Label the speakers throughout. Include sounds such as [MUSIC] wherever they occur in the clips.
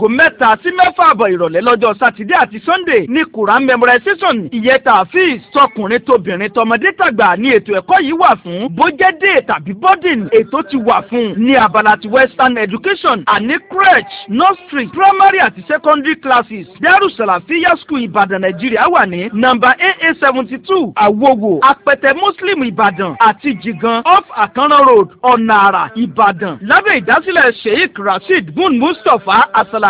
Speaker 1: aago mẹ́ta sí mẹ́fà àbọ̀ ìrọ̀lẹ́ lọ́jọ́ sátidé àti sunday ní quran memorization ìyẹn tààfíìs tọkùnrin tóbìnrin tọmọdé tàgbà ni ètò ẹ̀kọ́ yìí wà fún bójẹ́dé tàbí boarding ètò ti wà fún ní abala ti western education àní crèche nursery primary àti secondary classes darussalafiya school ìbàdàn nàìjíríà wà ní nàmbà aa seventy two àwòwò apẹtẹ muslim ìbàdàn àti jigan off akanna road ọ̀nà àrà ìbàdàn lábẹ́ ìdásílẹ̀ sheikh rasheed gun mustapha asala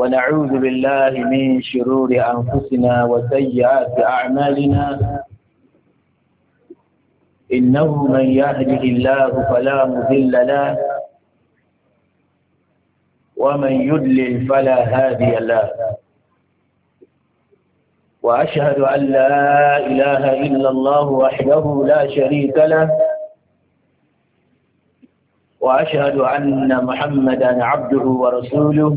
Speaker 2: ونعوذ بالله من شرور أنفسنا وسيئات أعمالنا إنه من يهده الله فلا مذل له ومن يدلل فلا هادي له وأشهد أن لا إله إلا الله وحده لا شريك له وأشهد أن محمدا عبده ورسوله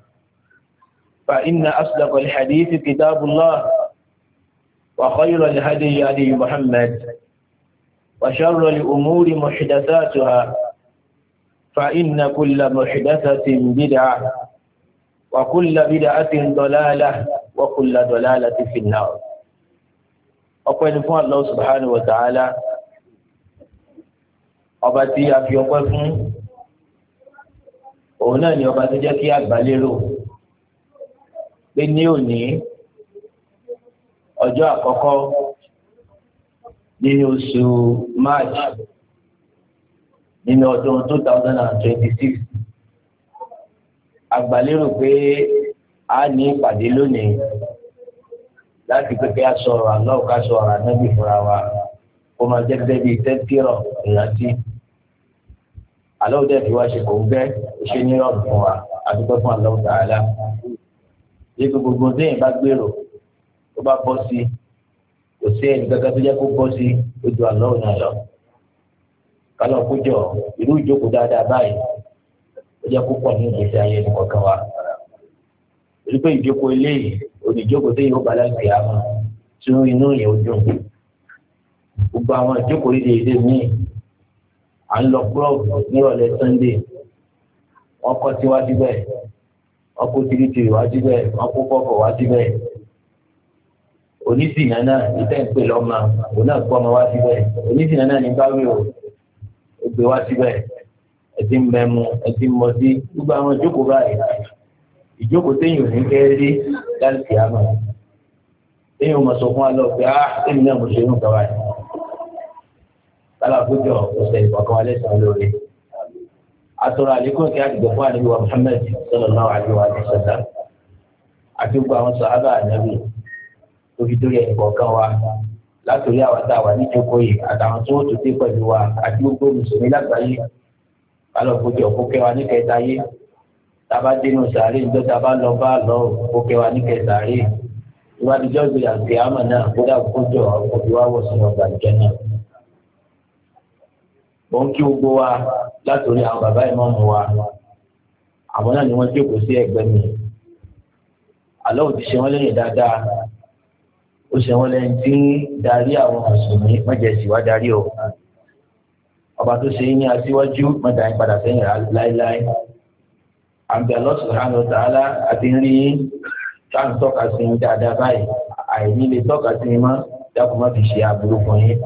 Speaker 2: فإن أصدق الحديث كتاب الله وخير الهدي هدي محمد وشر الأمور محدثاتها فإن كل محدثة بدعة وكل بدعة ضلالة وكل ضلالة في النار ọpẹ́ ni fún Allah subhanahu wa ta'ala ọba tí a fi ọpẹ́ pé ní òní ọjọ́ àkọ́kọ́ nínú oṣù march nínú ọdún two thousand and twenty-six àgbàlérò pé a ní ìpàdé lónìí láti pépé aṣọ ọ̀rọ̀ àná òkà aṣọ ọ̀rọ̀ ànábì fúnra wa kó máa jẹ́ gẹ́gẹ́ bíi tẹ́tírọ̀ ìrántí àlọ́ òde fi wá ṣe kò ń gẹ́ ṣe ní ọ̀rùn fún wa àdúgbò fún àlọ́ òde ṣé kí gbogbo déyìn bá gbèrò tó bá bọ́ sí kò sí ẹnì kankan tó jẹ́ kó bọ́ sí ojú àlọ́ òun àlọ́ kálọ̀ kójọ ìlú ìjókòó dáadáa báyìí ó jẹ́ kó pọ̀ ní ìgbésí ayé nìkan wa torí pé ìjókòó eléyìí olùjókòó déyìn ó balẹ̀ gbé àmọ́ tí inú yẹn ó dùn gbogbo àwọn ìjókòó yìí lè mí à ń lọ kúrò nírọ̀lẹ́ Sunday wọ́n kọ́ síwájú bẹ́ẹ̀ wọn kó tiriti wá síbẹ̀ wọn kó kọ́kọ́ wá síbẹ̀ onísìnyà náà ìtẹ́ ń pè lọ́mọ òun náà kọ́ ọmọ wá síbẹ̀ onísìnyà náà ní báwí o ó gbé wá síbẹ̀ ẹtí ń mẹ́mu ẹtí ń mọtí gbogbo àwọn ìjókòó báyìí ìjókòó téèyàn ò ní kẹ́ rí láti àmọ́ téèyàn ò mọ̀ sọ fún wa lọ pé áá ah, téèyàn náà mo ṣe é nù kàwáyé kálá àkójọ ọ̀sẹ̀ ìfọ̀kànwálẹ̀ lórí àtọ̀rọ̀ àlékún kí á ti gbẹ̀fọ́ ànábì wa Muhammad sallallahu alaihi wa sallam àti gbogbo àwọn sàhábà ànábì tó fi dórí ẹ̀kọ́ kan wa látòrí àwọn tá a wà níjókòó yìí àtàwọn tó tó dé pẹ̀lú wa àti gbogbo mùsùlùmí lágbàáyé kálọ̀ kókè ọ̀kókẹ́ wa ní kẹta yé tába dénú sàárè níjọ́ tába lọ bá lọ kókè wa ní kẹta yé ìwádìí jọ́ọ̀gbìn àti àmọ̀ náà kódà kójọ ọ̀kọ̀ bí wá wọ̀ sínú ọgbà ìjọ náà mo ń kí gbogbo wa látòrí àwọn bàbá ìmọ̀ọ́mù wa àwọn náà ni wọ́n jókòó sí ẹgbẹ́ mi àlọ́ òtí ṣe wọ́n lẹ́yìn dáadáa ó ṣe wọ́n lẹ́yìn tí ń darí àwọn mùsùlùmí mọ̀jẹ̀sì wá darí o ọba tó ṣe ní aṣíwájú mọ̀dà ń padà sẹ́yìn láéláé àgbẹ̀ lọ́sùn hàn ọ̀tá alá àti rí táà ń tọ́ka sí dáadáa báyìí àìní lè tọ́ka sí mọ́ dákùmọ́ fi ṣe àbúrò fún yín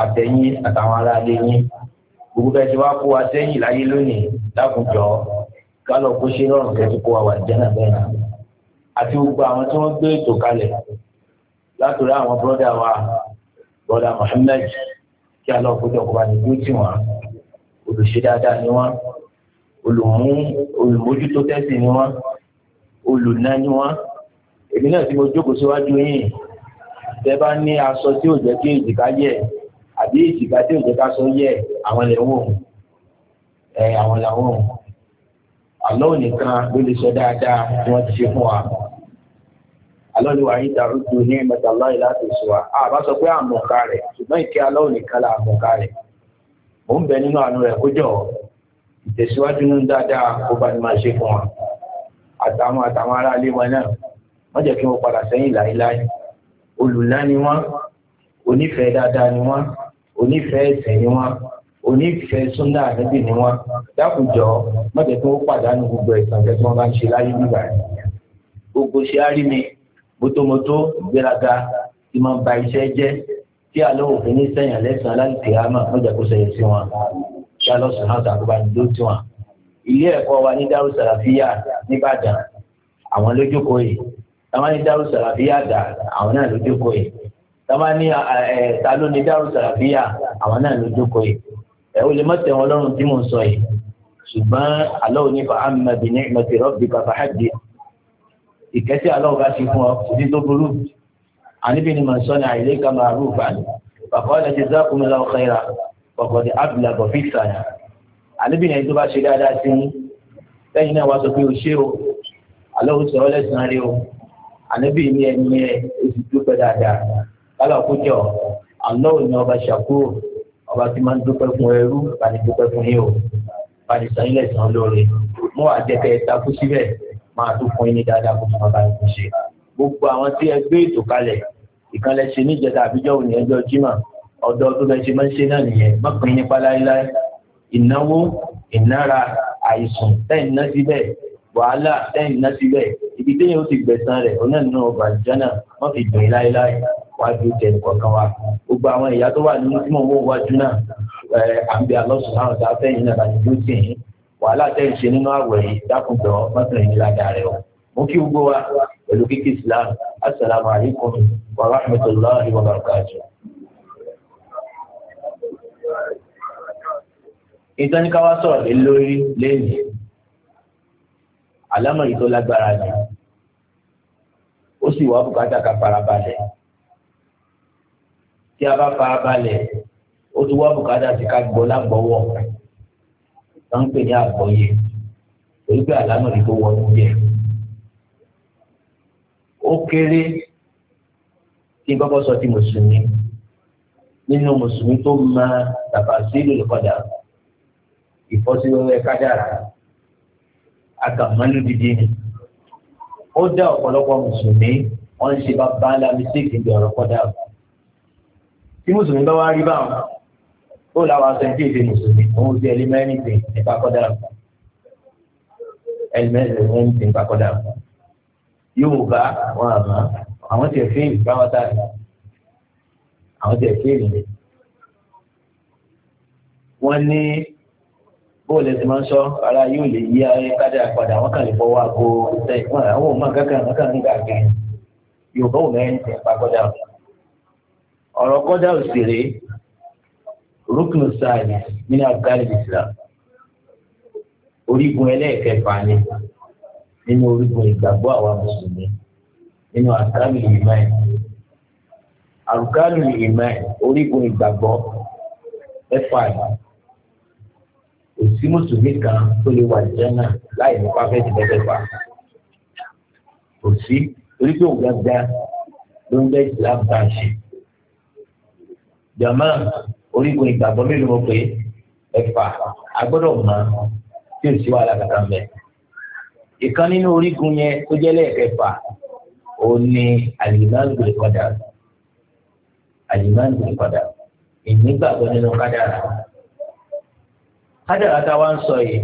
Speaker 2: àtẹ̀yìn àtàwọn ará ilé yín gbogbo bẹ́ẹ̀ ti wá kó wa sẹ́yìn láyé lónìí lákùnjọ kálọ̀ kó ṣe rọrùn kẹ́tù kó wa wà jẹ́nà bẹ́ẹ̀ àti gbogbo àwọn tí wọ́n gbé ètò kalẹ̀ látòrí àwọn bọ́dà wa bọ́dà Muhammed kí alọ́ kójọ kó bá ní bí ó tì wọ́n olùṣe dáadáa ni wọ́n olùmú olùmójútó tẹ́sí ni wọ́n olùná ni wọ́n èmi náà tí mo jókòó síwájú yìí tẹ́ bá ní aṣọ tí ò jẹ́ kí èjìká yẹ̀ àbí ìjìgá tí òjò ká sọ yẹ àwọn lè wò ẹ àwọn làwọn ò àlọ́ nìkan ló lè sọ dáadáa tí wọ́n ti ṣe fún wa àlọ́ ni wàá yí darúgbó ní ẹ̀mẹ́ta láì láti sọ wa àbá sọ pé àmọ̀ká rẹ̀ ṣùgbọ́n ìkẹ́ àlọ́ nìkan là àmọ̀ká rẹ̀ mò ń bẹ nínú àánú rẹ̀ kó jọ ìtẹ̀síwájú nínú dáadáa kó bá ní máa ṣe fún wa àtàwọn àtàwọn ará ilé wa náà wọ́n jẹ́ kí wọ́n padà sẹ́yìn láéláé olùlá ni wọ́n onífẹ̀ẹ́ dáadáa ni wọ́n onífẹ̀ẹ́ ẹ̀sìn ni wọ́n onífẹ̀ẹ́ súnà àdébì ni wọ́n dákùjọ mọ̀tẹ́ tó pàdánù gbogbo ẹ̀sìn ọ̀tẹ́ tí wọ́n bá ń ṣe láyé nígbà yẹn gbogbo ṣe á rí mi mọ́tòmọ́tò ìgbéraga tí máa ń ba iṣẹ́ jẹ́ kí àlọ́ òfin ní sẹ́yìn lẹ́sìn aláìsí àmà lọ́jà kó sẹ́yìn sí wọn kí àlọ́ sùn náà sàkóbá ní ló tiwọn. ilé ẹ̀kọ́ wa ní dárú sàràfíà nìbàdàn àwọn lójókòó yìí àwọn ní dárú sàràfíà dà àwọn náà lójókòó yìí tọ́ba ní ta ló ní dárò sàràfíà àwọn náà ló jókòó yìí ẹ̀ o lè má tẹ̀ wọn lọ́rùn tí mò sọ yìí ṣùgbọ́n aláwo ní fa amma bi ni'mati rabbika fahaddith ìkẹ́sí aláwo bá ti fún ọ títí tó burú àníbi ni mà ń sọ ní àìlè ká máa rú ìfà ní bàbá ọ̀dà ti jazakumullahu khaira ọ̀gọ̀dì abdul abọ̀fí sàyà àníbi ni ẹjọ́ bá ṣe dáadáa sí ní lẹ́yìn náà wá sọ pé o ṣé o aláwo sọ ọ lẹ́sàn rí o àníbi ni ẹni ẹ oṣù kálọ̀ kójọ Allah ni ọba ṣàkóò ọba tí máa ń dúpẹ́ fún ẹrú bá ní dúpẹ́ fún yín o bá ní sàn ilẹ̀ sàn lóore mú àjẹkẹ́ takú síbẹ̀ máa tún fún yín ní dáadáa kó tó máa bá yín kó ṣe gbogbo àwọn tí ẹ gbé ètò kalẹ̀ ìkànlẹ̀ ṣe níjẹta àbíjọ́ òní ẹjọ́ jimá ọ̀dọ́ tó bẹ ṣe máa ń ṣe náà nìyẹn mọ́kànlélá ìnáwó ìnára àìsùn tẹ́ ìná wàhálà tẹ́yìn náà síbẹ̀ ibi tẹ́yìn ó ti gbẹ̀san rẹ̀ ọ̀nà náà ọba ìjánà wọ́n fi gbìn láéláé wájú tẹ̀ kọ̀ọ̀kan wa gbogbo àwọn ìyá tó wà nínú tí mò ń wò wájú náà àǹbí alọ́sùn náà ta fẹ́yìn náà láti dúró sí yìí wàhálà tẹ́yìn ṣe nínú àwẹ̀ yìí dákùnjọ mọ́tìrì ní ládàá rẹ̀ o mo kí gbogbo wa pẹ̀lú kíkí Islam assalamu alaikum wa rahmatullahi Alama yìí tó lágbára ni ó sì wá bùkátà ká farabalẹ̀ tí a bá farabalẹ̀ ó tún wá bùkátà sí ká gbọ́ lágbọ́wọ́ tó ń pè ní àgbọ́yé torí pé àlámọ̀ yìí tó wọnú jẹ ó kéré tí bọ́bọ́ sọ ti mùsùlùmí nínú mùsùlùmí tó máa tàbá sí ìlú kọjá ìfọ́síwẹ́wẹ́ kádàrá àgàmánú dídí ni ó dá ọ̀pọ̀lọpọ̀ mùsùlùmí wọ́n ń ṣe bàbá ńlá mistake ìgbà ọ̀rọ̀ kọ́dà tí mùsùlùmí bá wá rí báwọn ó làwọn aṣọ ìdí èdè mùsùlùmí òun ti ẹlẹ́mẹ́rin pè nípa kọ́dà ẹlẹ́mẹ́rin òun ti nípa kọ́dà Yorùbá wọn àmọ́ àwọn tiẹ̀ fẹ́ẹ̀lì báwọn tá àwọn tiẹ̀ fẹ́ẹ̀lì wọ́n ní bó lè ti máa ń sọ ara yóò lè yí ayé kádà padà wọn kàn lè fọwọ́ àgbo sẹ́yìn wọn àwọn ò mọ kankan wọn kàn ń gà gẹ̀ yorùbá ò mẹ́rin ti pa kọ́dà o kọ́dà òsèré rúkùnù sáàyè nínú àbúkárì Islam orígun ẹlẹ́ẹ̀kẹfà ni nínú orígun ìgbàgbọ́ àwa mùsùlùmí nínú àkàlù ìmáì àrùkálù ìmáì orígun ìgbàgbọ́ ẹ̀fà yìí sí mùsùlùmí kan tó lè wà jẹ́nà láì ní pápẹ́tì mẹ́fẹ̀ẹ̀fà kò sí torí pé òun gbàgbà ló ń bẹ́ islam bá ń ṣe. jama orígun ìgbàgbọ́ mélòó mo pé ẹ̀fà agbọ́dọ̀ mọ tí ò sí wàhálà kàkà ń bẹ̀. ìkan nínú orígun yẹn tó jẹ́ lẹ́ẹ̀kẹfà òun ni àlìmáàgbè kọ́dà àlìmáàgbè kọ́dà ìnígbàgbọ́ nínú kádàrà kádàrá tá a wá ń sọ yìí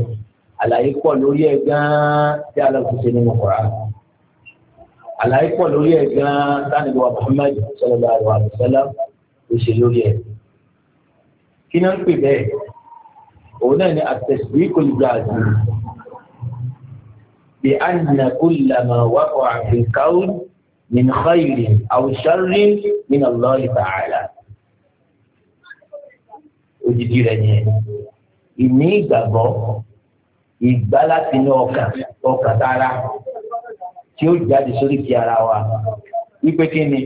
Speaker 2: àlàyé pọ̀ lórí ẹ̀ gan-an tí alákòóso nínú kọ̀ọ̀rá àlàyé pọ̀ lórí ẹ̀ gan-an sanibu Muhammad sallallahu alaihi wasallam ló ṣe lórí ẹ̀ kí náà ń pè bẹ́ẹ̀ òun náà ni àtẹ̀sí kò lè gbà àdúrà bí anna kullama waqa'a fil qawl min khairin aw sharrin min Allah ta'ala òjijì rẹ̀ nìyẹn ìní ìgbàgbọ́ ìgbà láti inú ọkàn ọkàn tara tí ó jáde sórí kí ara wa wípé kí ni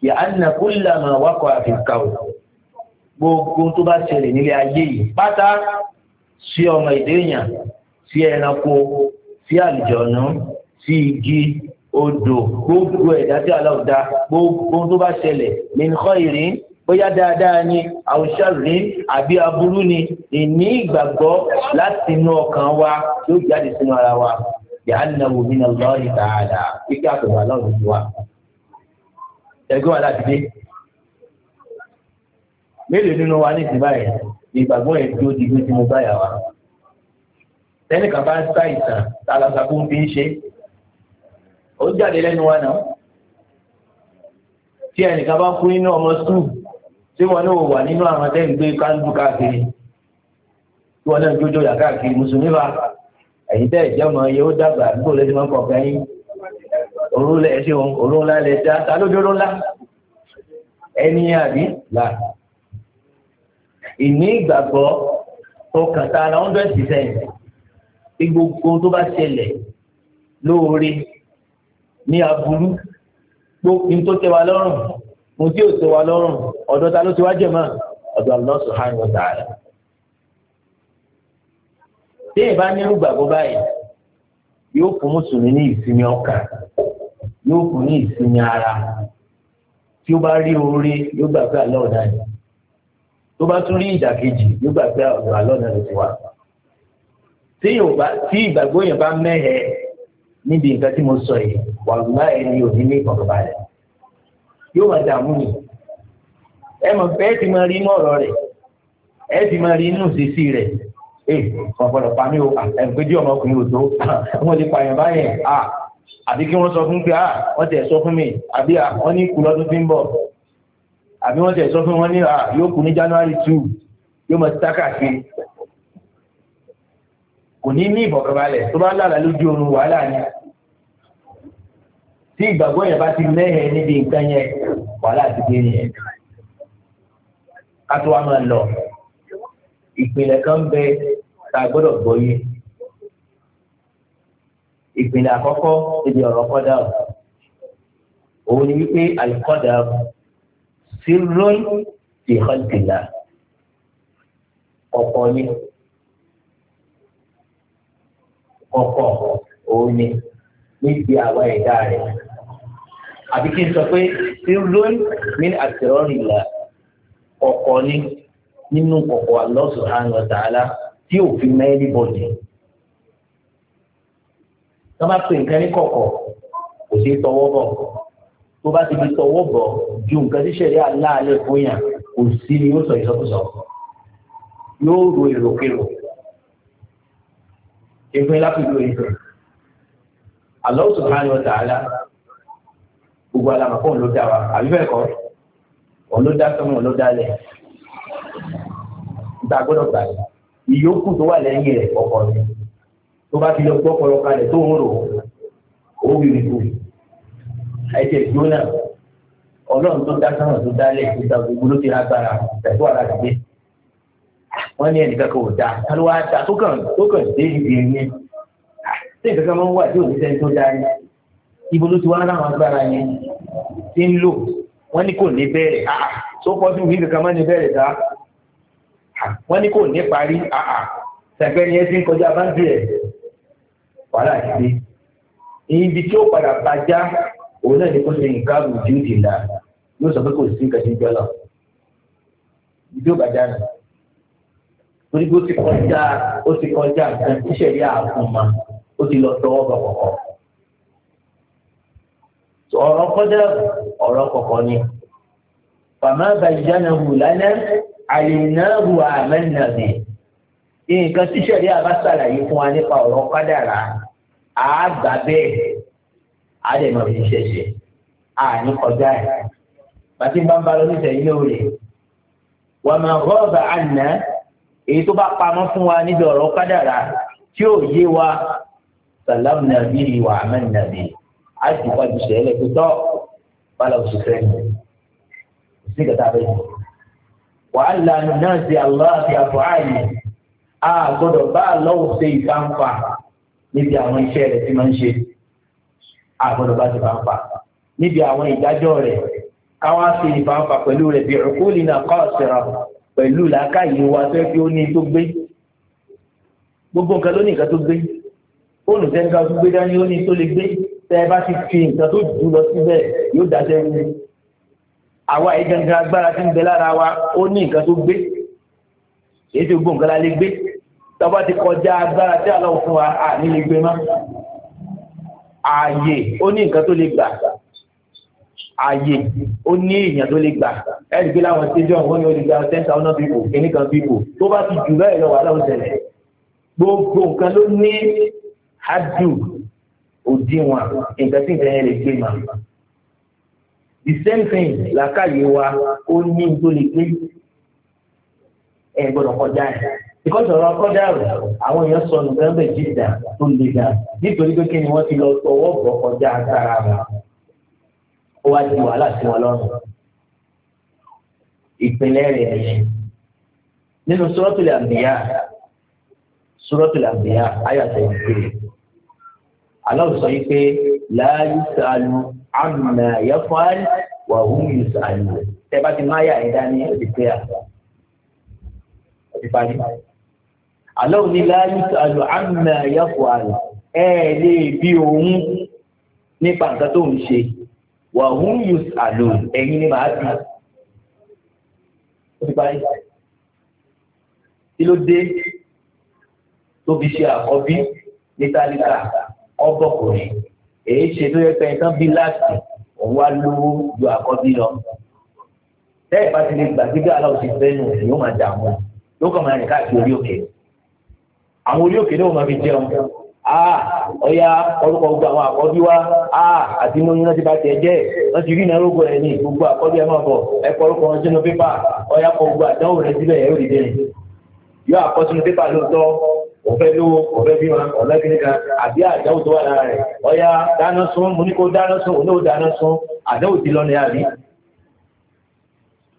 Speaker 2: kí anna kullama waqa'a àfikàwò gbogbo tó bá ṣẹlẹ̀ nílé ayé yìí pátá sí ọmọ ìdéèyàn sí ẹranko sí àlùjọ̀nù sí igi odò gbogbo ẹ̀dá tí aláwọ̀ dá gbogbo tó bá ṣẹlẹ̀ min khairin bóyá dáadáa ni àwùṣàrí àbí aburú ni ìní ìgbàgbọ́ láti inú ọkàn wa yóò jáde sínú ara wa yàánàwó nínú ọlọ́ọ̀rì dáadáa kíkẹ́ àtọ̀wà lọ́rùn ti wa. ẹgbẹ́ wa láti dé mélòó nínú wa ní báyìí ìgbàgbọ́ ẹ̀ tó di bí mo báyà wa. tẹ́nìkan bá ń sá ìtàn tàlàsàkó fi ń ṣe ó jáde lẹ́nu wa náà tí ẹnìkan bá kú nínú ọmọ sùúrù ṣé wọn náà wà nínú àwọn tẹ́ ń gbé káńdù káàkiri tí wọn náà jójó yà káàkiri mùsùlùmí bá ẹ̀yin tẹ́ ìjẹ́ ọmọ yẹn ó dàgbà àdúgbò lẹ́sìn máa ń kọ̀ kẹ́yìn òrùlé ẹ̀ṣẹ̀ òun òrùn ńlá lẹ̀ dá ta lójó ló ńlá ẹni àbí là ìní ìgbàgbọ́ ọkàn tààrà hundred percent bí gbogbo tó bá ṣẹlẹ̀ lóore ní aburú gbogbo tó tẹ́ wa lọ́rùn.
Speaker 1: mo tí ò tó wa lọ́rùn
Speaker 2: ọ̀dọ̀ ta ló ti wá jẹ̀ mọ́ ọ̀dọ̀ Allah subhanahu wa ta'ala. tí èyí bá nírú gbàgbọ́ báyìí yóò fún mùsùlùmí ní ara tí ó bá rí yóò gbà pé àlọ́ ọ̀dà tó bá tún rí ìdàkejì yóò gbà pé ọ̀dọ̀ àlọ́ ọ̀dà ló ti wà. tí ìgbàgbọ́ yẹn bá mẹ́hẹ̀ẹ́ níbi tí yóò wà dààmú ni ẹ mọ̀ pé ẹ ti máa rí inú ọ̀rọ̀ rẹ̀ ẹ ti máa rí inú ìṣesí rẹ̀ ee wọn gbọ́dọ̀ pa mí o
Speaker 1: ẹgbẹjì ọmọkùnrin òtó wọn lè pààyàn báyẹn a àbí kí wọn sọ fún pé a wọn tẹ sọ fún mi àbí a wọn ní kú lọ́dún tí ń bọ̀ àbí wọn tẹ sọ fún wọn ní a yóò kú ní january two yóò mọ títà káàkiri
Speaker 2: kò ní ní ìbọ̀kànbalẹ̀ tó bá lára lójú oorun wàhálà ni tí ìgbàgbọ́ yẹn bá ti mẹ́hẹ̀ níbi nǹkan yẹn wàhálà ti dé nìyẹn ká tó wá máa lọ ìpìlẹ̀ kan bẹ tá a gbọ́dọ̀ gbọ́ yé ìpìlẹ̀ àkọ́kọ́ níbi ọ̀rọ̀ kọ́dà òun ni wípé àlùkọ́dà sí lóyún ti hàn tìlà ọ̀pọ̀ ni ọ̀pọ̀ òun ni níbi àwa ẹ̀dá rẹ̀ àbí kí n sọ pé sirlun min asrarillah kọ̀kọ̀ ni nínú kọ̀kọ̀ Allah subhanahu wa ta'ala tí ò fi mẹ́rin bọ̀dì. tó bá pè nǹkan ní kọ̀kọ̀ kò sí tọwọ́ bọ̀ tó bá ti fi tọwọ́ bọ̀ ju nǹkan tí ṣẹ̀rí aláàlẹ̀ fún yàn kò sí ni yóò sọ ìsọkúsọ yóò ro èròkèrò ìpínlẹ̀ lápẹ̀lú ìsọ̀ Allah subhanahu wa gbogbo alamọ kóun ló dá wa àbí bẹ́ẹ̀ kọ́ òun ló dá sọ́mù òun ló dá lẹ̀ gba gbọ́dọ̀ gbà yìí ìyókù tó wà lẹ́yìn rẹ̀ ọkọ rẹ̀ tó bá fi lọ gbọ́ ọpọlọ kalẹ̀ tó ń rò ó wíwí kù ẹsẹ̀ gbóná ọlọ́run tó dá sọ́mù tó dá lẹ̀ tó dá gbogbo ló ti lágbára tẹ̀síwò ara ti wọ́n ní ẹnìkan kò dá kálí wàá dá tó kàn tó kàn dé ibi yẹn ah, tí ìkankan máa ń wà tí òṣìṣẹ́ tó dá yẹn ibo ló ti wá láwọn agbára yẹn tí ń lò wọ́n ní kò ní bẹ̀rẹ̀ àà tó pọ́ sí wíìlì kan mọ́ ní bẹ̀rẹ̀ dá wọ́n ní kò ní parí àà tẹ̀gbẹ́ ni ẹ ti ń kọjá báńkì ẹ̀ wàhálà ti dé ibi tí ó padà bá já òun náà ní kó ṣe nǹkan àbùjú ìdìlà yóò sọ pé kò sí nǹkan tí ń jọlọ ibi ó bá já nù torí pé ó ti kọjá ó ti kọjá nǹkan tíṣẹ̀lẹ̀ àfọ̀mọ́ ó ti lọ tọwọ́ bọ̀kọ̀kọ̀ ọ̀rọ̀ kọjá ọ̀rọ̀ kọ̀kọ́ ni fàmà bayyanahu lana alimnahu amanna bi nǹkan tí sẹ̀rí àbá ṣàlàyé fún wa nípa ọ̀rọ̀ kádàrá àgbà bẹ́ẹ̀ àdèmọ̀ fi ṣẹ̀ṣẹ̀ àní kọjá ẹ̀ bàtí bá ń ba lórí ìtẹ̀yìn lóore wa ma ghaba anna èyí tó bá pamọ́ fún wa níbi ọ̀rọ̀ kádàrá tí ò yé wa sàlámù nàbí wa amanna bi àìsí ìwádìí ṣẹlẹ̀ tó tọ́ bala òṣìṣẹ́ ni sí kẹta bẹ́ẹ̀ ni. wàhálà náà ti àlọ́ àti àfọ̀ àyè a gbọ́dọ̀ bá àlọ́wọ́ ṣe ìfáǹfà níbi àwọn iṣẹ́ rẹ̀ tí máa ń ṣe a gbọ́dọ̀ bá ti fáǹfà níbi àwọn ìdájọ́ rẹ̀ káwá ṣe ìfáǹfà pẹ̀lú rẹ̀ bí ọ̀kúlì náà kọ́ ọ̀sẹ̀rọ̀ pẹ̀lú làákàyè wa tó fi ó ní tó gbé gbogbo nǹkan ló nǹkan tó gbé fóònù tó gbé dání ó ní tó lè gbé tẹ́ ẹ bá ti fi nǹkan tó jù lọ síbẹ̀ yóò dáṣẹ́ wí àwa yìí gangan agbára tí ń bẹ lára wa ó ní nǹkan tó gbé èyí tó gbó nǹkan la lè gbé tọ́ba ti kọjá agbára tí àlọ́ fún wa àní lè gbé mọ́ ààyè ó ní nǹkan tó lè gbà ààyè ó ní èèyàn tó lè gbà ẹ̀rí pé láwọn stadium wọ́n ní lè gba ten thousand people kìíní kan people tó bá ti jù bẹ́ẹ̀ lọ wà láwọn ṣẹlẹ̀ gbogbo nǹkan ló ní àdùn òdiwọ̀n nǹkan tí nǹkan yẹn lè gbé mà. the same thing làákàyè wa ó ní tó lè gbé ẹ gbọ́dọ̀ kọjá ẹ because ọ̀rọ̀ kọjá rẹ̀ àwọn èèyàn sọ nǹkan bẹ́ẹ̀ jìdá tó le dà nítorí pé kí ni wọ́n ti lọ tọwọ́ bọ̀ kọjá agbára rẹ̀ ó wá di wàhálà sí wọn lọ́rùn ìpínlẹ̀ rẹ̀ nìyẹn nínú suratul anbiya suratul anbiya ayàtọ̀ ìpínlẹ̀ aláwùsọ yìí pé láàyè sàlù àmà yẹfọ́n wà hùwù sàlù tẹ bá ti máa yà ẹ̀ dání ẹ̀dí pé àgbà ẹ̀dí parí. aláwù ni láàyè sàlù àmà yẹfọ́n ẹ̀ lè bí òun nípa nǹkan tó ń ṣe wà hùwù sàlù ẹ̀yin ni màá bí. ẹ̀dí parí. kí ló dé tó fi ṣe àkọ́bí ní tálíkà ọgbọkùnrin èyí ṣe tó yẹ pé nǹkan bí láti òun wá lówó ju àkọ́bí lọ lẹ́yìn bá ti lè gbà gbígbé aláwọ̀ ti fẹ́ nù yóò máa dààmú yóò kàn máa rìn káàkiri orí òkè àwọn orí òkè náà máa fi jẹun aa ọ̀ya orúkọ gbogbo àwọn àkọ́bí wa aa àti inú yín láti bá tiẹ̀ jẹ́ wọ́n ti rí iná lóko rẹ̀ ní gbogbo àkọ́bí ẹ̀ máa bọ̀ ẹ kọ orúkọ wọn sínú pépà ọ̀ya kọ gbogbo àdánwò rẹ̀ síbẹ̀ ẹ̀ yóò rí yóò àkọ́ sínú pépà lóòótọ́
Speaker 3: òfẹ́ ló òfẹ́
Speaker 2: bí wọn ọ̀lẹ́gbẹ̀ẹ́gbẹ̀ àbí àdáwò tó wà lára rẹ̀ ọya dáná sún mo ní kó dáná sún òun náà dáná sún àdáwò ti lọ ní àbí.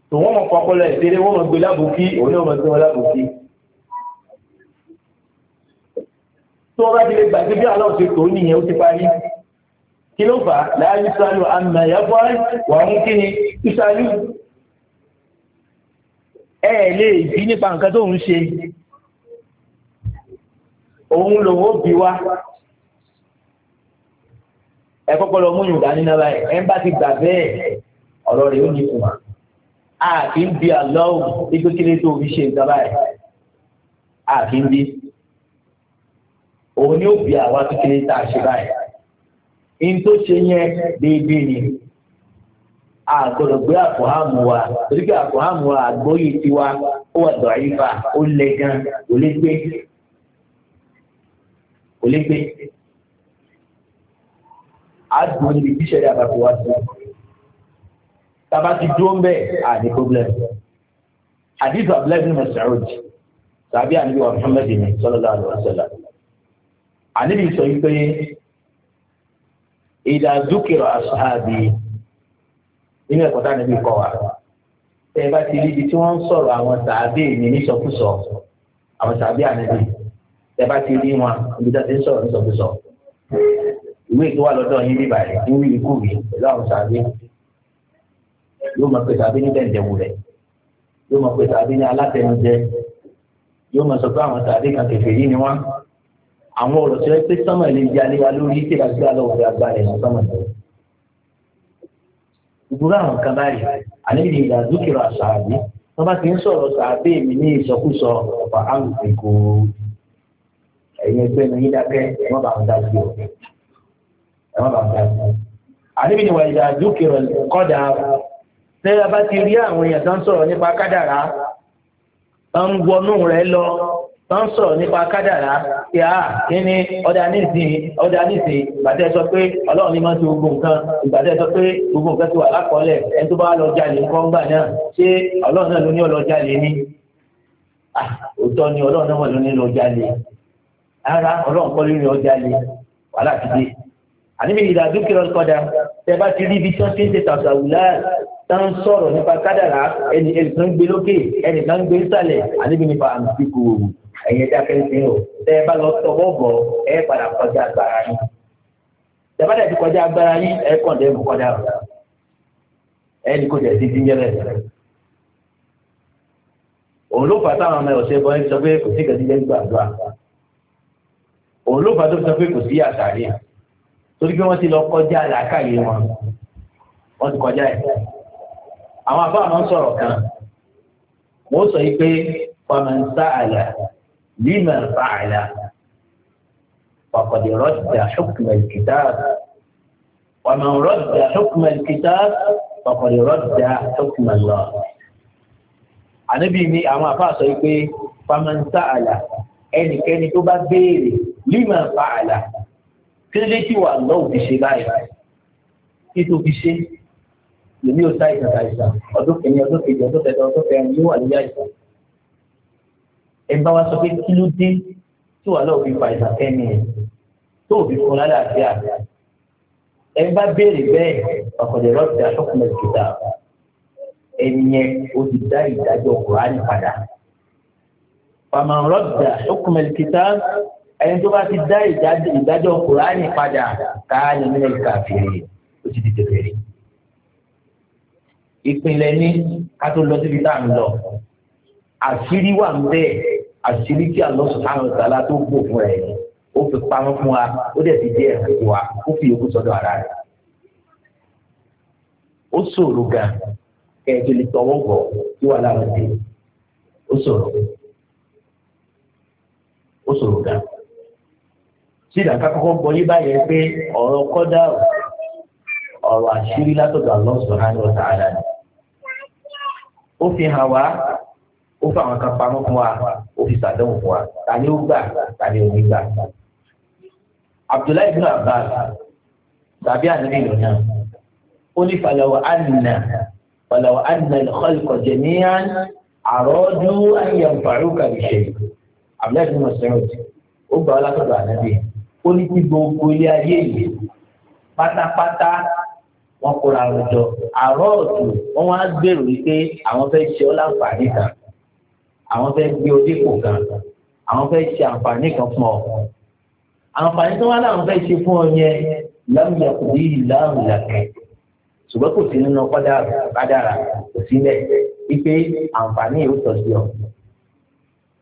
Speaker 2: tó wọ́n mọ̀ pọ́pọ́lọ́ ìṣeré wọ́n mọ̀ gbé lábùkí òun náà mọ̀ gbé wọn lábùkí. tó wọ́n bá ti lè gbàgbé bí aláwọ̀ ṣe tó nìyẹn ó ti parí. kí ló fà á láàyè sálù
Speaker 1: àmì ẹ̀yẹ́fọ́ wà ń kí ni ìsálù. ẹ lè bí nípa nǹkan tó ń òun
Speaker 2: lòun bí wa ẹ kọ́kọ́ lọ múyùn dání náà báyìí ẹ ń bá ti ọ̀rọ̀ ó ní a kì í bi àlọ́wù ibi kí tó fi ṣe nǹkan a kì í bi òun ni ó bi àwa kékeré tá a ṣe báyìí
Speaker 1: in tó ṣe yẹn déédéé
Speaker 2: ni gbé wa torí pé wa tiwa kò lè gbé àádùn níbi tí ìṣẹ̀lẹ̀ àbàtì wá sí tàbá ti dúró ń bẹ́ẹ̀ àní problem hadith abdullahi bin Mas'ud tàbí àníbi wa Muhammad ní sallallahu alaihi wasallam àníbi sọ wípé ìdá dúkìrọ̀ ashabi nínú ẹ̀kọ́ tá níbi kọ́ wa tẹ́ bá ti rí tí wọ́n ń sọ̀rọ̀ àwọn tàbí ní sọkúsọ àwọn tàbí àníbi tẹ́ bá ti rí wọn ibi tó ti ń sọ̀rọ̀ nísọ̀kúsọ̀ ìwé tó wà lọ́dọ̀ yín bíbà rẹ̀ ń rí ikú rí pẹ̀lú àwọn sàbí yóò máa pè sàbí ní bẹ̀ǹdẹ̀wù rẹ̀ yóò máa pè sàbí ní alátẹnujẹ yóò máa sọ pé àwọn sàbí kan kẹfẹ́ yìí ni wọ́n àwọn ọ̀rọ̀ tí wọ́n pé sọ́mà lè di aléwa lórí tí a gbá lọ́wọ́ agbá rẹ̀ sọ́mà ìgbúra àwọn kan báyìí àlejò ìdá dúkìrọ̀ àṣà àbí wọ́n bá ti ń sọ̀rọ̀ sàbí mi ní ìsọkúsọ ọ̀pá àrùn ìkòòrò ẹ̀yin ẹgbẹ́ mi yín dákẹ́ ẹ má bàa ń dájú o ẹ má bàa ń dájú o. àníbi ni wàyí àdúkìrọ̀ kọ́dà tẹ́ a bá ti rí àwọn èèyàn tó ń sọ̀rọ̀ nípa kádàrá tó ń wọnú rẹ̀ lọ tó ń sọ̀rọ̀ nípa kádàrá kí a kí ni ọ̀dà nísìnyí ọ̀dà nísìnyí ìgbàdẹ́ sọ pé ọlọ́run ní máa ń ti gbogbo nǹkan ìgbàdẹ́ sọ pé gbogbo nǹkan ti wà lákọọ́lẹ̀ ẹni tó bá lọ jalè ńkọ́ ńgbà náà ṣé ọlọ́run náà ló ní ọlọ́ọ̀ jalè ni òótọ́ ni ọlọ́run náà ló ní lọ jalè ara ọlọ́run kọ́ lórí ọjà lè wàhálà ti dé àníbi ìdádúkìrọ̀ kọ́dà tẹ bá ti rí ibi tí wọ́n ti ń ṣe tàṣàwùlá tá ń sọ̀rọ̀ nípa kádàrá ẹni ẹnìkan gbé lókè ẹnìkan gbé sàlẹ̀ àníbi nípa àmì kíkó ẹ̀yẹ jákèjì o tẹ bá lọ tọwọ́ bọ̀ ẹ padà kọjá agbára yín tẹ bá dẹ̀ ti kọjá agbára yín ẹ kàn dé mú kọjá rẹ̀ ẹni kò jẹ́ sí ti ń yẹ rẹ̀ òun ló fà táwọn ọmọ ẹ̀ ọ̀ṣẹ́ bọ́ ẹ sọ pé kò sí kẹ́sí jẹ́ gbàdúrà òun ló fà tó sọ pé kò sí àtàrí torí pé wọ́n ti lọ kọjá làákàyè wọn wọ́n ti kọjá ẹ̀ àwọn àbá àwọn sọ̀rọ̀ kan wọ́n sọ yìí pé faman sa'ala lima fa'ala faqad radda hukma al-kitab waman radda hukma al-kitab faqad radda hukma ni àwọn àbá yìí pé faman sa'ala ẹnikẹ́ni tó bá béèrè lima fàálà kílódé tí wà náà fi ṣe báyìí títò fi ṣe èmi ò sáì kàkà ìgbà ọdún kìíní ọdún kejì ọdún kẹta ọdún kẹrin yóò wà ní àìsàn ẹ bá wa sọ pé kílódé tí wà náà fi fa ìgbà kẹ́ni ẹ̀ tó fi fún lálàáfíà ẹ bá béèrè bẹ́ẹ̀ ọ̀kọ̀dẹ̀ rọ́ọ̀tì àtọkùnrin kìtà ẹ̀yẹ o ti dá ìdájọ́ kùránì padà. Fàmà rọ́ọ̀tì àtọkùnrin kìtà ẹni tó bá ti dá ìdájọ́ kùránì padà káàní nílẹ̀ káfíìrì ó ti di tẹ̀fẹ̀rì. ìpínlẹ̀ ní ká tó lọ síbi tá à ń lọ àṣírí wà ń bẹ́ẹ̀ àṣírí tí Allah subhanahu wa ta'ala tó gbò fún ẹ̀ ó fi pamọ́ fún wa ó dẹ̀ fi díẹ̀ fún wa ó fi yòókù sọ́dọ̀ ara rẹ̀. ó ṣòro gan kẹ́ẹ̀tì lè tọwọ́ bọ̀ tí wà láwọn ó ṣòro ó ṣòro gan tí ìdàkà kọ́kọ́ gbọ́ yí báyẹn pé ọ̀rọ̀ kọ́dà ọ̀rọ̀ àṣírí látọ̀dọ̀ Allah subhanahu wa ta'ala ni. ó fi hàn wá ó fi àwọn kan pamọ́ fún wa ó fi sàdánwò fún wa ta ni ó gbà ta ni ò ní gbà. Abdullahi bin Abbas tàbí ànábì lọ náà ó ní falawa anna falawa anna al-khalqa jami'an àròdú an yanfa'uka bi Abdullahi bin Mas'ud ó gbà ọ́ látọ̀dọ̀ ànábì ó ní kí gbogbo ilé ayé yìí pátápátá wọn kóra àwùjọ àárọ̀ ọ̀tún wọn wá gbèrò wípé àwọn fẹ́ ṣe ọ́ láǹfààní kan àwọn fẹ́ gbé o dípò kan àwọn fẹ́ ṣe àǹfààní kan fún ọ àǹfààní tó wá láwọn fẹ́ ṣe fún ọ yẹn láwùjọ kò ní ìlànà ìlànà ṣùgbọ́n kò sí nínú kádàrá kò sí lẹ́yìn wípé àǹfààní yóò tọ́jú ọ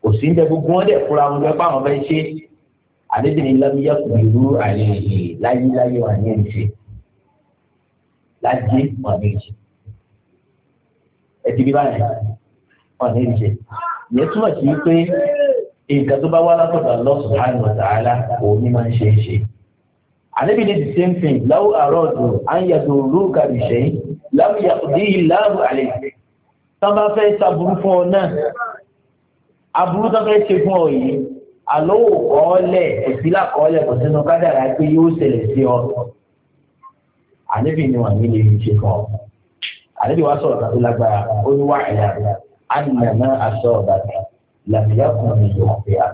Speaker 2: kò sí ń dẹ gbogbo wọn dẹ̀ fúra wọn lọ bá wọn fẹ́ ṣe àdébìnrin lábíyá kò ní rú àyèyè láyéláyé wà ní ẹ̀ṣẹ̀ lájé wà ní ẹ̀ṣẹ̀ ẹ̀dìbí báyìí wà ní ẹ̀ṣẹ̀
Speaker 4: ìyẹn túmọ̀ sí pé
Speaker 2: nǹkan tó bá wá látọ̀dọ̀ Allah subhanahu wa ta'ala òun ni máa ń ṣe é ṣe àdébìnrin the same thing láwù àrọ́ọ̀dù àyàtò olórúkà ìṣẹ́ láwùyà òdì ìlàbù àlè tán bá fẹ́ ṣàbùrú fún ọ náà àbùrú tán fẹ́ ṣe fún ọ yìí àlọ́ òkọ́ọ́lẹ̀ ẹ̀sílà kọ́ọ́lẹ̀ kò sínú kádàrá pé yóò ṣẹlẹ̀ sí ọ. àníbì ni wà nílé ṣe fún ọ. àníbì wá sọ̀rọ̀ kàtó lágbára ó ní wà ẹ̀yà ànàmá aṣọ ọ̀dàdà làbíyá kan ní ìdòkúyà.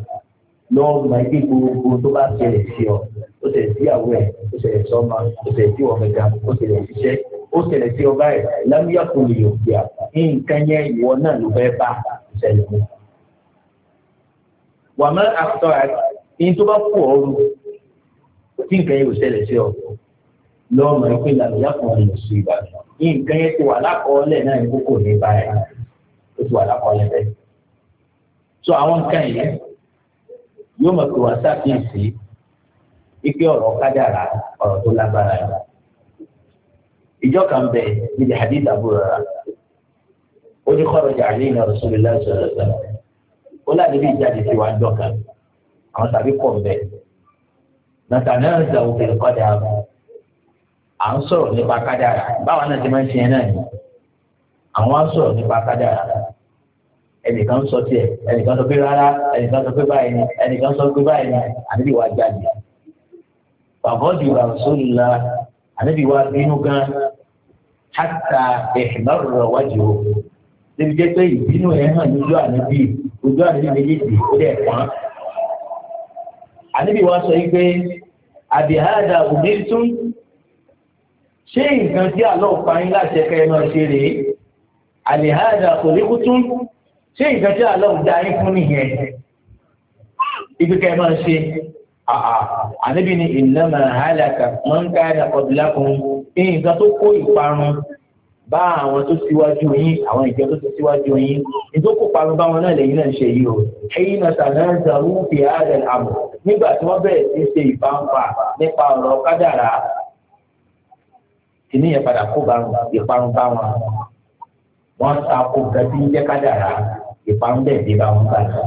Speaker 2: lọ́wọ́ ma ẹgbẹ́ gbogbo tó bá ṣẹlẹ̀ sí ọ ó ṣẹlẹ̀ sí àwọ̀ ẹ̀ ó ṣẹlẹ̀ sí ọmọ ó ṣẹlẹ̀ sí ọ̀gẹ̀gà ó ṣẹlẹ̀ síṣẹ́ ó ṣẹlẹ̀ sí ọba ẹ̀ lábíyá kan ní ìdòkúyà nǹkan yẹn ìwọ náà ló fẹ́ bá ṣẹlẹ̀ wà má àtọ́ ẹni tó bá kú ọrùn tí nǹkan yẹn ò ṣẹlẹ̀ sí ọ lọ́ọ̀mọ̀ ẹ pé làlùyà kan ò lè sùn ìgbà nǹkan yẹn ti wà lákọọ́lẹ̀ náà ní kókò ní báyìí ó ti wà lákọọ́lẹ̀ bẹ́ẹ̀. so àwọn nǹkan yẹn yóò mọ̀ pé wà sáfíìsì ike ọ̀rọ̀ kádàrà ọ̀rọ̀ tó lágbára yìí. ìjọ kan bẹ níbi hadith àbúrò rà ó ní kọ́rọ̀ jà rasulillah sallallahu alaihi ó láti bí ìjáde sí wa ń dọ̀kan àwọn tàbí kọ̀ bẹ́ẹ̀ nàtàlẹ́ ọ̀sẹ̀ òfin kọ́dà à ń sọ̀rọ̀ nípa kádàrà báwa náà ti máa ń ṣe náà ni àwọn á sọ̀rọ̀ nípa kádàrà ẹnìkan sọ tiẹ̀ ẹnìkan sọ pé rárá ẹnìkan sọ pé báyìí ni ẹnìkan sọ pé báyìí ni àdébí wa jáde bàbọ́dì wa la àdébí wa bínú gan hàtà ìhìnbá wájú òkú débi jẹ́ pé ìbínú ẹ̀ hàn ní ojú ànábì ojú ànábì méjèèjì ó dẹ̀ pọ́n. ànábì wa sọ pé àbíhádà òmìnirítún ṣé nǹkan tí àlọ́ parí láti ẹ̀ka ẹ̀ náà ṣe rèé àbíhádà òlékútún ṣé nǹkan tí àlọ́ dá yín fún nìyẹn ibi ká ẹ máa ṣe ànábì ni ìlànà àhálà kan mọ́ ń ká ẹ̀ nà kọ̀dùlákùn nǹkan tó kó ìparun bá àwọn tó síwájú yín àwọn ìjọ tó síwájú yín ìdókò parun báwọn náà lẹ́yìn náà ń ṣe yìí o ẹ̀yin náà sàdáńsà rúfì ààrẹ àmọ́ nígbà tí wọ́n bẹ̀rẹ̀ sí ṣe ìbáǹfà nípa ọ̀rọ̀ kádàrà kìíní yẹn padà kó bárun ìparun bá wọn wọ́n ta kó gẹ́gẹ́ ń jẹ́ kádàrà ìparun bẹ́ẹ̀ dé bá wọn báyìí.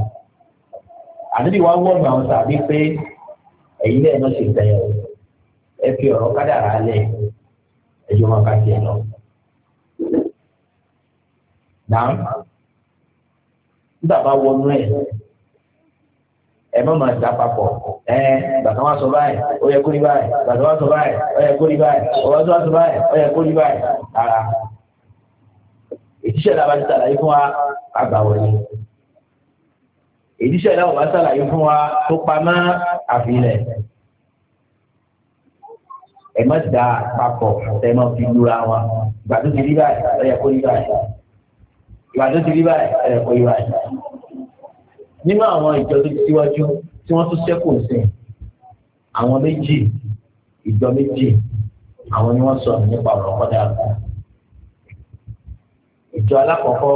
Speaker 2: àdúgbò wa wọ́n àwọn sàbí pé ẹ̀yin náà ṣe bẹ̀rẹ̀ ẹ fi ọ̀rọ̀ kádàrà lẹ̀ ẹjọ́ máa bá tiẹ̀ lọ. na. Ndaba bá wọnú ẹ̀ ẹ ẹ bàtà sọ báyìí ó yẹ kó rí báyìí bàtà sọ báyìí ó yẹ kó rí báyìí tó sọ báyìí ó yẹ kó rí báyìí ara ìdíṣẹ́ ti sàlàyé fún wa àgbà wọlé ìdíṣẹ́ bá sàlàyé fún wa tó pamọ́ ẹ má dá ẹ má fi wọn báyìí ó yẹ kó rí báyìí. ìwà tó ti rí báyìí ẹ̀kọ́ ìwà yìí nínú àwọn ìjọ tó ti síwájú tí wọ́n tún ṣẹ́kù sí àwọn méjì ìjọ méjì àwọn ni wọ́n sọ nípa ọ̀rọ̀ kọ́dà kan ìjọ alákọ̀ọ́kọ́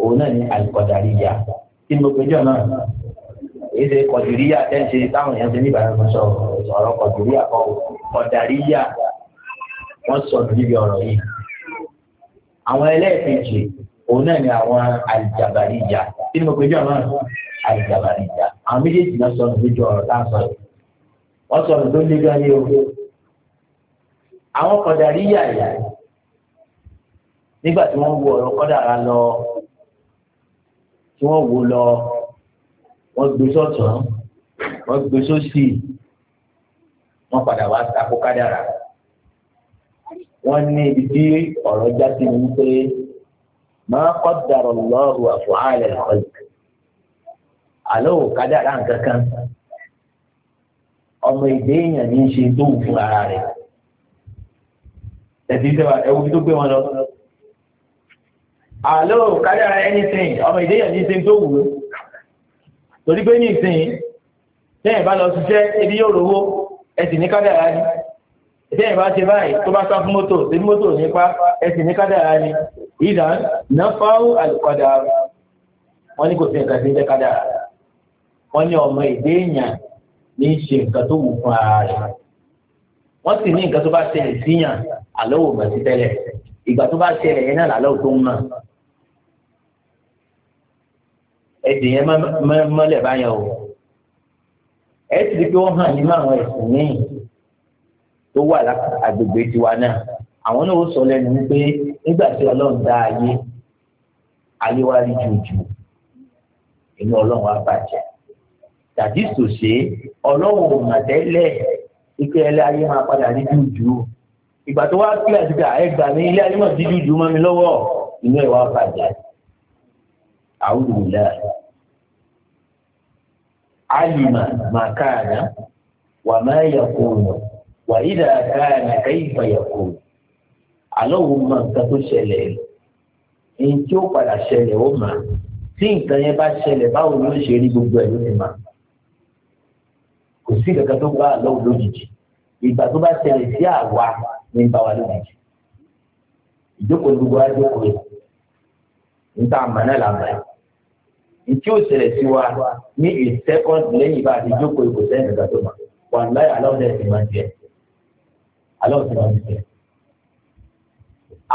Speaker 2: òun náà ní àìkọ̀dàríyà tí mo péjọ náà èyí ṣe kọ̀dìríyà tẹ́ǹṣe táwọn èèyàn ṣe ní ìbára sọ ọ̀rọ̀ kọ̀dìríyà kọ́ kọ̀dàríyà wọ́n sọ níbi ọ̀rọ̀ yìí àwọn ẹlẹ́ẹ̀kejì òun náà ni àwọn àjàbàríjà kí ni mo pe jọ náà àjàbàríjà àwọn méjèèjì náà sọnù lójú ọ̀rọ̀ tá a sọ yìí wọ́n sọnù tó lé gan ní ogo àwọn kọ̀dàríyà yà nígbà tí wọ́n wo ọ̀rọ̀ kọ́dàrá lọ tí wọ́n wo lọ wọ́n gbé sọ́tún wọ́n gbé sósì wọ́n padà wá takò kádàrá wọ́n ní ibi tí ọ̀rọ̀ já sí ní ma qaddara Allahu af'ala al-khalq ọmọ èdè èèyàn ní í ṣe tó fún ara rẹ̀ tẹ̀sí sẹ́wà tó gbé wọn lọ. àlọ́ ẹni
Speaker 1: ọmọ èdè èèyàn ní í ṣe tó wù ú torí pé ní ìsìn tẹ́yìn bá lọ ṣiṣẹ́ ebi ni tẹ́yìn bá ṣe báyìí tó bá sá fún mọ́tò
Speaker 2: ni ìdá náfàáwù àlùkọ́dà wọ́n ní kò sí nǹkan tí ń jẹ́ kádàrá wọ́n ní ọmọ ìdé èèyàn ní í ṣe nǹkan tó wù fún ara rẹ̀ wọ́n sì ní nǹkan tó bá ṣẹlẹ̀ síyàn àlọ́ wò sí tẹ́lẹ̀ ìgbà tó bá ṣẹlẹ̀ yẹn náà làlọ́ tó ń mọ̀ ẹ̀sìn yẹn mọ́lẹ̀ báyọ̀ o ẹ̀ pé wọ́n hàn nínú àwọn ẹ̀sìn míì tó wà lágbègbè tiwa náà àwọn náà ó sọ lẹ́nu wípé nígbà tí ọlọ́run dá ayé ayé wa rí jòjò inú ọlọ́run wa bàjẹ́ tàbí sòṣe ọlọ́run ò mà tẹ́lẹ̀ ike ẹlẹ́ ayé máa padà rí jòjò ìgbà tó wá pé àtìgbà ẹgbà ní ilé ayé máa di jòjò mọ́ mi lọ́wọ́ inú ẹ̀ wá bàjẹ́ àwùjọ ìlà alima màkàna wàmáyà kùnà wàyídà kàna kayfa yakun àlọ́ wo mọ nǹkan tó ṣẹlẹ̀ èyí tí ó padà ṣẹlẹ̀ ó mà tí nǹkan yẹn bá ṣẹlẹ̀ báwo ni ó ṣe rí gbogbo ẹ̀ ló ti mà kò sí kankan tó bá àlọ́ lójijì ìgbà tó bá ṣẹlẹ̀ sí àwa ní bá wa lójijì ìjókòó gbogbo wa jókòó yìí níta àmàlà làmà yìí ìtí ó ṣẹlẹ̀ sí wa ní a second lẹ́yìn bá a ti jókòó ìkòsẹ́yìn ìgbà tó mà wà láyé aláwọ̀ náà ti máa ń jẹ aláwọ̀ ti máa jẹ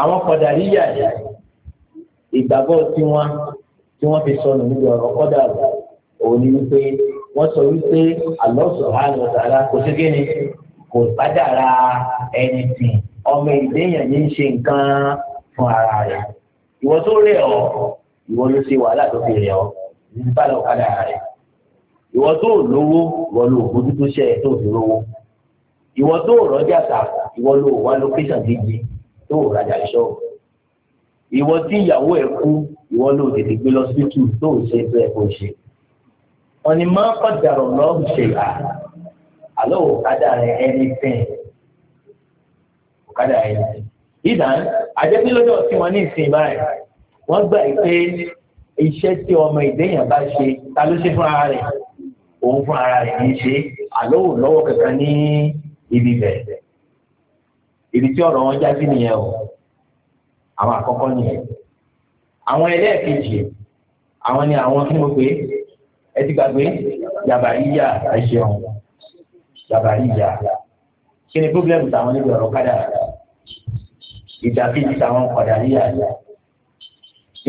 Speaker 2: àwọn kọ̀dàríyà ni ìgbàgbọ́ tiwọn tí wọ́n fi sọnù níbi ọ̀rọ̀ kọ́dà òun ni wípé wọ́n sọ wípé Allah subhanahu wa ta'ala kò sí kíni kò sádàra ẹni tì ọmọ ìdéyàn ní í ṣe nǹkan fún ara rẹ̀ ìwọ tó rẹ̀ ọ́ ìwọ ló ṣe wàhálà tó fi rẹ̀ ọ́ nípa lọ kádà rẹ̀ ìwọ tó lówó ìwọ ló bójú tó ṣe ẹ̀ tó fi lówó ìwọ tó rọ́jà tà ìwọ ló wá lókẹ́sàn gidi tó wò rajà ìṣọ́ ìwọ tí ìyàwó ẹ̀ kú ìwọ ló tètè gbé lọ sí tù tó ń ṣe bẹ́ẹ̀ kó ṣe ọ̀nì máa kọ́ dàrọ̀ lọ́ọ́ ṣe à àlọ́ òkádà rẹ̀ ẹni bẹ́ẹ̀ òkádà rẹ̀ ẹni ìdá àjẹpẹ́ lọ́jọ́ tí wọ́n ní ìsìn báyìí wọ́n gbà pé iṣẹ́ tí ọmọ ìdẹ́yìn bá ṣe ta ló ṣe fún ara rẹ̀ òun fún ara rẹ̀ ní ṣe àlọ́ òun lọ́wọ́ kankan ní ibi bẹ̀rẹ̀ ibi tí ọ̀rọ̀ wọn já sí nìyẹn o àwọn àkọ́kọ́ nìyẹn àwọn ẹlẹ́ẹ̀kejì àwọn ni àwọn kí mo pé ẹ ti gbàgbé yàbá yíyà àìṣeun yàbá yíyà kí ni pírọ́blẹ́mù táwọn níbi ọ̀rọ̀ kádà ìdàkejì táwọn kọ̀dà yíyà yà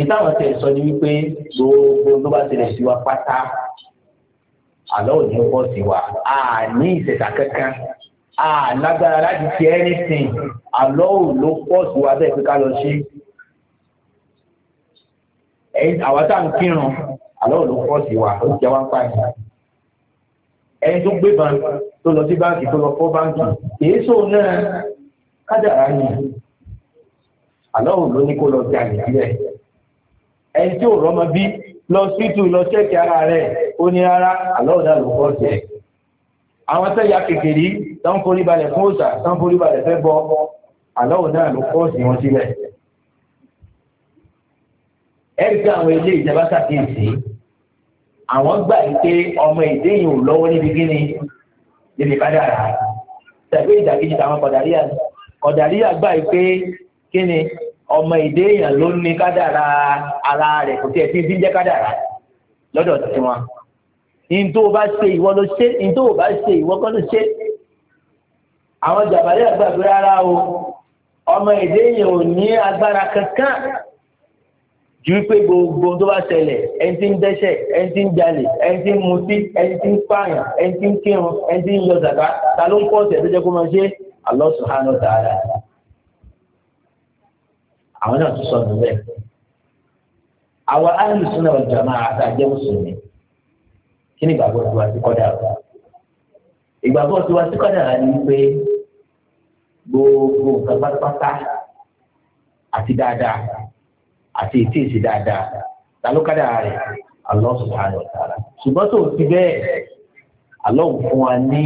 Speaker 2: ìtàwọn tẹ̀ sọ ni wípé gbogbo tó bá tẹ̀lé sí wa pátá àlọ́ òní pọ̀ sí wa àní ìṣẹ̀dá kankan. lágbára láti ṣe anything àlọ́wù ló pọ̀ sí wa bẹ́ẹ̀ pé lọ ṣe àwọn tá ń kírun ló pọ̀ sí wa ó jẹ́ wá ń pààyàn ẹni tó gbé ban tó lọ sí báńkì tó lọ fọ́ báńkì èso náà kádàrá ni àlọ́wù ló ní kó lọ sí àyè sílẹ̀ ẹni tí ò bí lọ sí tù lọ ara rẹ̀ ó ní pọ̀ sí ẹ̀. àwọn tẹ́ ya kékeré tán forí balẹ̀ fún òòṣà tán forí balẹ̀ fẹ́ bọ́ aláwọ̀ náà ló kọ́ sí wọn sílẹ̀ ẹ̀ríkà àwọn ilé ìjọba ṣàkíyèsí àwọn gbà yìí pé ọmọ èdè yìí ò lọ́wọ́ níbi gíní níbi kádàrà tẹ̀gbé ìdàkejì táwọn kọ̀dàríà kọ̀dàríà gbà yìí pé kíni ọmọ èdè èèyàn ló ní kádàrà ara rẹ̀ kò tí fi ń jẹ́ kádàrà lọ́dọ̀ tiwọn ìntò bá ṣe ìwọ ló ṣe ìntò bá ṣe ìwọ kọ́ ló ṣe àwọn jàbálẹ̀ àgbàgbé rárá o ọmọ èdè yẹn ò ní agbára kankan
Speaker 1: ju pé gbogbo tó bá
Speaker 2: ṣẹlẹ̀ ẹni tí ń dẹ́ṣẹ̀ ẹni tí ń jalè ẹni tí ń mutí ẹni tí ń pààyàn ẹni tí ń kírun ẹni tí ń yọ zàká ta ló ń pọ̀ ọ̀sẹ̀ tó kó máa ṣe Allah subhanahu wa ta'ala àwọn náà tún sọ nù bẹ́ẹ̀ àwọn ahlus sunnah wal àti àjẹmùsùn ni kí ni ìgbàgbọ́ tiwa sí kádàrá ìgbàgbọ́ tiwa sí kádàrá ni wípé gbogbo nǹkan pátápátá àti dáadáa àti ètí èsì dáadáa ta ló kádàrá rẹ̀ Allah subhanahu wa ta'ala ṣùgbọ́n tó ti bẹ́ẹ̀ Allah fún wa ní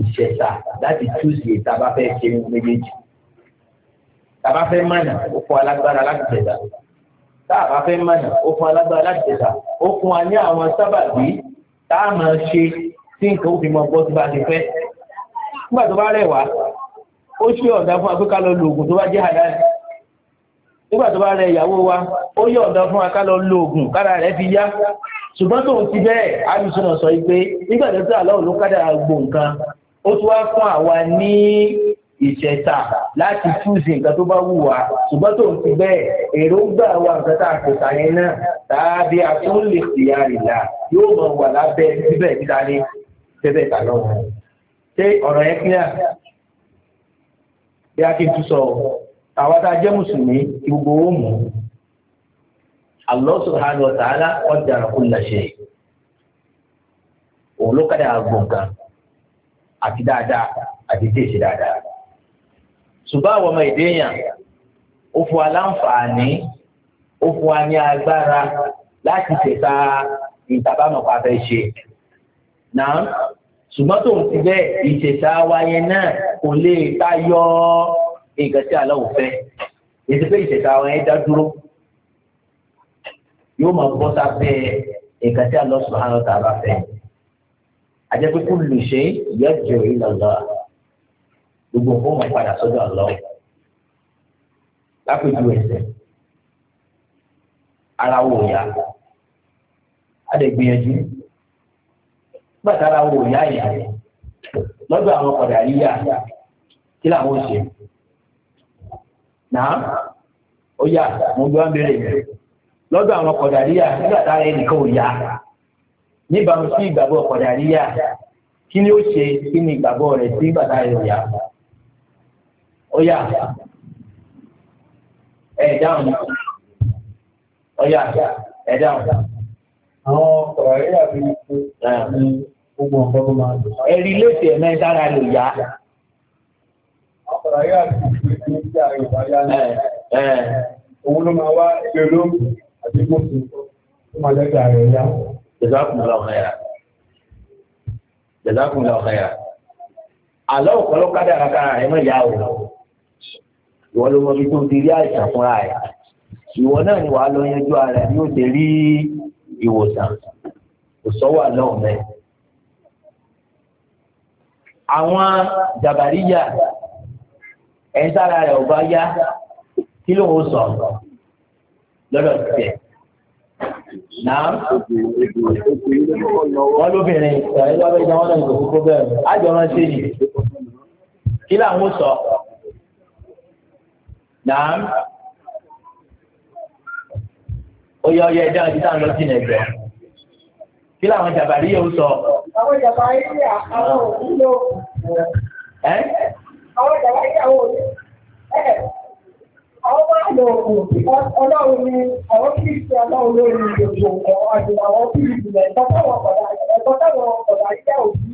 Speaker 2: ìṣẹ̀ṣà láti túùsì ìta bá fẹ́ ṣe méjèèjì ta bá fẹ́ mánà ó fún alágbára láti ṣẹ̀dá táàbà fẹ́ mọ̀nà ó fún alágbára láti tẹ̀sà ó fún wa ní àwọn sábàbí tá a máa ṣe tí nǹkan ó fi mọ bọ́ sí bá ti fẹ́ nígbà tó bá rẹ̀ wá ó ṣe ọ̀dà fún akókò lọ lo oògùn tó bá jẹ́ àdáyé nígbà tó bá rẹ̀ ìyàwó wa ó yọ̀ ọ̀dà fún akókò lọ lo oògùn kára rẹ̀ fi yá ṣùgbọ́n tóun ti bẹ́ẹ̀ alùsùn náà sọ pé nígbà tó tó àlọ́ òun ló kádà gbò ó tún wá fún àwa ní ìṣẹ̀ta láti túnṣe nǹkan tó bá wù wá ṣùgbọ́n tó ń ti bẹ́ẹ̀ èròǹgbà wa nǹkan tá a kò tà yẹn náà tàbí a tún lè ṣìyà rìlà yóò mọ̀ wà lábẹ́ síbẹ̀ níta ní tẹ́bẹ̀ tà lọ́wọ́. ṣé ọ̀rọ̀ yẹn kílíà
Speaker 1: bí a kì í tún sọ
Speaker 2: àwa tá a jẹ́ mùsùlùmí gbogbo ó mú Allah subhanahu wa ọjà kulla òun ló kádà gbọ̀ngàn àti dáadáa àti déèṣe dáadáa ṣùgbọ́n àwọn ọmọ èdè yàn ó fún wa láǹfààní ó fún wa ní agbára láti ṣèta ìtàbámọ̀pá fẹ́ ṣe náà ṣùgbọ́n tó ń ti bẹ́ẹ̀ ìṣèta wa yẹn náà kò lè tayọ nǹkan tí aláwọ̀ fẹ́ èsì pé ìṣèta wa dá dúró yóò máa bọ́ sábẹ́ nǹkan tí aláwọ̀ subhanahu wa ta'ala fẹ́ àjẹpẹ́ kúlù ṣe yẹ jù ìlànà. gbogbo nǹkan wọn padà sọ́dọ̀ àlọ lápẹjù ẹsẹ̀ ara wò yá adẹgbìyànjú gbàtà ara wò yá yá lọ́dọ̀ àwọn ọkọdà ya, kí làwọn ṣe náà ó yá mo gbọ́ béèrè mi ya àwọn ọkọdà yíyá ẹnìkan ò níbàámu sí ìgbàgbọ́ kí ni ó ṣe kí ni ìgbàgbọ́ sí gbàtà ò ọ̀yà ẹ̀dáhùn ọ̀yà ẹ̀dáhùn.
Speaker 3: àwọn ọkọ̀ ẹ̀rí àbí gbogbo nǹkan tó máa
Speaker 2: lò. ẹ̀rí létí ẹ̀mẹ́ dára lè yá.
Speaker 3: ọkọ̀ ẹ̀rí àbí gbogbo nǹkan tó máa yá. òun ló máa wá ẹgbẹ́ olóògùn àti gbòòsùn tó máa lẹ́gbẹ̀ẹ́ ààrẹ yá. Jazakumullahu khairan.
Speaker 2: Jazakumullahu khairan. àlọ́ òkọ́ kádàrá kára rẹ̀ mọ̀ ìyá òun ìwọ ló mọ ibi tó ti rí àìsàn fúnra ẹ̀ ìwọ náà ni wàá lọ yanjú ara ẹ̀ yóò ti rí ìwòsàn òsọ́wà náà mẹ́. àwọn jàbàríyà ẹ̀ ń sára rẹ̀ ò bá yá kí ló ń sọ lọ́dọ̀ tiẹ̀ náà wọ́n lóbìnrin ìgbà yẹn lọ́wọ́ ìdáwọ́n náà ìgbà kókó bẹ́ẹ̀ àjọ máa ṣe yìí kí làwọn sọ náà oyè ọyẹ ẹja ti táwọn lọ sí ẹgbẹ kí làwọn jàbàrí yóò sọ.
Speaker 3: àwọn jàbàrí yà àwọn òbí lò. ẹ. àwọn jàbàrí yà àwọn òbí ẹ àwọn máa lọ òkun ọlọ́run ni àwọn kìrìsì ọlọ́run ló ní gbogbo ọ̀dùn àwọn kìrìsì rẹ̀ ẹ̀kọ́ táwọn ọ̀dà ẹ̀kọ́ táwọn ọ̀dà ìjà òbí.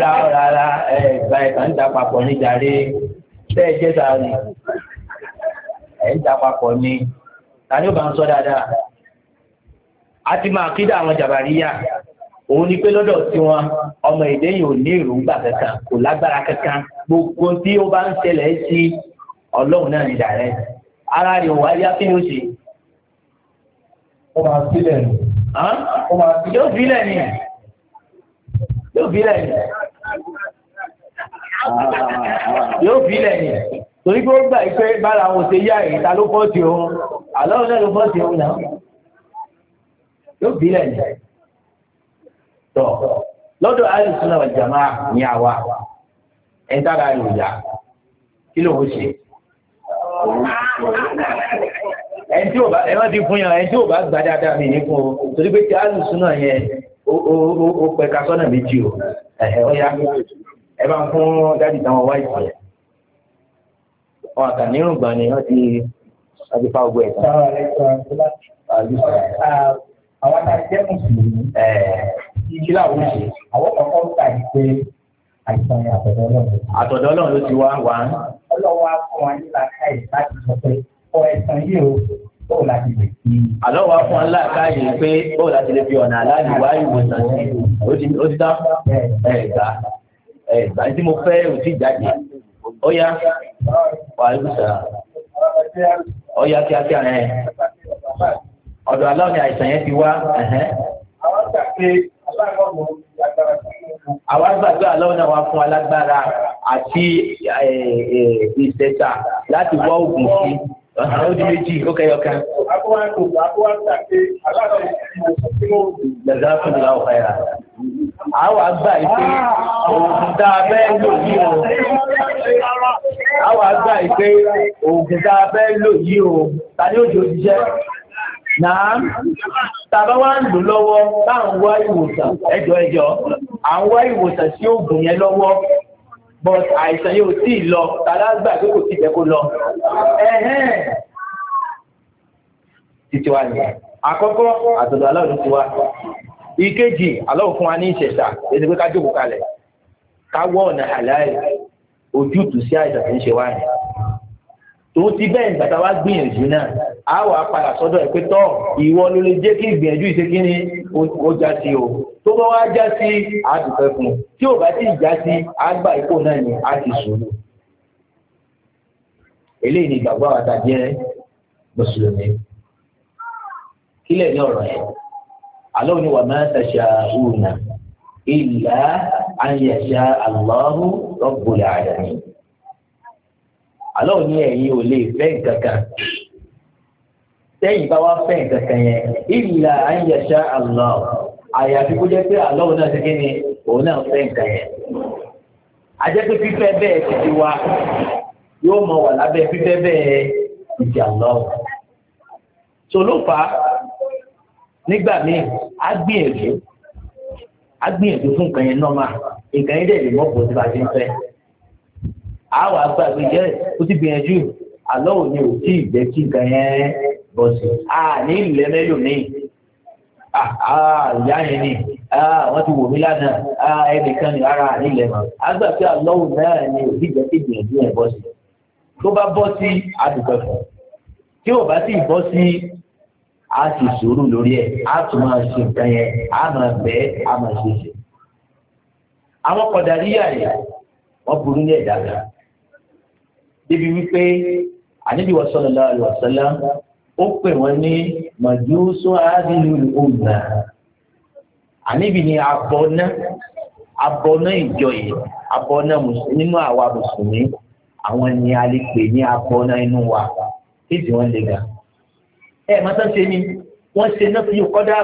Speaker 3: rárá rárá ẹ̀ gba ẹ̀ka ń
Speaker 2: dà papọ̀ níjàre bẹ́ẹ̀ jẹ́ sàárì ẹ̀ ń dapapọ̀ ni tani ó bá ń sọ dáadáa a ti máa kí dá àwọn jàbàríyà òun ni pé lọ́dọ̀ tí wọn ọmọ èdè yìí ò ní èròǹgbà kankan kò lágbára kankan gbogbo tí ó bá ń ṣẹlẹ̀ sí ọlọ́run náà ní dàrẹ́ ara rẹ̀ wà yá kí ni ó ṣe.
Speaker 3: ó máa sílẹ̀ ni.
Speaker 2: yóò sílẹ̀ ni
Speaker 1: yóò sílẹ̀ ni
Speaker 4: yóò fi ilẹ̀ yìí
Speaker 1: torí pé ó gbà pé bára àwọn ṣe yá èyí ta ló pọ̀ sí òun àlọ́ náà ló pọ̀ sí òun náà
Speaker 2: yóò fi ilẹ̀ yìí tọ̀ lọ́dọ̀ àìsàn náà jàmá ní àwa ẹ̀ ń tára ìròyà kí ló ń ṣe ẹni tí o bá ẹwọ́n ti fún yàn ẹni tí o bá gbà dáadáa mi ní fún o torí pé tí a lù sún náà yẹn o pẹ̀ka sọ́nà méjì o ẹ̀hẹ̀ ọ̀ya ẹ bá ń fún dáàdì táwọn wá ìsìn yẹn wọn àtànírùn gbà ni wọn ti wọn ti fa ogun ẹ̀ tán. àwọn tá a jẹ́ mùsùlùmí kí làwọn ṣe àwọn kọ̀ọ̀kan ń tà yìí pé àìsàn ni àtọ̀dọ̀ ọlọ́run. àtọ̀dọ̀ ọlọ́run ló ti wá wá. ọlọ́wọ́
Speaker 3: á fún wa nílà káyè láti sọ pé ọ ẹ̀sán yìí o bóò láti lè fi. àlọ́ wa fún ọlá pé bóò láti lè fi ọ̀nà aláàlú wá ìwòsàn sí i ó ti dá
Speaker 2: ẹ̀ ẹ̀ ìgbà tí mo fẹ́ ò tí jáde
Speaker 3: ó yá wàhálùsà ó yá kíákíá ẹ̀
Speaker 2: ọ̀dọ̀ aláwọ̀ ni àìsàn yẹn ti wá àwa gbàgbé aláwọ̀ náà wá fún alágbára àti ìṣẹ̀ta láti wá oògùn sí i ó di méjì ó kẹyọ ká.
Speaker 3: Lẹ̀dá fún ìlà ọ̀fà yà. Àwọn àgbà ìpé òògùn tá a fẹ́ lò yí o. Àwọn àgbà ìpé
Speaker 1: òògùn tá a fẹ́ lò yí o. Ta ni ó di òṣìṣẹ́? Nàá tàbá wá ń lò lọ́wọ́ bá ń wá ìwòsàn ẹjọ́ ẹjọ́. À ń wá ìwòsàn sí òògùn yẹn lọ́wọ́ but àìsàn yóò tí ì lọ tàbí àgbà pé kò tí ì jẹ́ kó lọ. títí wa ni
Speaker 2: àkọ́kọ́ àtọ̀dọ̀ aláwọ̀ ti wá ìkejì aláwọ̀ fún wa ní ìṣẹ̀ṣà èdè pé ká jókòó kalẹ̀ ká wọ́ ọ̀nà àláì ojútùú sí àìsàn tó ń ṣe wá ni tòun ti bẹ́ẹ̀ nígbà tá a wá gbìyànjú náà a wà padà sọ́dọ̀ ẹ̀ pé tọ́ ìwọ ló lè jẹ́ kí ìgbìyànjú ìṣekínni ó já sí o tó bá wá já sí a dùpẹ́ fún un tí ò bá sì já sí a ipò náà ni a ti sòrò eléyìí ni ìgbàgbọ́ àwọn àtàjẹ́ mùsùlùmí kílẹ̀ ní ọ̀rọ̀ yẹn alọ́ ni wà máa tẹ̀sà ìwòna ìlà ayẹ̀ṣà Allahu Rabbul Alamin àlọ́ ní ẹ̀yin ò lè fẹ́ kankan sẹ́yìn bá wá fẹ́ kankan yẹn ìlà àyẹ̀ṣà àlọ́ àyàfi kó jẹ́ pé àlọ́ náà ti kí ni òun náà fẹ́ nǹkan yẹn ajẹ́pé fífẹ́ bẹ́ẹ̀ títí wa yóò mọ wà lábẹ́ fífẹ́ bẹ́ẹ̀ ìjà lọ́wọ́ tòlófà nígbà míì á gbìyànjú á gbìyànjú fún nǹkan yẹn nọ́mà nǹkan yẹn dẹ̀ lè mọ́ bó ti bá ti ń fẹ́ àwọn agbàgbé jẹ́ ó ti gbìyànjú àlọ́ òní ò tí ì jẹ́ kí nǹkan yẹn bọ̀ sí a ní ilẹ̀ mẹ́lòmíì ìyá yẹn ni wọ́n ti wò mí lánàá ẹnìkan ní ara ní ilẹ̀ mọ́ agbà pé àlọ́ òní náà ni ò tí ì jẹ́ kí gbìyànjú yẹn bọ̀ sí tó bá bọ́ sí adùpẹ̀ fún tí ò bá sì bọ́ sí a sì sùúrù lórí ẹ̀ a tún máa ṣe nǹkan yẹn a máa bẹ́ a máa ṣe ṣe àwọn kọ̀dà níyà yẹn wọ́n burú ní ẹ̀dá gan débi wípé ànábì sallallahu alaihi wasallam ó pè wọ́n ní màjúsù ádìlú ọ̀nà ànábì ní abọ́ná abọ́ná ìjọ yìí abọ́ná nínú àwa mùsùlùmí àwọn ni a lè pè ní abọ́ná inú wa títí wọ́n lè ga ẹ mọ́tò ṣe ni wọ́n ṣe náà fi kọ́dà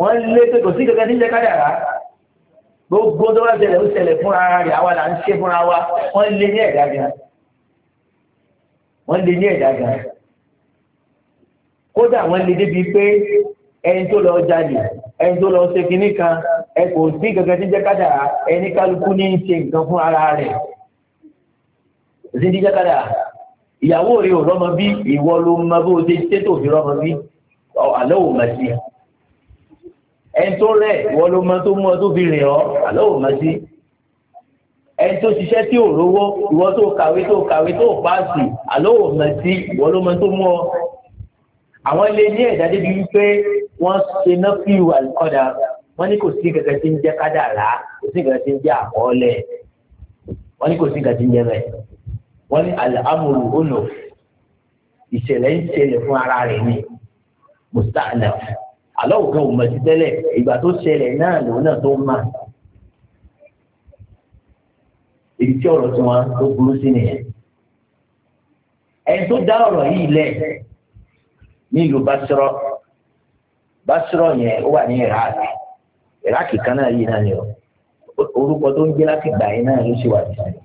Speaker 2: wọ́n lé pé kò sí kankan níjẹ́ kádàrá gbogbo tó bá ṣẹlẹ̀ ó ṣẹlẹ̀ fúnra rẹ̀ àwa là ń ṣe fúnra wa wọ́n lé ní ẹ̀dá gan wọ́n lé ní ẹ̀dá gan kódà wọ́n lé débi pé ẹni tó lọ jalè ẹni tó lọ ṣe kinní kan ẹ kò sí gẹ́gẹ́ tí ń jẹ́ ẹni kálukú ní í ṣe nǹkan fún ara rẹ̀ ṣe ń ìyàwó rẹ̀ ò rọ́mọ bí ìwọ ló mọ bó ṣe ṣètò òfin rọ́mọ bí àlọ́ ò mọ̀ sí i ẹni tó rẹ̀ wọ́n ló mọ tó mú ọ tó fi rìn ọ́ àlọ́ ò mọ sí ẹni tó ṣiṣẹ́ tí ò rówó ìwọ tó kàwé tó kàwé tó páàsì àlọ́ ò mọ sí ìwọ ló mọ tó mú ọ àwọn ilé ní ẹ̀dá débi wípé wọ́n ṣe náà fi ìwà kọ́dà wọ́n ní kò sí gẹ́gẹ́ tí ń jẹ́ kádàrá kò sí gẹ́gẹ́ tí ń jẹ́ àkọọ́lẹ̀ wọ́n ní kò sí gẹ́gẹ́ tí ń jẹ́ bẹ́ẹ̀ wọ́n ní alhamdu ono ìṣẹ̀lẹ̀ ń àlọ́ òkan ò mọ̀ sí tẹ́lẹ̀ ìgbà tó ṣẹlẹ̀ náà lòun náà tó mà ibi tí ọ̀rọ̀ tí wọ́n tó burú sí nìyẹn ẹni tó dá ọ̀rọ̀ yìí lẹ̀ nílùú Basra Basra yẹn ó wà ní Iraq Iraq kan náà yìí náà ni o orúkọ tó ń gbé láti gbà yín náà ló ṣe wà nísìnyí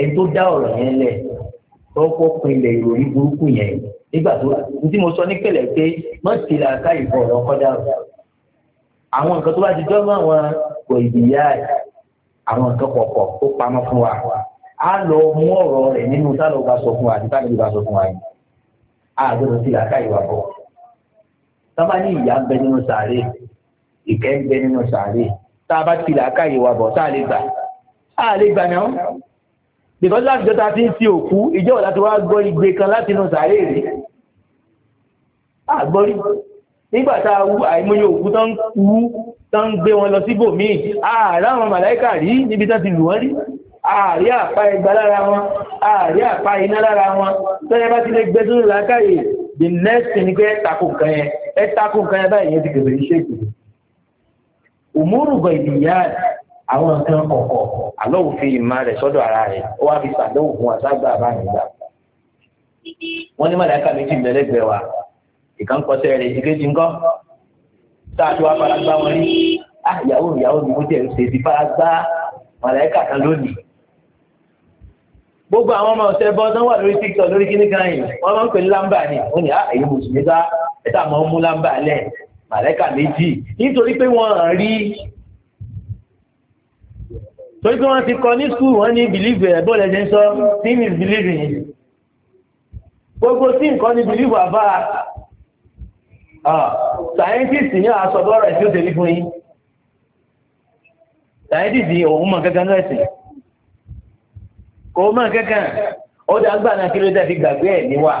Speaker 2: ẹni tó dá ọ̀rọ̀ yẹn lẹ̀ tó kọ́ pinlẹ̀ ìròyìn burúkú yẹn nígbà tó tí mo sọ ní pẹ̀lẹ́ pé mọ́tì làákà ìbọ̀ ọ̀rọ̀ kọ́dà àwọn nǹkan tó bá ti jọ́ mọ́ àwọn kò ìdíyà àwọn nǹkan pọ̀pọ̀ ó pamọ́ fún wa á lọ mú ọ̀rọ̀ rẹ̀ nínú sálọ bá sọ fún wa àti sálọ bá sọ fún wa yìí àgbẹ̀rún ti làákà ìwà bọ̀ sábà ní ìyá ń bẹ nínú sàárè ìkẹ́ ń bẹ nínú sàárè tá a bá ti làákà ìwà bọ̀ tá a lè gbà á lè gbà náà bìkọ́sí láti jọta ti ń ti òkú ìjọ́ ọ̀la ti wá gbọ́ igbe kan láti inú sàárè
Speaker 1: rèé àgbọ́rí nígbà tá àìmọye òkú tán kú tán gbé wọn lọ síbò míì ààrẹ àwọn màláìkà rí níbi tán ti lù wọ́n rí ààrí àpá ẹgbà lára wọn ààrí àpá iná lára wọn tẹ́lẹ̀ bá ti lè gbé
Speaker 2: sínú làákàyè the next thing pé ẹ̀tàkùn kan yẹn ẹ̀tàkùn kan yẹn báyìí yẹn ti kèbè iṣẹ́ ìgbèrè òmùrùgbọ̀ ìdìyà àwọn nǹkan kọ̀ọ̀kọ̀ àlọ́ òfin ìmá rẹ̀ sọ́dọ̀ ara rẹ̀ ó wá fi sàdéhùn fún wa ságbà báyìí gbà wọ́n ní màláìkà méjì lẹ́lẹ́gbẹ̀ẹ́ wa ìkan kọsẹ̀ rẹ̀ ìkejì ńkọ́ sáàtì wa fara gbá wọn rí ah, ìyàwó ìyàwó mi ó jẹ́ ń ṣe ti fara gbá màláìkà kan lónìí. gbogbo àwọn ọmọ ọ̀sẹ̀ bọ́ tán wà lórí tiktok lórí kíní kan yìí wọ́n máa ń pè ní lámbà ni ó ní àyè ah, mùsùlùmí bá ẹ̀ta máa ń mú lámbà lẹ̀ màláìkà méjì
Speaker 1: nítorí pé wọ́n rí torí pé wọ́n ti kọ ní skul wọ́n ní bìlíìfù ẹ̀ bọ́ọ̀lù ẹ̀jẹ̀ ń sọ team is believing gbogbo
Speaker 2: tí nǹkan ní bìlíìfù àbá Ah, sáyẹ́ntìsì ní àsọ̀bọ́rọ̀ ẹ̀sìn ó tẹ̀lé fún yín sáyẹ́ntìsì òun mọ̀ kankan náà ẹ̀sìn kò mọ̀ kankan ó dá gbà náà kí ló dé fi gbàgbé ẹ̀ níwà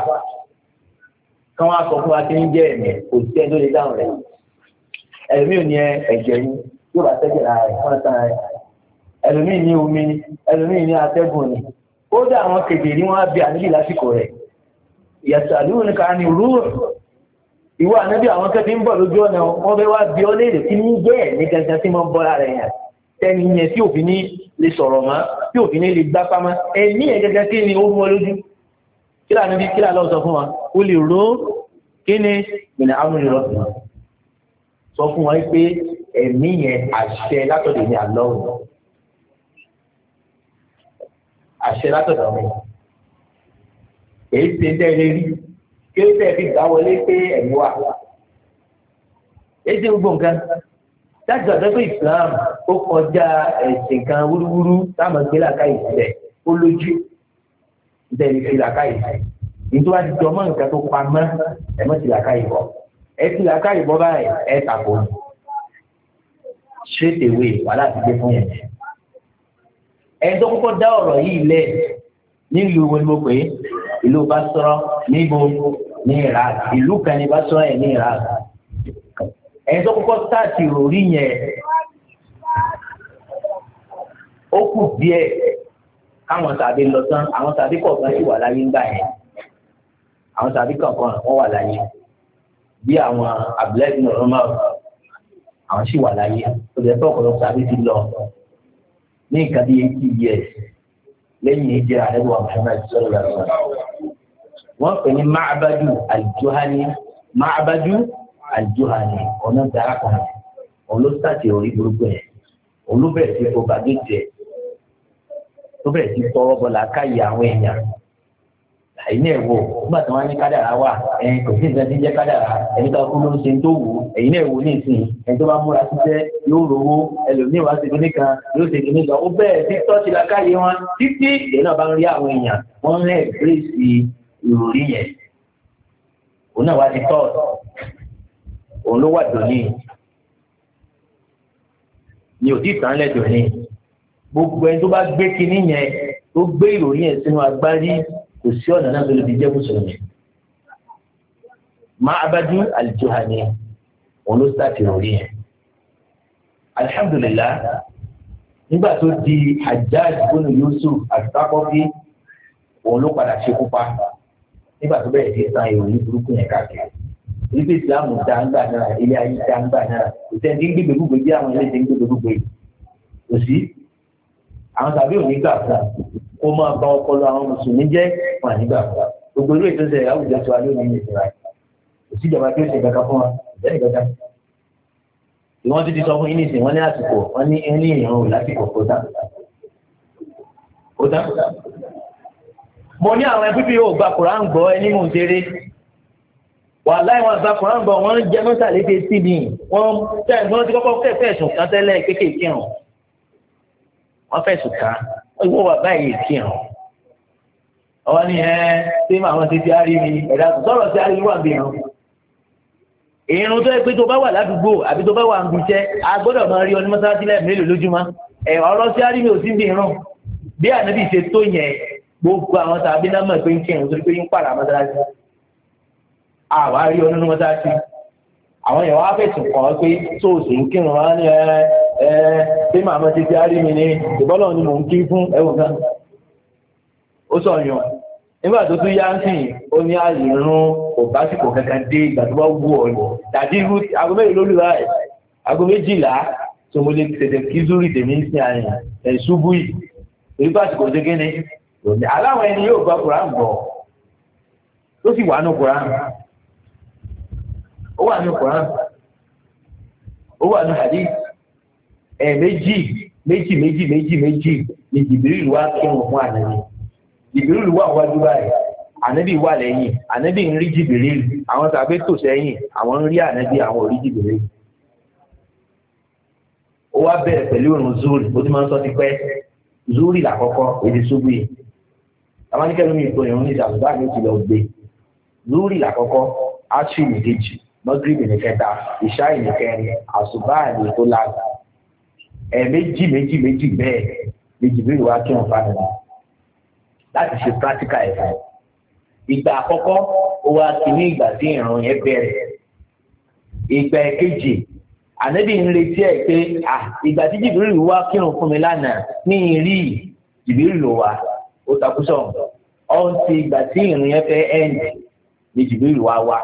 Speaker 2: kán wá sọ fún wa kí ń jẹ́ ẹ̀mí kò sí ẹ̀ tó lè dáhùn rẹ̀ ẹ̀mí ò ní ẹ̀jẹ̀ yín yóò bá tẹ́jẹ̀ rà rẹ̀ fún ẹ̀sán rẹ̀ ẹlòmíì ní omi ni ẹlòmíì ní atẹ́gùn ni ó dá àwọn kèdè ní wọ́n á bí àníbì lásìkò rẹ̀ ìyàtọ̀ àdúgbò ní ká ní rúùrù ìwọ ànábì àwọn kẹfì ń bọ̀ lójú ọ̀nà wọn fẹ́ wá bí ọ léèrè tí ní jẹ́ ẹ̀ ní gangan tí wọ́n bọ́ra rẹ̀ yàn tẹ́ni yẹn tí òfin ní lè sọ̀rọ̀ mọ́ tí òfin ní lè gbá pamọ́ ẹ̀mí ẹ̀ gangan tí ni ó mú ọ lójú kí lànà bí kí lànà sọ fún wa o lè ró kí ni ìnà amúlẹ̀ rọ sọ fún wa pé ẹ̀mí yẹn àṣẹ látọ̀dọ̀ ní àlọ́run àṣẹ látọ̀dọ̀ mi èyí ti ń dẹ́ kí ló tẹ̀ fi gbà wọlé pé ẹ̀mí wà. ètò gbogbo nǹkan láti ọ̀dọ́ pé Islam ó kọjá ẹ̀sìn kan wúrúwúrú táwọn gbé làkàyè sílẹ̀ ó lójú ìtẹ̀lé fi làkàyè sílẹ̀ nítorí àti jọmọ nǹkan tó pamọ́ ẹ̀mọ́ ti làkàyè bọ̀ ẹ ti làkàyè bọ̀ báyìí ẹ tàkó straight away wàhálà ti dé fún yẹn ẹni tó kọ́kọ́ dá ọ̀rọ̀ yìí lẹ̀ nílùú wo ni mo pè é ìlú bá sọ̀rọ̀ níbo ní iraq ìlú kan ní basra ní iraq ẹ̀yin tó kọ́kọ́ sáàtì ròrí yẹn ó kù díẹ̀ káwọn tàbí lọ tán àwọn tàbí kọ̀ọ̀kan sì wà láyé ńgbà yẹn àwọn tàbí kọ̀ọ̀kan wọ́n wà láyé bí àwọn abdullahi bin umar àwọn sì wà láyé ó lè fẹ́ ọ̀pọ̀lọpọ̀ tàbí ti lọ ní nǹkan bí eighty years lẹ́yìn ìjẹ́ àdébùwà muhammed sọ̀rọ̀ lọ́wọ́ wọ́n pè ní máàbájú àlùjọ́hání máàbájú àlùjọ́hání ọ̀nà dára kan olóṣàtì orí burúkú yẹn olúbẹ̀rẹ̀ sí fọba gíjẹ tó bẹ̀rẹ̀ sí tọwọ́ bọ́lá káyé àwọn èèyàn àìní ẹ̀wò nígbà tí wọ́n ní kádàrá wà ẹ̀yìn kò sí ìdájí jẹ́ kádàrá ẹ̀yìn tó kú ló ń ṣe tó wù ú ẹ̀yìn ẹ̀wò ní ìsìn ẹ̀yìn tó bá múra síṣẹ́ yóò rówó ẹlòmíì wá sí kíní kan yóò ṣe kíní kan ó bẹ̀rẹ̀ sí tọ́sí la káyé wọn títí ìdènà bá ń rí àwọn èèyàn wọ́n ń rẹ̀ ìròrí yẹn òun náà wá di tọ́ òun ló wà dòní ni ò tí ì tán lẹ́dọ̀ ni gbogbo ẹni tó bá gbé kinní yẹn tó gbé ìròyìn yẹn sínú agbárí kò sí ọ̀nà náà tó lè fi jẹ́ mùsùlùmí má abájú àlìjọ́hání òun ló sáà ti ròyìn yẹn alihamdulilah nígbà tó di Hajjaj bónú Yusuf àti sákọ́fí òun ló padà ṣekú pa nígbà tó bẹ̀rẹ̀ sí ń san ìròyìn burúkú yẹn káàkiri wípé ìsìlámù dá ń gbà náà ilé ayé dá ń gbà náà kò sẹ́ni tí ń gbégbé gbogbo bí àwọn ilé ti ń gbégbé gbogbo yìí kò sí àwọn tàbí òní gbà fún wa kó máa bá ọpọlọ àwọn mùsùlùmí jẹ́ wọn àní gbà fún wa gbogbo ilé ìtọ́sẹ̀ àwùjọ tó wà lónìí ní ìsinmi ìjọba tí ṣe kankan fún wa ìjẹ́ni kankan ìwọ́n ti ti sọ fún yín wọ́n ní àsìkò wọ́n ní ẹni ìrìn òun lásìkò kó mo ní àwọn ẹbí bí yóò gba koran gbọ́ ẹni mò ń ṣeré wà láì wọn gba koran gbọ́ wọn jẹ mẹ́ta lédè sí mi wọn tẹ wọn ti kọ́kọ́ fẹ́ fẹ̀sùn kan tẹ́lẹ̀ kéékèèké hàn wọn fẹ̀sùn kan ìwọ wà báyìí kí hàn wọn ní ẹ ṣé màwọn ti ti àárí mi ẹ̀dá sọ̀rọ̀ ti àárí wà bí hàn ìrún tó yẹ pé tó bá wà ládùúgbò àbí tó bá wà ń gbìṣẹ́ a gbọ́dọ̀ máa rí ọní mọ́sálásí lẹ́ẹ̀mí lò lójúmọ́ ọ̀rọ̀ sí àríwí ò sí bí ìrún bí ànábì ṣe tó yẹn gbogbo àwọn tàbí náà mọ̀ pé ń kírun torí pé ń pààrà mọ́sálásí àwa rí ọ nínú mọ́sálásí àwọn èèyàn wá fẹ̀sùn kàn án pé sóòsì ń kírun wá ní ẹ ẹ pé màmá ti ti árí mi ni ìbọ́lọ̀ ni mò ń kí fún ẹ̀wọ̀n kan ó sọ yàn nígbà tó tún yá ń sìn ó ní àyè rún kò bá sì kò kankan dé ìgbà tó bá wù ọ lọ dàdí irú aago mẹ́rin lórí wa aago méjìlá tó mo lè tètè kí zúrì tèmi ń sìn àyàn ẹ̀ ṣubú yìí èyí bá kò ṣe kéde òní aláwọn ẹni yóò gba koran gbọ́ tó sì wà ní koran ó wà ní koran ó wà ní hadith ẹ méjì méjì méjì méjì méjì ni jìbìrìlù wa kírun fún ànàní jìbìrìlù wà wájú báyìí ànábì wà lẹ́yìn ànábì ń rí jìbìrìlù àwọn tàbí tò sẹ́yìn àwọn ń rí ànábì àwọn ò rí jìbìrìlù ó wá bẹ̀rẹ̀ pẹ̀lú òrùn zuri ó ti máa ń sọ ti pẹ́ zuri làkọ́kọ́ èdè ṣubú àwọn ní kẹ́lómi ìgbọ́ ìrún ní ìjàmbá ní ìkìlọ̀ gbé lórí àkọ́kọ́ áṣìn ìkejì mọ́gírìbì ní kẹta ìṣá ìní kẹrin àṣùbá ìlú tó lága ẹ̀ méjì méjì méjì bẹ́ẹ̀ méjì bẹ́ẹ̀ wá kí wọ́n fáwọn wọn láti ṣe practical ẹ̀fọ́ ìgbà àkọ́kọ́ ó wá sí ní ìgbà tí ìrún yẹn bẹ̀rẹ̀ ìgbà ẹ̀kejì ànábì ń retí ẹ̀ pé ìgbà tí jìbìrì wá kírun fún mi lánàá ní ìrí jìbìrì lò wá ó takùsọ̀ ọ̀hún ti ìgbà tí ìrìn yẹn fẹ́ ẹ̀ǹdì ní jìbìrì wá wá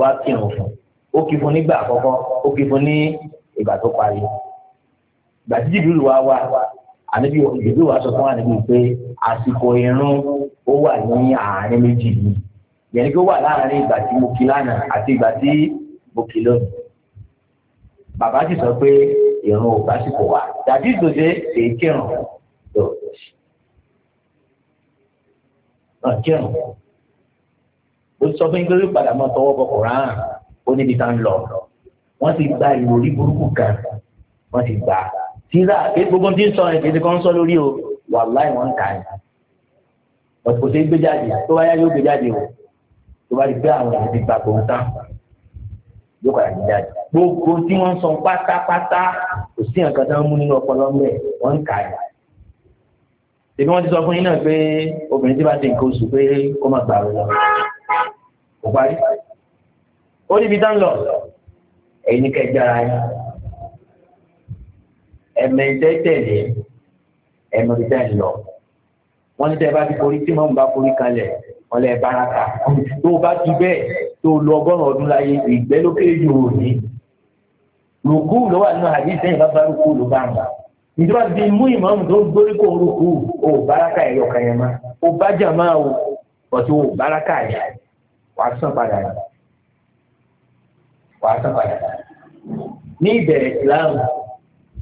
Speaker 2: wá kírun fún ó kí fún nígbà àkọ́kọ́ ó kí fún ní ìgbà tó parí ìgbà tí jìbìrì wá wá àníbi ìdílé wa sọ fún àníbi pé àsìkò irun ó wà ní àárín méjì yìí yẹn kí ó wà láàárín ìgbà tí mo kí lánàá àti ìgbà tí mo kí lónìí bàbá sì sọ pé irun ò bá sì kò wá dàbí ìdòdè èyí kírun náà kírun ó sọ fún yín pé padà máa tọwọ́ bọ koran ó níbi tá ń lọ wọ́n ti gba ìròrí burúkú kan wọ́n ti gbà tíra gbogbo tí ń sọ ẹ̀ kéde kan ń sọ lórí o wàláì wọ́n ń kà ní kò sí gbé jáde tó bá yá yóò gbé jáde o tó bá di pé àwọn èèyàn ti gbà tó ń tán yóò padà gbé jáde
Speaker 3: gbogbo tí wọ́n ń
Speaker 2: sọ pátápátá kò sí nǹkan tó ń mú nínú ọpọlọ mẹ́ẹ̀ wọ́n ń kà ní ṣèbí wọ́n ti sọ fún yín náà pé obìnrin tí bá ti nǹkan oṣù pé kó má gbà lọ kò parí ó níbi tá ń lọ èyí ni kẹjọ ara yín ẹ̀mẹ̀jẹ̀ tẹ̀lé ẹ̀mẹ̀jẹ̀ tẹ̀lé lọ wọ́n ní tẹ́ bá ti forí tí mọ́mú bá forí kalẹ̀ wọ́n lẹ́ baraka tó o bá ti bẹ́ẹ̀ tó o lo ọgọ́rùn-ún ọdún láyé ìgbẹ́ lókè yòòní rògbò lọ́wọ́ àná àdìsẹ́yìn bá bá rògbò ló bá ń bá ìjọba ti mú ìmáàmù tó gbórí kó orúkú o báraka ẹ̀ yọkàn yẹn má o bá jà máa o ọ̀tí o báraka ẹ̀ wàá sàn padà wàá sàn padà ní ìbẹ̀rẹ̀ ìsìláàmù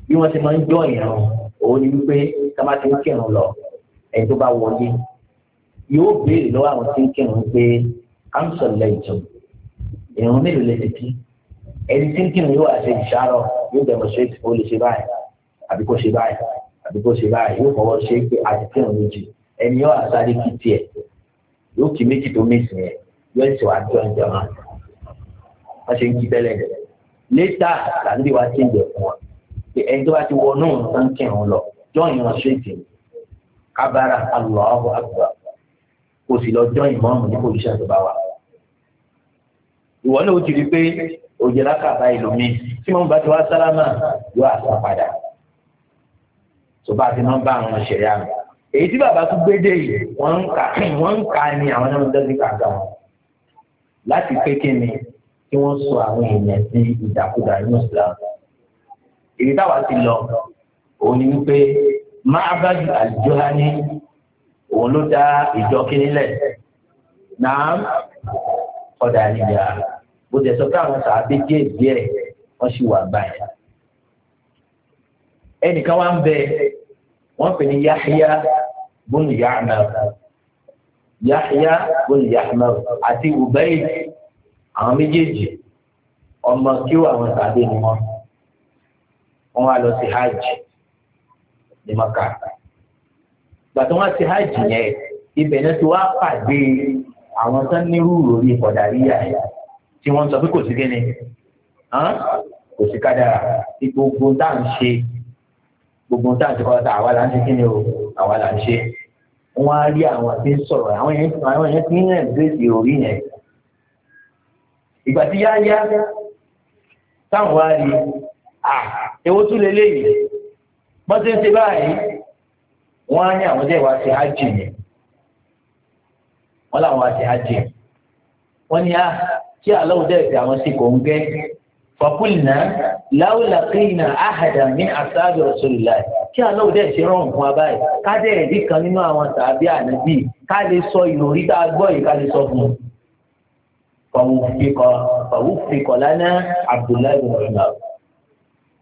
Speaker 2: bí wọ́n ti máa ń jọ ìran òun ni wípé ká má ti ń kírun lọ ẹ̀ tó bá wọlé yóò béèrè lọ́wọ́ àwọn tí ń kírun pé amsọ̀lẹ̀ ìtàn ìrun mélòó lè ti kí ẹni tí ń kírun yóò àbí kó ṣe báyìí àbí kó ṣe báyìí yóò fọwọ́ ṣe pé àti kí òun méjì ẹni yóò àsáré kí tiẹ̀ yóò kí méjì tó méjì yẹn yóò ṣe wá jọ ìjọ hàn wọ́n ṣe ń kí tẹ́lẹ̀ rẹ̀ létà tàbí wá sí ìjọ fún wa, pé ẹni tó bá ti wọnú nǹkan kí òun lọ jọ́yìn wọn ṣèṣì kábàárà Allahu Akbar kò sì lọ jọ́yìn mọ́ọ̀mù ní pòlíṣà tó bá wà ìwọ náà ó ti rí pé òjò lákàbá ìlú mi tí mo bá ti wá sálámà yóò àṣà padà tó bá ti máa ń bá àwọn ṣẹ̀rí àmì èyí tí bàbá tún gbé dé yìí wọ́n ń kà wọ́n ń kà ní àwọn náà ń dẹ́sí kàga wọn láti pé kí ni kí wọ́n sọ àwọn èèyàn sí ìdàkudà nínú Islam èyí táwa ti lọ òun ni wípé máa bá àlùjọ́hání òun ló dá ìjọ kínílẹ̀ náà ọ̀dà nìyà bó jẹ́ sọ pé àwọn sàábé díẹ̀ díẹ̀ wọ́n sì wà báyìí ẹnìkan wá ń bẹ wọ́n pè ní Yahya bun Ya'mar Yahya bun Ya'mar àti Ubayd àwọn méjèèjì ọmọ kí wọ́n àwọn sàbẹ̀ ni wọ́n wọ́n wá lọ sí hajj ní Maka gbàtọ́ wọ́n ti hajj yẹn ibẹ̀ náà ti wá pàdé àwọn tán nírú lórí ọ̀dàríyà yẹn tí wọ́n sọ pé kò sí kíni kò sí kádàrà gbogbo tá ń ṣe gbogbo tá à ń ṣe kọ́ àwa là ń ṣe kí ni o àwa là ń ṣe wọ́n á rí àwọn àti sọ̀rọ̀ àwọn yẹn àwọn yẹn ti ń rìn gbèsè orí yẹn ìgbà tí yáyá táwọn wá rí à ewu tún lélẹ́yìí wọ́n ti ń ṣe báyìí wọ́n á ní àwọn jẹ́ ìwà ṣe ájì yẹn wọ́n láwọn wá ṣe ájì wọ́n ní á ṣé àlọ́ òun dẹ̀ àwọn sí kò ń gẹ́ fàkúlìnà láwùlà kéyìnà àhàdà ní àṣàbí ọ̀ṣọ́lùlá kí aláwọ̀ dẹ̀ ṣe rán nǹkan abáyé ká dẹ̀ ẹ̀rí kan nínú àwọn tàbí ànábì ká lè sọ ìròrí tá a gbọ́ yìí ká lè sọ fún un. fàwùfikọ̀ lánàá abdullahi bin umar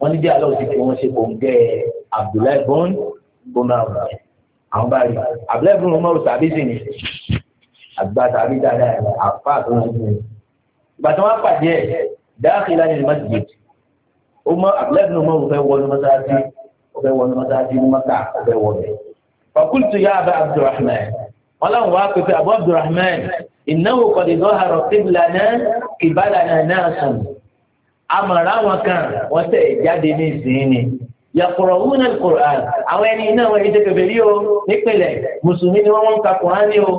Speaker 2: wọ́n ní bí aláwọ̀ ti fi wọ́n ṣe kò ń gẹ́ abdullahi bin umar àwọn báyìí abdullahi bin umar tàbí sì ni àgbà tàbí dáadáa àpá àtúnṣe gbàtàn wá pàdé ẹ̀ dáàkìlá ní masjid ó mọ abúlẹ́bí ní ọmọ òfẹ́ wọnú mọ́sáàtì òfẹ́ wọnú mọ́sáàtì ní mọ́ta òfẹ́ wọnú. fakultu ya abu abdulrahman wọn làwọn wá pépé abu abdulrahman ìnáwó kọ̀dìdọ́ àrọ̀ kíbìlànà kíbàlànà náà sùn. amọ̀ra wọn kan wọ́n tẹ̀ jáde ní ìsìn yàkùrọ̀ wù kùrán àwọn ẹni iná wọn èdè kẹfẹ́rí o nípìnlẹ̀ mùsùlùmí ni wọ́n ń ka kùrán ní o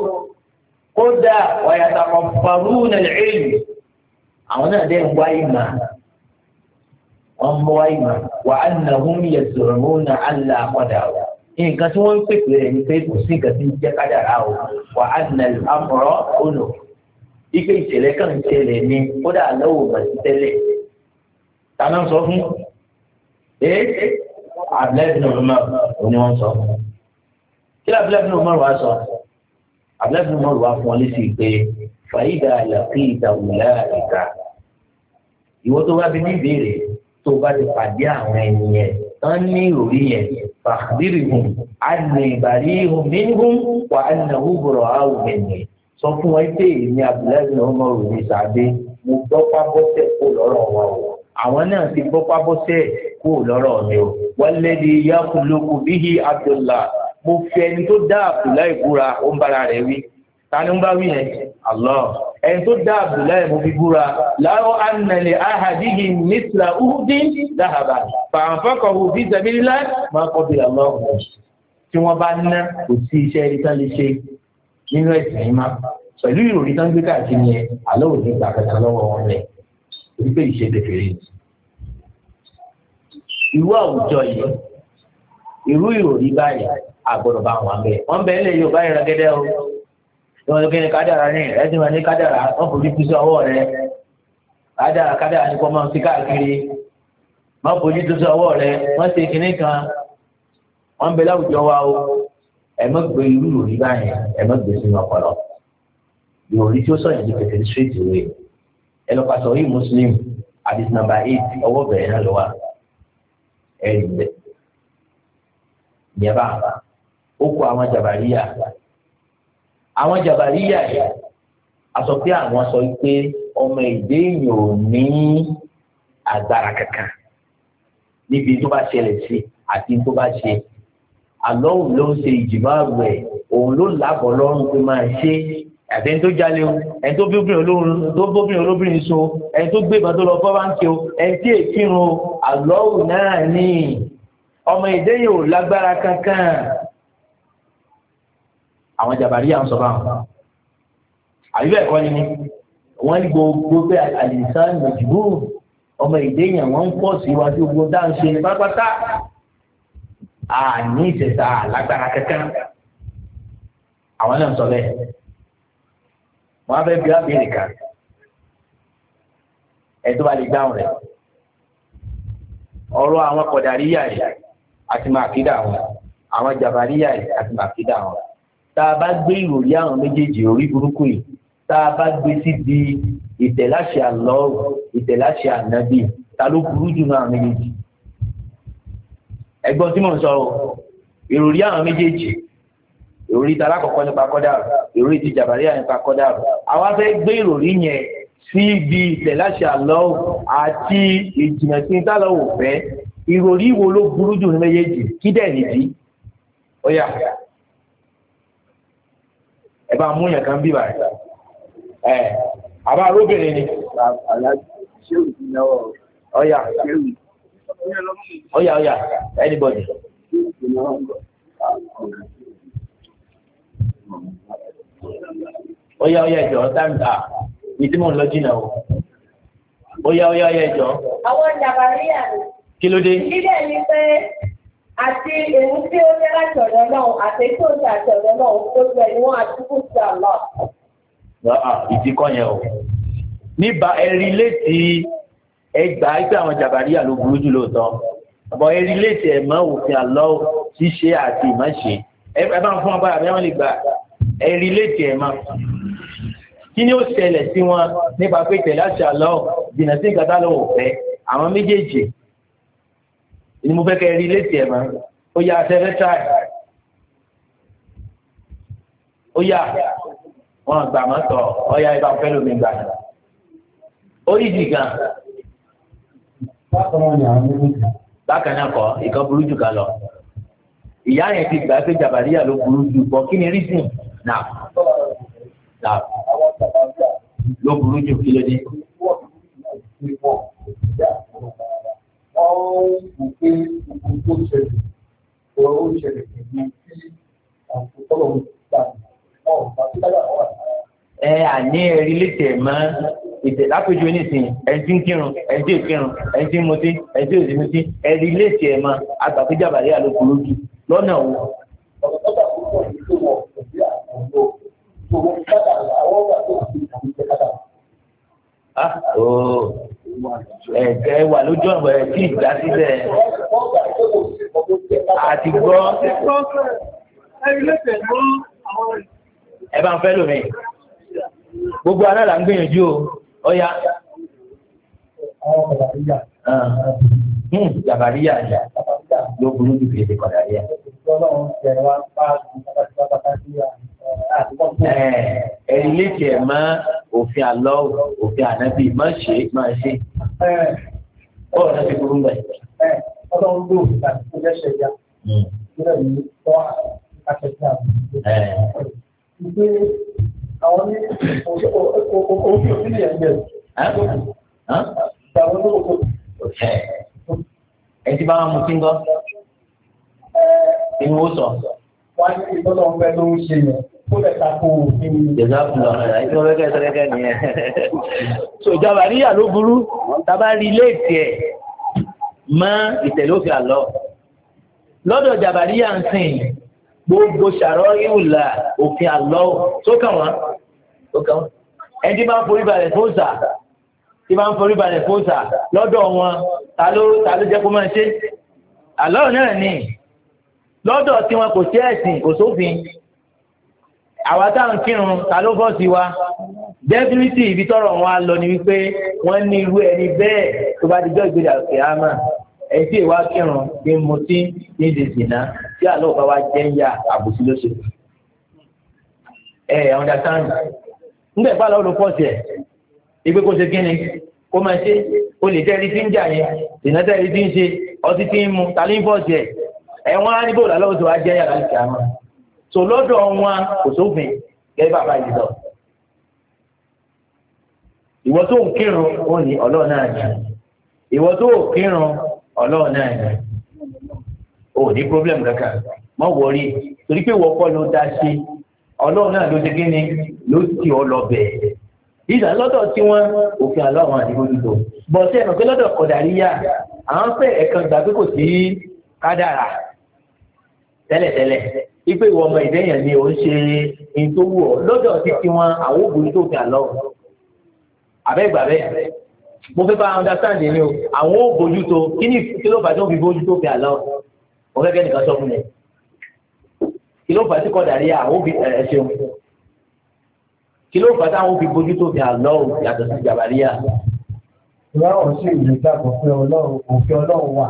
Speaker 2: kódà ọ̀yàtàkọ̀ fàrú nàìjíríà àwọn náà dẹ́ ń wá ìmọ̀ wọ́n mọ́ wá ìmọ̀ wà á nà hún yẹ sọ̀rọ̀ mọ́ nà á là padà o nǹkan tí wọ́n ń pèpè rẹ̀ ni pé kò sí nǹkan tí ń jẹ́ kádàrá o wà á nà àmọ̀rọ̀ ònà ike ìṣẹ̀lẹ̀ kan ṣẹlẹ̀ ni kódà lọ́wọ́ bàtí tẹ́lẹ̀ tàná sọ fún ẹ́ abúlẹ́bìnrin ọmọ òní wọ́n sọ kí abúlẹ́bìnrin ọmọ rẹ̀ sọ abúlẹ́bìnrin ọmọ rẹ̀ fún ọ lé pé fàyídà àyàfi ìdàwùlẹ̀ àyíká ìwọ tó bá fi ní ìbéèrè tó bá ti pàdé àwọn ẹni yẹn tán ní ìròrí yẹn fàkìlì hùn àlè ìbàrí hùn mímún wà á nà ó bọ̀rọ̀ àwọn ènìyàn sọ fún wọn pé èmi abdullahi ọmọ òní sàbẹ mo gbọ́ pábọ́sẹ̀
Speaker 3: kó lọ́rọ̀ wọn o
Speaker 2: àwọn náà ti gbọ́ pábọ́sẹ̀ kó lọ́rọ̀ mi o wọ́n lẹ́ni yakuloku bíi abdullahi mo fi ẹni tó dá abdullahi búra ó ń bára rẹ̀ wí tani ń bá wí yẹn Allah
Speaker 1: ẹni tó dá Abdullahi mo fi búra láwọn anàlẹ ahadihi mithla uhudin dahaba fàǹfàkọ̀hù fi sabilillah máa kọ́ bí Allah tí wọ́n bá
Speaker 2: ná kò sí iṣẹ́ ẹni tán lè ṣe nínú ẹ̀sìn yìí má pẹ̀lú ìròyìn tán gbé káàkiri yẹn àlọ́ òní ìgbà kẹta lọ́wọ́ wọn lẹ̀ torí pé ìṣe kékeré irú àwùjọ yìí irú ìròyìn báyìí àgbọ̀dọ̀ bá wọn bẹ́ẹ̀ wọ́n bẹ́ẹ̀ lè yóò báyìí rẹ́gẹ́dẹ́ o. wọ́n kí ni e ní ẹ ti wọ́n ní kádàrà wọ́n kò ní kú sí ọwọ́ rẹ kádàrà kádàrà ní kò máa fi káàkiri wọ́n kò ní sí ọwọ́ rẹ wọ́n ṣe kinní kan bẹ láwùjọ wa o ẹ má gbé irú ìròyìn báyẹn ẹ má gbé sínú ọpọlọ tí ó ní muslim eight ọwọ́ bẹ̀rẹ̀ náà àwọn jàbàríyà yìí aṣọ pé àwọn sọ pé ọmọ èdè yìí ò ní agbára kankan níbi tó bá ṣẹlẹ̀ sí àti tó bá ṣe àlọ́ òun ló ń ṣe ìjìmọ̀ rẹ̀ òun ló làbọ̀ lọ́rùn pé máa ṣe àti ẹni tó jalè o ẹni tó bóbìnrin olórin tó bóbìnrin olóbìnrin so ẹni tó gbé ìbọn lọ fọ́ o ẹni tí èkìrun àlọ́ òun náà ní ọmọ èdè yìí ò lágbára kankan àwọn jàbáríyà ń sọ bá wọn àbíbẹ̀ ẹ̀kọ́ ni wọ́n ní gbogbo pé àlìsàn mọ̀jùbù ọmọ èdè yẹn wọ́n ń pọ̀ sí iwájú gbogbo dáńṣe pátápátá àní ìṣẹ̀ṣà lágbára kankan àwọn náà ń sọ bẹ́ẹ̀ wọ́n á fẹ́ bí ábìrì kan bá lè dáhùn rẹ̀ ọ̀rọ̀ àwọn kọ̀dàríyà yìí àti màkídà wọn àwọn jàbáríyà yìí àti màkídà wọn tá a bá gbé ìròrí àwọn méjèèjì orí burúkú yìí tá a bá gbé síbi ìtẹ̀láṣẹ àlọ́ ìtẹ̀láṣẹ ànábì ta ló burú jù náà méjèèjì ẹ̀gbọ́n tí mò ń sọ o ìròrí àwọn méjèèjì ìròrí ta alákọ̀ọ́kọ́ nípa kọ́dàrú ìròrí ti jàbáríyà nípa kọ́dàrú àwa fẹ́ gbé ìròrí yẹn sí ibi ìtẹ̀láṣẹ àlọ́ àti ìjìnà sí ní tálọ́ òfẹ́ ìròrí wo ló burú jù ní méjèèjì kí dẹ̀ nìdí ẹ bá mú yàn kan bí báyìí ẹ àbá arúbìnrin ni. ọ̀yà ọ̀yà ọ̀yà anybody. ọ̀yà ọ̀yà ìjọ táìmù tà ìdí mò ń lọ jìnnà o. ọ̀yà ọ̀yà ọ̀yà ìjọ.
Speaker 3: àwọn jàbárí àná. kí ló dé. ilé ni pé àti èyí tí ó jẹ́ láti ọ̀dọ̀ náà àti tí ó jẹ́ àti ọ̀dọ̀ náà ó jẹ́ ni wọ́n àdúgbò sí àlọ́.
Speaker 2: ìdíkọ́ yẹn o níbà ẹ̀rí létí ẹgbà ẹgbẹ́ àwọn jàbáríyà ló burú jù lóòótọ́ àbọ̀ ẹ̀rí létí ẹ̀mọ́ òfin àlọ́ ṣíṣe àti ìmọ̀ṣe ẹ bá ń fún agbára bí wọ́n lè gbà ẹ̀rí létí ẹ̀mọ́ kí ni ó ṣẹlẹ̀ sí wọn nípa pé tẹ̀lé àṣà àlọ́ jìnnà sí ìgbàdá lọ́wọ́ fẹ́ àwọn méjèèjì ni mo fẹ́ kẹ́ rí létí ẹ̀ máa ó yá aṣẹ́fẹ́ tíráì ó yá wọn àgbà máa sọ ọyá ibà fẹ́ lómi gbà ó yí jì gan. bákan náà kọ ìkan burú jù kan lọ ìyá yẹn ti gbà pé jàbàríyà ló burú jù bọ kí ni rísìn náà náà
Speaker 3: ló burú jù kí ló dé wọ́n wò pé gbogbo tó ṣẹlẹ̀ ọ̀rọ̀ ó ṣẹlẹ̀ pẹ̀lú tí àkótọ́lọ̀ ń gbà wọ́n ò bá tó dára wà.
Speaker 2: ẹ àní ẹrí létè mọ ètè lápèjọ nísìnyí ẹtí ń kírun ẹtí ìkírun ẹtí ń mutí ẹtí òsì mutí ẹrí létè ẹ mọ àgbàpéjàbàrí àlòkù lójú lọ́nà wo. ọ̀rọ̀ tó bá
Speaker 3: kúrò ní ìṣòwò ọ̀gbìn tó tó kádà àwọn ọ̀gbà tó kù ní ìṣòwò
Speaker 4: ẹ̀jẹ̀ wà lójú ọ̀nà ẹ̀ tí ìgbà
Speaker 3: sílẹ̀
Speaker 2: àti gbọ́. ẹ bá ń fẹ́ lómi gbogbo ara là ń gbìyànjú o ọ̀ya. Hmm, jàbàríyà àjà ló burú jù fèrè kọ̀dàríyà.
Speaker 3: Eh, ẹ̀yìn létí ẹ̀
Speaker 2: mọ́ òfin àlọ́ òfin ànábì má ṣe má ṣe.
Speaker 3: ó eh, rẹ̀ ti burú bẹ̀. Eh, ọlọ́run ló ń gbà tó lẹ́sẹ̀ ya ìrẹ́ mi tọ́ akẹ́kẹ́ àbúrò. ìgbé àwọn ní òfin òfin yẹn bẹ̀rẹ̀. ìgbàwọ́ ló kọ́.
Speaker 2: ẹ ti bá wọn mú sí ń gbọ́. ìwọ sọ. wọ́n á ní ìtọ́jú ọ̀gbẹ́ ló ń ṣe yẹn. Jẹ̀sà fún wa, àìsí wọn fẹ́kẹ́ sẹ́kẹ́ nìyẹn. Sòjàmbá níyà ló burú, tàbá rí ilé ìtìẹ̀ mọ́ ìtẹ̀lé òfin àlọ́. Lọ́dọ̀ Jàbàríyà ń sìn gbogbo ṣàrọ̀ ìhùlà òfin àlọ́ sókà wọn. Ẹni tí bá ń forí balẹ̀ fún sà, tí bá ń forí balẹ̀ fún sà lọ́dọ̀ wọn, ta ló ta ló jẹ́ kó máa ṣe? Àlọ́ náà ni lọ́dọ̀ tiwọn kò sí ẹ̀sìn kò sófin àwa táwọn kírun ta ló bọ́ sí wa dẹ́bìrìtì ibi tọ́rọ̀ wọn á lọ ni wípé wọ́n ní irú ẹni bẹ́ẹ̀ tó bá dijọ́ ìgbéra òkè ámà ẹni tí ìwà kírun ní mutí ní ìdèzìnà tí àlọ́ ọ̀gá wa jẹ́ ń ya àbùsí lóṣù. ẹ ẹ ọ̀dà nígbà ìpàlọ́ ló pọ̀ sí ẹ̀ ìgbé kó ṣe kí ni kó máa ṣe o lè tẹ́lí tí ń jà yẹn ìná tẹ́lí tí ń ṣe ọtí tí ń mu tàlí ń bọ̀ sí ẹ̀ ẹ̀wọ̀n á ní bò lálọ́ so lọ́dọ̀ wọn kò sófin gẹ́gẹ́ bàbá yìí lọ. ìwọ tó ń kírun ó ní ọlọ́ọ̀ náà ní ìwọ tó ń kírun ọlọ́ọ̀ náà ní ò ní problem kankan mọ wọrí torí pé wọ́pọ̀ ló dá sí ọlọ́ọ̀ náà ló ti kí ni ló ti ọ lọ bẹ̀ẹ́ ìdá lọ́dọ̀ tí wọ́n òfin aláwọ̀ àdìgbò dúdú bọ̀ sí ẹ̀nà pé lọ́dọ̀ kọ̀dàríyà à ń fẹ́ ẹ̀kan gbà pé kò sí kádàrà tẹ́lẹ̀tẹ́lẹ̀ ipe ìwọ ọmọ ìdẹ́yìn ni ò ń ṣe ní tó wù ọ́ lọ́dọ̀ títí wọn àwọn òògùn tó fi àlọ́ mo fẹ́ bá understand ni o àwọn ò bójú tó kí ni kí ló bá tó bójú tó fi àlọ́ mo fẹ́ kẹ́ nìkan sọ fún mi kí ló bá kọ́ dàrí àwọn òbí ẹ̀ ṣeun kí ló bá táwọn òbí bójú tó fi àlọ́ yàtọ̀ sí jàbáríyà.
Speaker 3: lọ́rùn sí ìlú gbàgbọ́ pé ọlọ́run òfin ọlọ́run wà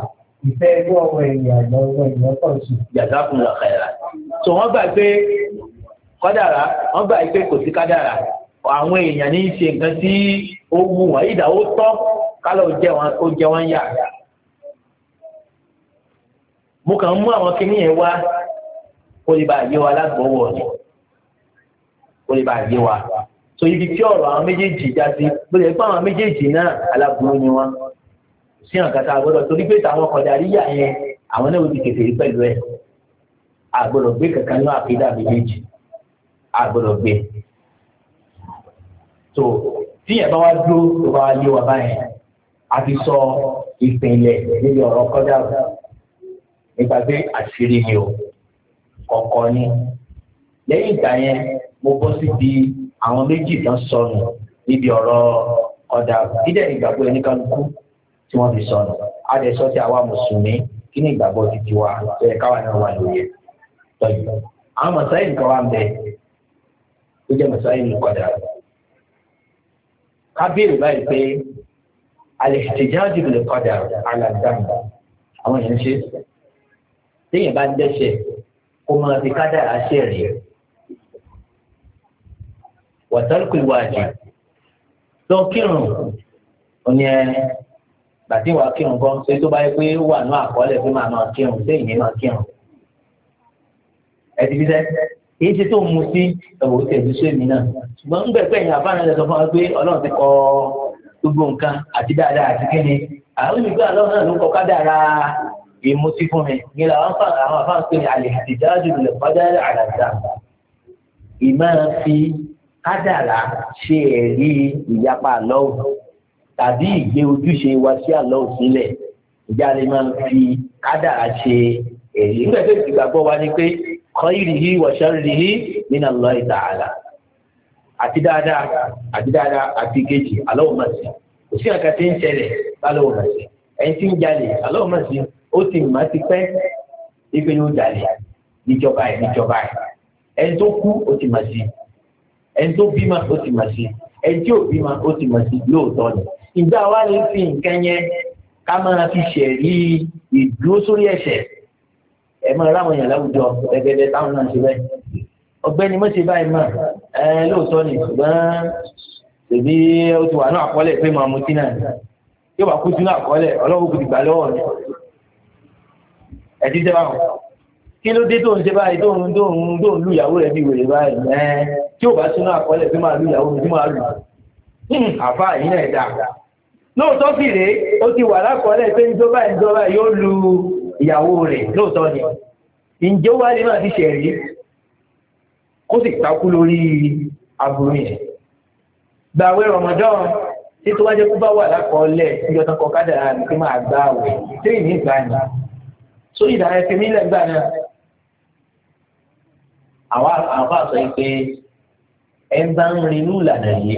Speaker 3: ìfẹ́ ẹgbẹ́ ọmọ ènìyàn lọ́wọ́ ènìyàn pọ̀ sí. yàtọ̀ àkùnrin àkàyà so wọ́n
Speaker 2: gbà pé kádàrá wọ́n gbà pé kò sí kádàrá àwọn èèyàn ní í ṣe nǹkan tí ó wù wọ́n ìdá ó tọ́ ó jẹ wọ́n yà. mo kàn ń mú àwọn kinní yẹn wá kó lè bá yé wa lágbọ́wọ́ ni kó lè bá yé wa so ibi tí ọ̀rọ̀ àwọn méjèèjì já sí lórí ẹgbẹ́ àwọn méjèèjì náà aláburú ni wọn sí àǹkàtà àgbọ̀dọ̀ torí pé táwọn kọ̀dà rí yà yẹn àwọn náà ó ti kèfèrí pẹ̀lú ẹ̀ àgbọ̀dọ̀ gbé kankan ní àkídà méjèèjì àgbọ̀dọ̀ gbé tó tí ẹ̀ bá wá dúró tó bá wá yé wa báyẹn a ti sọ ìpìlẹ̀ níbi ọ̀rọ̀ kọ́dà nípa pé àṣírí ni o kọ̀ọ̀kan ni lẹ́yìn ìgbà yẹn mo bọ́ síbi àwọn méjì tán sọnù níbi ọ̀rọ̀ ọ̀dà dídẹ̀ ìgbàgbọ́ ẹni kálukú tí wọ́n fi sọnù a lè sọ sí àwa mùsùlùmí kí ni ìgbàgbọ́ ti tiwa ẹ̀ka wà náà wà lóye tọ́jú àwọn mọ̀sáì nǹkan wà ń bẹ tó jẹ́ mọ̀sáì nǹkan dára ká béèrè báyìí pé al-ihtijaj bil-qadar ala dhanb àwọn èèyàn ṣe téèyàn bá ń dẹ́ṣẹ̀ kó máa fi kádàrá ṣe rí wa tarku al-wajib tó kírun òní ẹ bàtí wàá kírun kan ṣe tó bá yẹ pé ó wà ní àkọọ́lẹ̀ pé màá máa ẹ̀dí bí sẹ́ èyí ti tó ń mu sí ẹ̀wò tẹ̀sí sí èmi náà ṣùgbọ́n ń gbẹ̀gbẹ́ yìí àbáyọ̀ lẹ́sọ̀ fún wa pé ọlọ́run ti kọ gbogbo nǹkan àti dáadáa àti kíni àwọn olùgbé àlọ́ náà ló kọ kádàrá ìmutí fún mi ní la wọn fà àwọn afáàn pé àlè àtìjáàjù lè kọjá àlàdà ìmọ̀ fi kádàrá ṣe ẹ̀rí ìyapa àlọ́wọ̀ tàbí ìgbé ojúṣe wa sí àlọ́wọ̀ sílẹ̀ ìjà lè máa fi kádàrá ṣe ẹ̀rí nígbà tó ìgbàgbọ́ wa ni pé khairihi wa sharrihi min Allah ta'ala àti dáadáa àti dáadáa àti kejì aláwọ̀mọ̀sí kò sí àkà tí ń ṣẹlẹ̀ aláwọ̀mọ̀sí ẹni tí ń jalè aláwọ̀mọ̀sí ó ti mà ti pẹ́ ipe yóò jalè níjọba ẹ̀ níjọba ẹ̀ ẹni tó kú ó ti mà sí ẹni tó bímọ ó ti mà sí ẹni tí ò bímọ ó ti mà sí lóòótọ́ ni ìgbà wa ni fi nǹkan yẹn ká máa fi ṣẹ̀rí ìdúró sórí ẹ̀ṣẹ̀ ẹ mọ láwọn èèyàn láwùjọ gẹ́gẹ́ táwọn náà ṣe bẹ́ẹ̀ ọ̀gbẹ́ni mo ṣe báyìí mọ ẹ lóòótọ́ ni ṣùgbọ́n tèmi ó ti wà ní àkọọ́lẹ̀ pé màá mutí náà yóò bá kú sínú àkọọ́lẹ̀ ọlọ́wọ́ kò ti gbà lọ́wọ́ mi ẹ ti dẹ́ báwọn kí ló dé tó ń ṣe báyìí tó ń tó ń tó ń lu ìyàwó rẹ bí wèrè báyìí ẹ tí ò bá sínú àkọọ́lẹ̀ pé màá lu ìyàwó mi tí màá lù hmm, àfa yìí náà dáa lóòótọ́ sì rèé ó ti wà lákọọ́lẹ̀ pé ń jọba ń lu ìyàwó rẹ̀ lóòótọ́ ni ǹjẹ́ ó wá lè máa fi ṣẹ̀rí kó sì takú lórí aburú yẹn gbàwé rọmọdán tí tó wá jẹ́ kó bá wà lákọọ́lẹ̀ ìjọ tán kọ kádàrá ni pé máa gbá àwẹ̀ tí ì ní ìgbà ni só ìdára ẹsẹ̀ nílẹ̀ gbà náà àwa àfa sọ pé ẹ bá ń rinú ìlànà yìí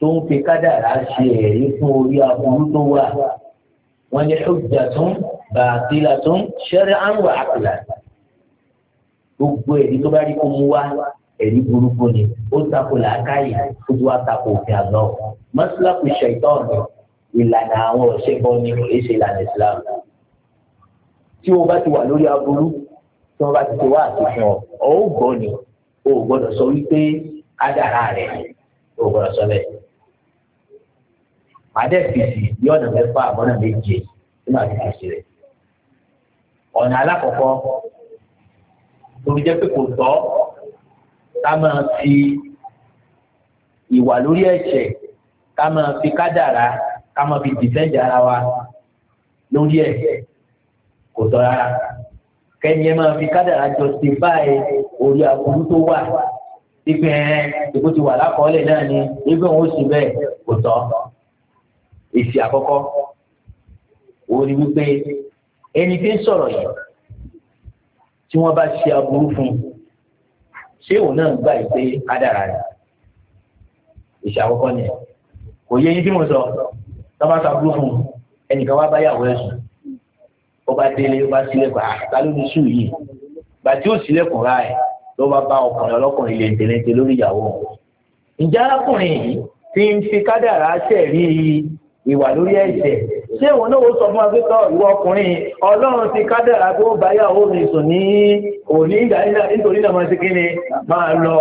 Speaker 2: tó ń fi kádàrá ṣe ẹ̀rí fún orí aburú tó wà wọ́n ní ṣùgbọ́n batilatun shar'an wa aqlan gbogbo ẹ̀rí tó bá rí kó mú wá ẹ̀rí burúkú ni ó takò làákàyè ó ti wá takò òfin àná mọ́sálàkù ṣàìtọ́ọ̀nù ìlànà àwọn ọ̀ṣẹ́gbọ́n ni èyí ṣe ìlànà ìsìlámù tí o bá ti wà lórí aburú tí wọn bá ti ti wá àtúnṣe ọ ò gbọ́ ni o gbọ́dọ̀ sọ wípé kádàrá rẹ̀ o gbọ́dọ̀ sọ bẹ́ẹ̀. àdẹ́fìsì yọ̀nà mẹ́fà àbọ̀nà méje nínú àdẹ́fìsì rẹ̀ ọ̀nà alákọ̀ọ́kọ́ lórí jẹ́ pé kò tọ́ ká máa fi ìwà lórí ẹ̀ṣẹ̀ ká máa fi kádàrá ká máa fi dìfẹ́ǹdì ara wa lórí ẹ̀ kò tọ́ rárá kẹ́ni ẹ máa fi kádàrá jọ sí báyìí orí aburú tó wà ibi ẹ̀ ìbò ti wà lákọọ́lẹ̀ náà ni ibi òun ó sì bẹ́ẹ̀ kò tọ́ èsì àkọ́kọ́ òun ni wípé ẹni tí ń sọ̀rọ̀ yìí tí wọ́n bá ṣe aburú fún un ṣé òun náà gbà pé kádàrà rẹ̀ ìṣàkọ́kọ́ ni kò yẹ yín tí mo sọ tọ́ bá ṣàbúrú fún un ẹnìkan wá báyàwó ẹ̀ sùn ó bá délé ó bá sílẹ̀kùn àtàkà ló ní yìí gbà tí ó sílẹ̀kùn ra ẹ̀ ló bá bá ọkùnrin ọlọ́kùnrin lè tẹ̀lẹ́tẹ̀ lórí ìyàwó ǹjẹ́ arákùnrin yìí ti ń fi kádàrá ṣẹ̀rí ìwà lórí ẹ̀ṣẹ̀ ṣé ìwọ náà ó sọ fún afẹ́kọ̀ ìwọ ọkùnrin ọlọ́run ti kádàrà kó báyàwó mi sùn ní òní ìdáyínà nítorí náà máa ṣe kí ni máa lọ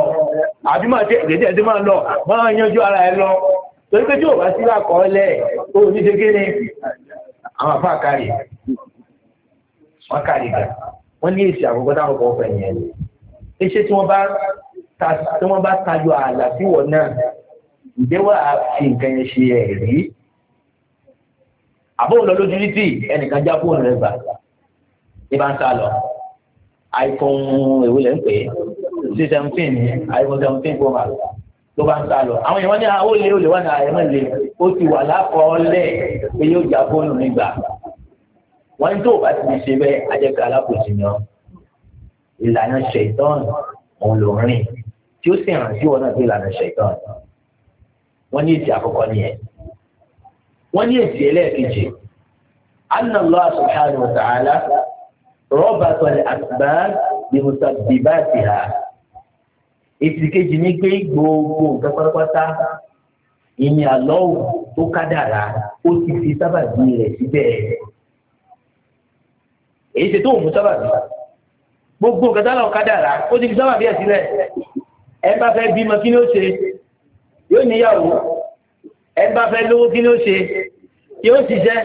Speaker 2: àbí máa ṣe ẹ̀jẹ̀ ẹ̀jẹ̀ máa lọ máa yanjú ara ẹ lọ torí pé tí ò bá sí àkọọ́lẹ̀ ó ní ṣe kí ni àwọn afá kárì wọn kárì gà wọn ní èsì àkọ́kọ́ táwọn kọ́ fẹ̀ yẹn iṣẹ́ tí wọ́n bá tí ààlà sí wọn náà ǹjẹ́ fi nǹkan yẹn ṣe ẹ̀rí àbóhùn lọ lójú ní tí ẹnìkan já fóònù rẹ̀ gbà ní bá ń sá lọ iphone èwo lẹ́ ń pè é seventeen iphone seventeen pro max ló bá ń sá lọ àwọn èèyàn ní àwọn olè olè wà ní àyẹ̀mọ́ ah, ìlẹ̀ ó ti wà lákọọ́lẹ̀ pé yóò já fóònù mi gbà wọ́n ní tó o bá ti ṣe bẹ́ẹ̀ ajẹ́pẹ́ alákòóso yan ìlànà ṣètọ́n òun ló rìn tí ó sì hàn sí wọn náà pé ìlànà ṣètọ́n wọ́n ní èsì àkọ́kọ́ nìyẹn wọ́n ní èsì ẹlẹ́ẹ̀kejì anna Allah subhanahu wa ta'ala rabata al-asbab bi musabbibatiha èsì kejì ní pé gbogbo nǹkan pátápátá ìyìn àlọ́wù tó kádàrá ó ti fi sábàbí rẹ̀ síbẹ̀ èyí ṣe tó òun sábàbí gbogbo nǹkan táwọn kádàrá ó ti fi sábàbí ẹ̀ sílẹ̀ ẹ bá fẹ́ bímọ kí ni ó ṣe yóò níyàwó ẹni bá fẹ́ lówó kí ni ó ṣe yóò ṣiṣẹ́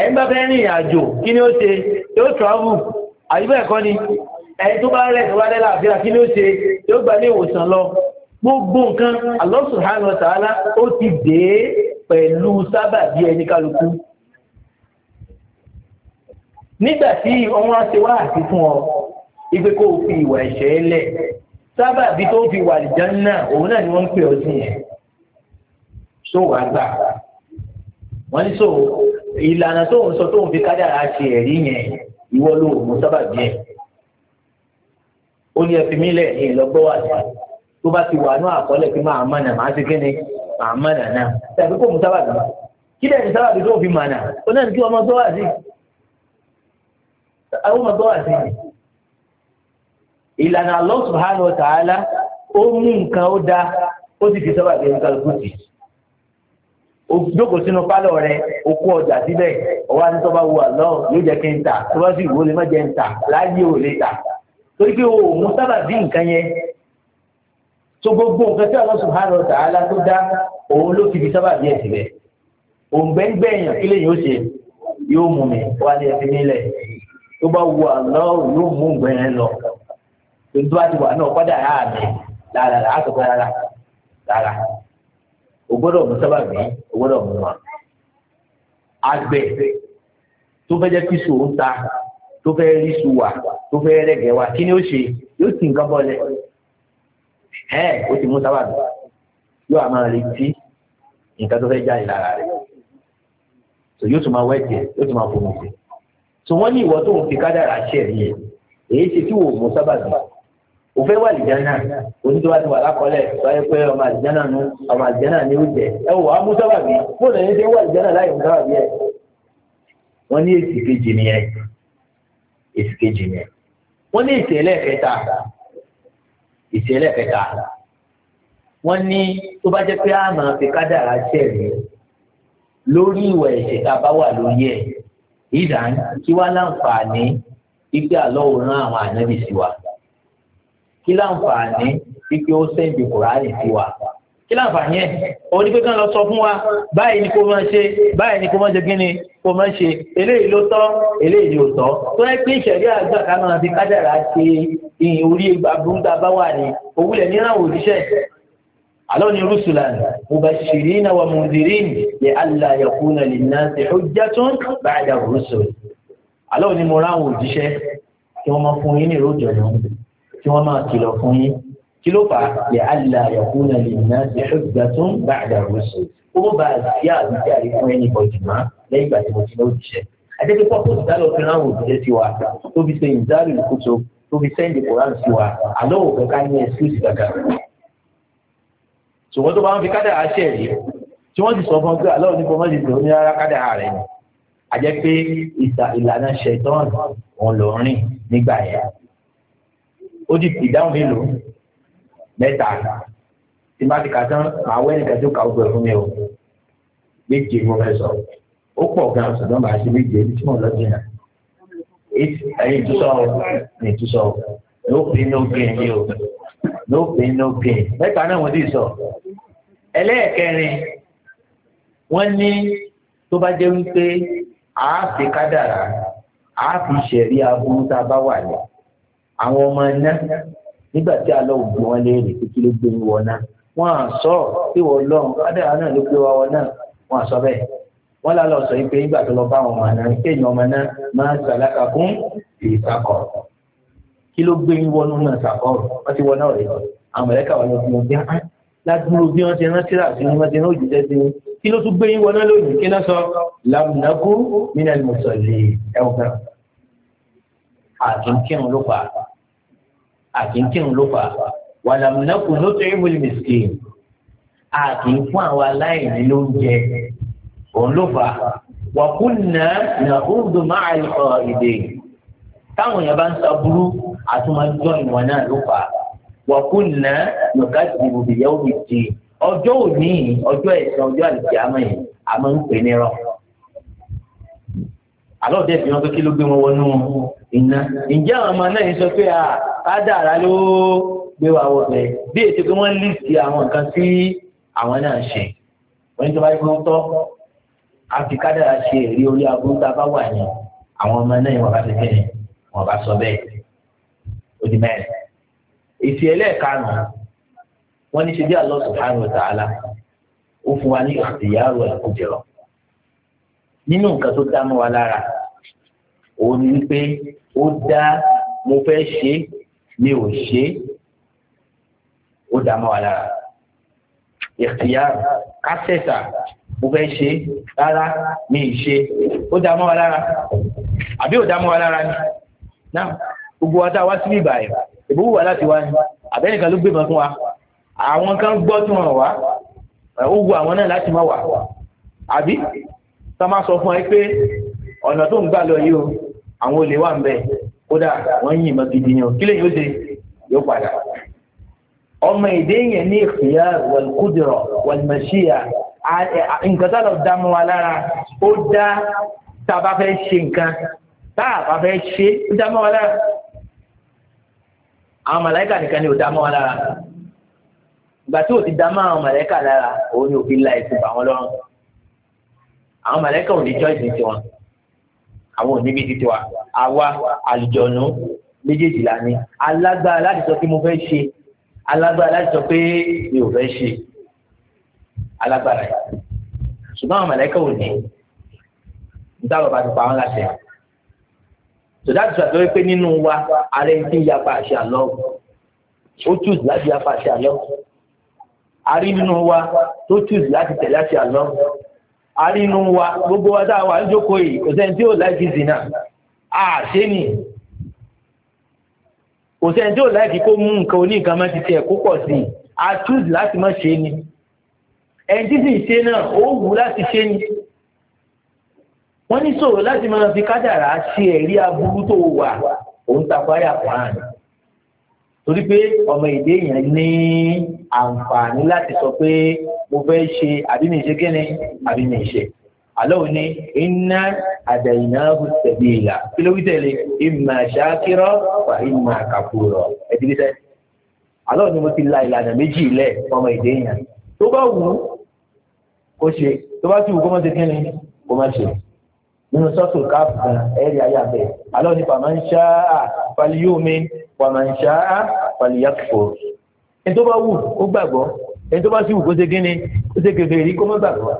Speaker 2: ẹni bá fẹ́ rìn àjò kí ni ó ṣe yóò travel àyíbẹ̀ ẹ̀kọ́ ni ẹni tó bá rẹ̀ tó bá rẹ̀ láàfíà kí ni ó ṣe yóò gba ní ìwòsàn lọ gbogbo nǹkan Allah subhanahu wa ta'ala ó ti dé pẹ̀lú sábàbí ẹni kálukú nígbà tí ọmọ ṣe àti fún ọ ipe kó o fi ìwà ẹ̀ṣẹ̀ lẹ̀ sábàbí tó fi wà lìjánná òun náà ni wọ́n ń pè ọ sí yẹn so wà gbà wọ́n ní so ìlànà tó ń sọ tó ń fi kádàrá ṣe ẹ̀rí yẹn ìwọ ló mú sábà díẹ̀ ó ní ẹfi mi ní ìlọgbọ́ wà sí tó bá ti wà ní àkọọ́lẹ̀ pé máa mọ̀nà máa ti kéde máa mọ̀nà náà tàbí kò mú sábà kí sábà fi mọ̀nà ó náà ní kí ọmọ tó sí àwọn ọmọ tó sí ìlànà ta'ala ó mú nǹkan ó dá ó sì fi sábà nǹkan jókòó sínú pálọ̀ rẹ okú ọjà síbẹ̀ ọwọ́ àti tọ́ba wo àlọ́ yóò jẹ́ kí n tà tó sì wò lè má jẹ́ n tà láàyè ò lè tà torí pé o mú sábà bí nǹkan yẹn tó gbogbo nǹkan tí Allah subhanahu wa ta'ala tó dá òun ló fi fi sábà bí ẹ̀ síbẹ̀ òǹgbẹ́ngbẹ́yàn kí lè yóò ṣe yóò mú mi wá ní ẹ̀fín nílẹ̀ tó bá wo àlọ́ yóò mú gbẹ̀rẹ̀ lọ tó bá ti wà náà kọ́dà rà o gbọ́dọ̀ mú sábàbí o gbọ́dọ̀ mú wa. àgbẹ̀ tó fẹ́ jẹ́ kí sòun ta tó fẹ́ rí su wa tó fẹ́ rẹ̀gẹ̀ wa kí ni ó ṣe yóò sì nǹkan bọ́lẹ̀ ẹ̀ ó ti mú sábàbí yóò àmọ́ retí nǹkan tó fẹ́ jáde lára rẹ̀ so yóò tún máa wẹ́ẹ̀tì ẹ̀ yóò tún máa fòmù sí so wọ́n ní ìwọ tó ń fi kádàrà ṣẹ̀ yẹn èyí ṣe tí wò mú sábàbí òfé wà lìjánà onídọ́wà ti wà lákọọ́lẹ̀ sọ́yẹ́ pé ọmọ àlìjánà nu ọmọ àlìjánà ni ó jẹ ẹ wò á mú sábà bí fún ẹni tí ó wà lìjánà láì mú sábà bí ẹ. wọ́n ní èsì kejì nìyẹn èsì kejì nìyẹn wọ́n ní èsì ẹlẹ́ẹ̀kẹta èsì ẹlẹ́ẹ̀kẹta wọ́n ní tó bá jẹ́ pé a máa fi kádàrá ṣẹ̀rí lórí ìwà ẹ̀ṣẹ̀ tá a bá wà lórí ẹ̀ ìdá kí wá láǹfààní ìgbé àlọ́ òun rán àwọn ànábì sí wa kí láǹfààní wípé ó sẹ́ǹdì kùránì sí wa kí láǹfààní ẹ̀ òun ni pé kí wọ́n lọ sọ fún wa báyìí ni kò máa ṣe báyìí ni kò máa ṣe kí ni kò máa ṣe eléyìí ló tọ́ eléyìí ni ò tọ́ tó yẹ pé ìṣẹ̀rí àgbà ká máa fi kádàrá ṣe ìyìn orí abúlé bá wà ní òwúlẹ̀ níráwọ̀ òṣìṣẹ́ ni rusulan mubashirina wa mundirin li alla yakuna linnasi hujjatun ba'da rusul àlọ́ ni mo ráwọn òṣìṣẹ́ kí wọ́n máa fún yín ní ìròjọ́ náà kí wọ́n máa kìlọ̀ fún yín kí ló fà lè àlà ẹ̀kú náà lè ná ṣe ṣùgbà tó ń bá àdá rọṣù ó mú bá àti àwùjọ àrí fún ẹni bọ̀jù má lẹ́yìn ìgbà tí mo ti lọ jíṣẹ́ àdébí pọ́pọ́ ìdálọ́ fi ráhùn òṣìṣẹ́ sí wa tó fi ṣe ìdálù ìkúso tó fi sẹ́ndì koran sí wa àlọ́ òkè ká ní ẹ̀sùsì gàgà ṣùgbọ́n tó bá wọn fi kádà àṣẹ rí tí wọ́n ti sọ fún pé àlọ́ onífọ́ ó ti pè dáhùn mélòó mẹ́ta tí má ti kà tán máa wẹ́ nìkan tó ka ogun ẹ̀ mi o méje mo fẹ́ sọ ó pọ̀ gan ṣùgbọ́n màá ṣe méje ibi tí mo lọ jìnnà ẹ̀yin tó sọ ní tó sọ no pain no gain ni o no pain no gain mẹ́ta náà wọ́n ti sọ ẹlẹ́ẹ̀kẹrin wọ́n ní tó bá jẹ́ wípé àá fi kádàrá ṣẹ̀rí aburú tá a bá wà ní àwọn ọmọ iná nígbà tí a lọ òbí wọn léèrè pé kí ló gbé ní wọn náà wọn à sọ pé wọn lọ adára náà ló gbé wa wọn náà wọn à sọ bẹ́ẹ̀ wọn là lọ sọ yìí pé nígbà tó lọ bá àwọn ọmọ náà kéèyàn ọmọ náà máa ń sàlákà fún ìsakọ kí ló gbé ní náà sàkọ wọn ti wọn náà rẹ àwọn mẹlẹkà wọn lọ fún wọn bí wọn ládùúgbò bí wọn ti rán síra sí wọn ti rán òjijẹ sí wọn kí ló tún gbé yín wọná lónìí kí náà sọ làmùnákú àkíntìn ló fà wàlàmùnákù ló tó ìmú ìmìsìkì àkín fún àwọn aláìní ló ń jẹ òun ló fà wàkúnnà nàhúndù máa lọ ìdè táwọn èèyàn bá ń sàbúrú àtúmọ̀jọ́ ìwọ̀n náà ló fà wàkúnnà nùkàtì ìbùdíyàwó ìdè ọjọ́ òní ọjọ́ ẹ̀sán ọjọ́ àlùkí yìí àmọ́ ń pè ní rọ́ọ̀ àlọ́ dẹ̀ fi hàn pé kí ló gbé wọn wọnú iná ǹjẹ́ àwọn ọmọ náà sọ pé à kádàrá ló gbé wa wọ bẹ́ẹ̀ bí ètò pé wọ́n lì sí àwọn nǹkan tí àwọn náà ṣe wọ́n tó bá yẹ kó tọ́ a fi kádàrá ṣe èrè orí aburú a bá wà ní àwọn ọmọ náà wọn bá ti kẹ́ni wọn bá sọ bẹ́ẹ̀ ó di mẹ́rin èsì ẹlẹ́ẹ̀karùn-ún wọ́n ní ṣe bí Allah subhanahu wa ta'ala ó fún wa ní ìyá rẹ̀ kó jẹ̀rọ̀ nínú nǹkan tó dá mọ́ wa lára òun ni pé ó dá mo fẹ́ ṣe mi ò ṣe ó dá mọ́ wa lára ìkìyà kásẹ̀tà mo fẹ́ ṣe rárá mi ì ṣe ó dá mọ́ wa lára àbí ò dá mọ́ wa lára ni náà gbogbo wa tá a wá síbí ìbàyẹ̀ ìbúwò wa láti wá
Speaker 1: ni àbẹ́nìkan ló gbé mọ́ fún wa àwọn kan gbọ́ tí wọ́n wá ó wu àwọn náà láti má wà àbí sọ́mà sọ fún ẹ pé ọ̀nà tó ń gbà lọ
Speaker 2: yìí o àwọn olè wà ń bẹ kódà wọ́n ń yìnbọn gidi ni o kí lèyìn ó ṣe yóò padà. ọmọ èdè yẹn ní ìfìyà wàlúkúdìrọ̀ wàlúmọ̀ṣíyà nǹkan tá lọ dá mọ́ wa lára ó dá tá a bá fẹ́ ṣe nǹkan tá a bá fẹ́ ṣe ó dá mọ́ wa lára àwọn màláìkà nìkan ni ò dá mọ́ wa lára ìgbà tí ò ti dá mọ́ àwọn màláìkà lára òun ni òfin la ìfúnpá wọn lọ́rùn àwọn mọ̀lẹ́kà ò ní jọ́ọ̀jì tiwọn àwọn ò níbi títí wa àwa àlùjọ̀nù méjèèjì la ní alágbára láti sọ pé mo fẹ́ ṣe alágbára láti sọ pé mi ò fẹ́ ṣe alágbára yìí ṣùgbọ́n àwọn mọ̀lẹ́kà ò ní níta bàbá ti pa wọn láṣẹ tòdáàtì sàtọ́ pé nínú wa ààrẹ ti yapa àṣẹ àlọ́ ó túùsì láti yapa àṣẹ àlọ́ a rí nínú wa tó túùsì láti tẹ̀lé àṣẹ àlọ́ àrínú wa gbogbo wa dáa wà ń jókòó yìí kò sẹ́ni tí ò láìkí zina àṣé ni kò sẹ́ni tí ò láìkí kó mú nǹkan oní nǹkan máa ti tiẹ̀ kó pọ̀ sí i a choose láti má ṣe ni ẹni tí sì ń ṣe náà ó wù láti ṣe ni wọ́n ní sọ̀rọ̀ láti máa fi kádàrá ṣe ẹ̀rí aburú tó wà òun takò àyà torí pé ọmọ èdè yẹn ní àǹfààní láti sọ pé mo fẹ́ ṣe àbí mi ṣe kí ni àbí mi ṣe àlọ́ òní iná àdàyìnà tẹ̀lé ìlà kí ló wí tẹ̀lé ìmà ṣáàkírọ́ wà ìmà kàfúrọ̀ ẹ̀dínlẹ́sẹ̀ àlọ́ òní mo ti la ìlànà méjì lẹ̀ ọmọ ìdè yẹn tó bá wù ú kó ṣe tó bá sì wù kó má ṣe kí ni kó má ṣe nínú sọ́tò káàpù kan ẹ̀rí ayé abẹ́ àlọ́ ní pàmánṣá pàlíyómi pàmánṣá pàlíyàkùfò ní tó bá wù ó gbàgbọ́ ẹni tó bá sì wù kó ṣe kí ni kó ṣe kèfèrí èyí kó mọ́ gbàgbọ́.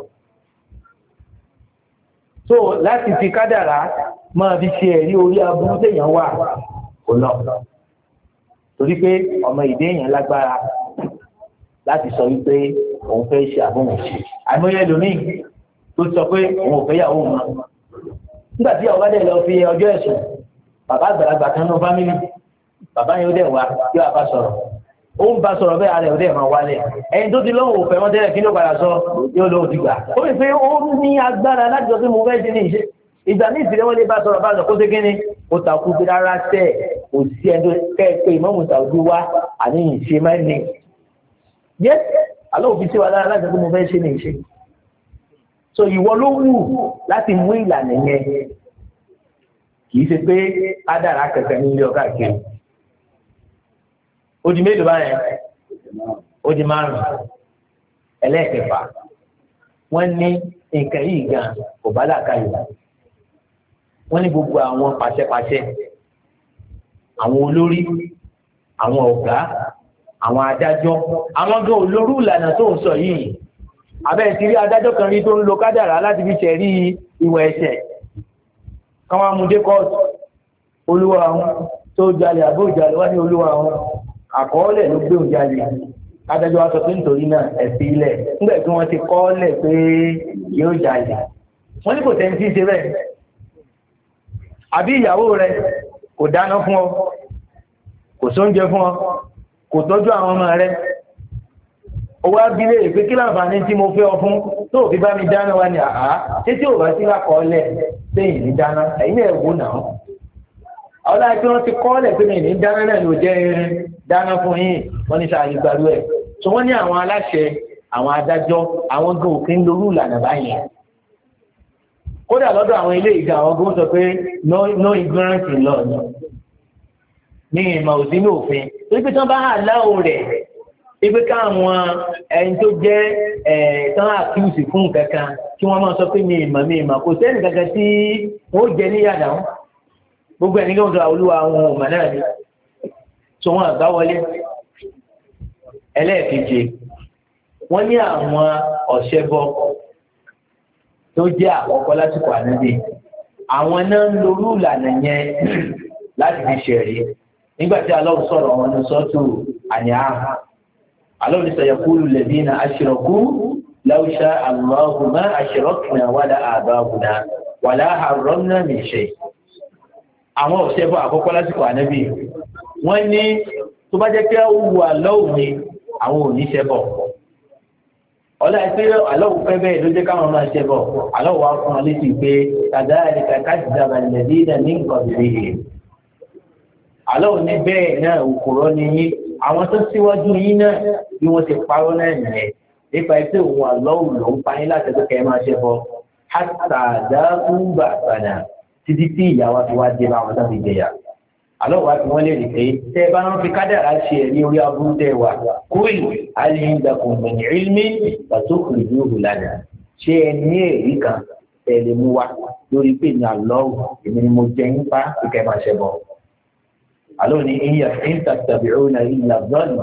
Speaker 2: so láti fi kádàrá máa fi ṣe ẹ̀rí orí aburú téèyàn wà kò lọ torí pé ọmọ ìdí èèyàn lágbára láti sọ wípé òun fẹ́ ṣe àbóhùn ṣe àìmọye lómìn tó sọ pé òun ò fẹ́ yàwó mọ́ nígbà tí àwọn bá dẹ̀ lọ fi ọjọ́ ẹ̀sùn bàbá àgbàlagbà kan náà fámìlì bàbá yẹn ó dẹ̀ wá yóò àbá sọ̀rọ̀ ó ń bá sọ̀rọ̀ bẹ́ẹ̀ alẹ́ òde ẹ̀mọ̀ wálẹ̀ ẹni tó ti lọ́wọ́ òfẹ́ wọn tẹ́lẹ̀ kí ló padà sọ yóò lọ́wọ́ ti gbà ó rí pé ó ní agbára láti sọ pé mo fẹ́ ṣe ní ìṣe ìgbà ní ìsìlẹ̀ wọn lè bá sọ̀rọ̀ bá kó ṣe kí ni ó takú pé rárá tẹ̀ kò sí ẹni tó kẹ́ ẹ pé ìmọ̀mù sàwùjú wá àní ìṣe máa ń ní. yẹ alẹ́ òfin sí wa lára láti sọ pé mo fẹ́ ṣe ní ìṣe so ìwọ ló wù láti mú ìlànà yẹn kì í ṣe pé á dára kẹ̀kẹ́ nílé ọ̀gá kiri ó di mélòó báyẹn ó di márùn ẹlẹ́ẹ̀kẹfà wọ́n ní nǹkan yìí gan kò bá làkà yìí wọ́n ní gbogbo àwọn pàṣẹpàṣẹ àwọn olórí àwọn ọ̀gá àwọn adájọ́ àwọn gan olórú ìlànà tó ń sọ yìí abẹ́ ti rí adájọ́ kan rí tó ń lo kádàrá láti fi ṣẹ̀rí ìwà ẹ̀ṣẹ̀ káwọn amúdé kọ́ọ̀tù olúwa àwọn tó jalè àbójalè wá ní olúwa àwọn àkọọ́lẹ̀ ló gbé òun jáde adájọ́ wa sọ pé nítorí náà ẹ̀sìn ilẹ̀ nígbà tí wọ́n ti kọ́ọ́lẹ̀ pé yóò jáde wọ́n ní kò tẹ́ni ṣe bẹ́ẹ̀ àbí ìyàwó rẹ kò dáná fún ọ kò sóúnjẹ fún ọ kò tọ́jú àwọn ọmọ rẹ owó abílẹ̀ èpè kí láǹfààní tí mo fẹ́ ọ fún tó òfin bá ni àhá títí sí lákọọ́lẹ̀ sẹ́yìn ní dáná ẹ̀ wò náà ọlá wọ́n ti kọ́ọ́lẹ̀ pé mi dáná fún yín wọ́n ní sáà ìgbàlú ẹ̀ so wọ́n ní àwọn aláṣẹ àwọn adájọ́ àwọn gan òkè ń lorú ìlànà báyìí kódà lọ́dọ̀ àwọn ilé ìgbà àwọn gan sọ pé no ignorance in law ní ìmọ̀ òsín ní òfin torí pé tí wọ́n bá hà láò rẹ̀ ibi káwọn ẹni tó jẹ́ ẹ̀ tán àkíyèsí fún kankan kí wọ́n máa sọ pé mi ìmọ̀ mi ìmọ̀ kò sẹ́ni kankan tí wọ́n jẹ níyàdá gbogbo ẹ̀ nígbà wọn sọ àwọn olúwa àwọn ọmọ náà ni so wọn àgbá wọlé ẹlẹ́ẹ̀keje ní àwọn bọ tó jẹ àkọ́kọ́ lásìkò ànábì àwọn náà ń lorú ìlànà yẹn láti fi ṣẹ̀rí nígbà tí Allah sọ̀rọ̀ wọn ní sọ́tù àyà Allah ní sayaqulu alladhina ashraku law wala aba'una wala harramna min shay' àwọn àkọ́kọ́ lásìkò wọ́n ní tó bá jẹ́ pé wù aláwò ni àwọn ò ní ṣẹbọ ọlá ẹ pé aláwò fẹ́ bẹ́ẹ̀ ló jẹ́ káwọn máa ṣẹbọ aláwò wá fún wọn létí pé kàdá àdìkà káàdì dàbà lẹ́dí náà ní nǹkan bèrè yìí aláwò ní bẹ́ẹ̀ náà òkúrọ́ ni yín àwọn tó síwájú yín náà bí wọ́n ti parọ́ náà nìyẹn nípa ẹgbẹ́ òun aláwò ló ń pa yín láti ẹgbẹ́ kẹ́ máa ṣẹbọ hátà dáhùn bàbànà títí tí ìyàwó ti wá dé bá wọn tó fi alọ́wà tí wọ́n lè rí pé tẹ́ bá ń fi kádàrá ṣe ẹ̀rí orí aburú tẹ́ wà kúrì alìyíndàkùn mọ̀nyí ilmi pàtókù ìlú òhùlànà ṣé ẹ ní èrí kan tẹ́ lè mú wa lórí pé ní alọ́wù èmi ni mo jẹ́ ń pa kíkẹ́ máa ṣẹ bọ̀. alọ́ ni ìyá ìta tàbí ọ̀nà ìlà bọ́ọ̀lù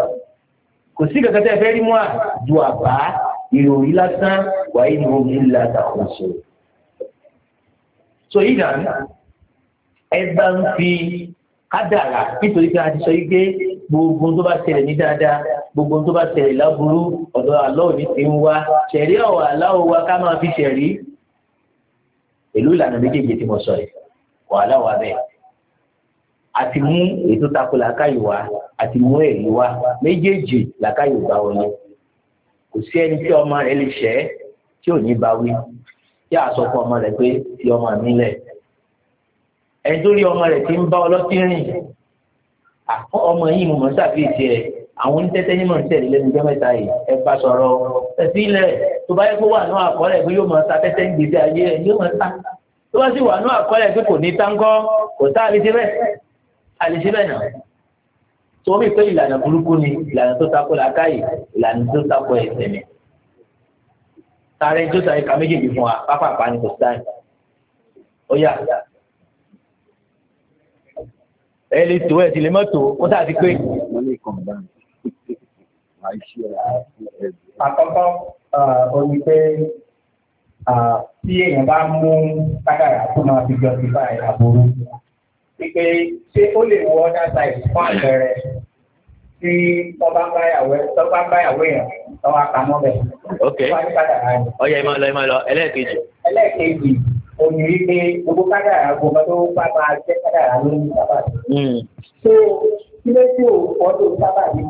Speaker 2: kò sí kankan tẹ́ fẹ́ rí mọ́ ju àbá ìròyìn lásán wàyí ni mo ní ìlànà àkóso. so ìdá ẹgbà ń fi kádàrá nítorí pé a ti sọ yìí pé gbogbo tó bá ṣẹlẹ̀ ní dáadáa gbogbo tó bá ṣẹlẹ̀ láburú ọ̀dọ̀ àlọ́ òní ti ń wá ṣẹ̀rí ọ̀wà aláwọ̀ wa ká máa fi ṣẹ̀rí ìlú ìlànà méjèèjì tí mo sọ yìí wàhálà wà bẹ́ẹ̀ àti mú ètò tako làákàyè wa àti mú èyí wa méjèèjì làákàyè bá wọlé kò sí ẹni tí ọmọ rẹ lè ṣẹ́ tí ò ní bá wí tí a sọ fún ọmọ rẹ pé fi ọmọ mi lẹ̀ ẹ̀dórí ọmọ rẹ̀ ti ń bá ọlọ́tí rìn àkọ́ ọmọ yìí mo mọ̀ ṣàfihàn ẹ̀ àwọn onítẹ́tẹ́ ní mọ̀ ń tẹ̀lé lẹ́nu jẹ́ mẹ́ta yìí ẹ bá sọ̀rọ̀ ẹ̀sìn ilẹ̀ tó bá yẹ kó wà ní àkọọ́lẹ̀ pé yóò mọ̀ ta tẹ́tẹ́ gbèsè ayé ẹ̀ yóò mọ̀ ta tó bá sì wà ní àkọọ́lẹ̀ pé kò ní táńkọ́ kò tá àlejò bẹ́ẹ̀ àlejò bẹ́ẹ̀ náà tó wọ́n mi pé ìlànà burúkú ni ìlànà tó takò làákàyè ìlànà tó takò ẹ̀sẹ̀ mi tààrẹ tó tààrẹ kà méjèèjì fún wa pápá ẹ lè tó ẹ sì lè mọ́tò ó dà sí pé. àkọ́kọ́ orí pé tí èèyàn bá mú kádàrà tó máa fi jọ sí báyìí àbúrò pé ṣé ó lè wọ ọ́dà sáìsì fún àpẹẹrẹ tí wọ́n bá báyàwó tó bá báyàwó yẹn tó wá bẹ̀. ok ọ̀yà ìmọ̀ lọ ìmọ̀ lọ ẹlẹ́ẹ̀kejì. ẹlẹ́ẹ̀kejì òní wípé gbogbo kádàrà gbogbo tó
Speaker 3: bá máa jẹ́ kádàrà ló hmm. ní sábà. so kí ló dé òkò tó sábà yìí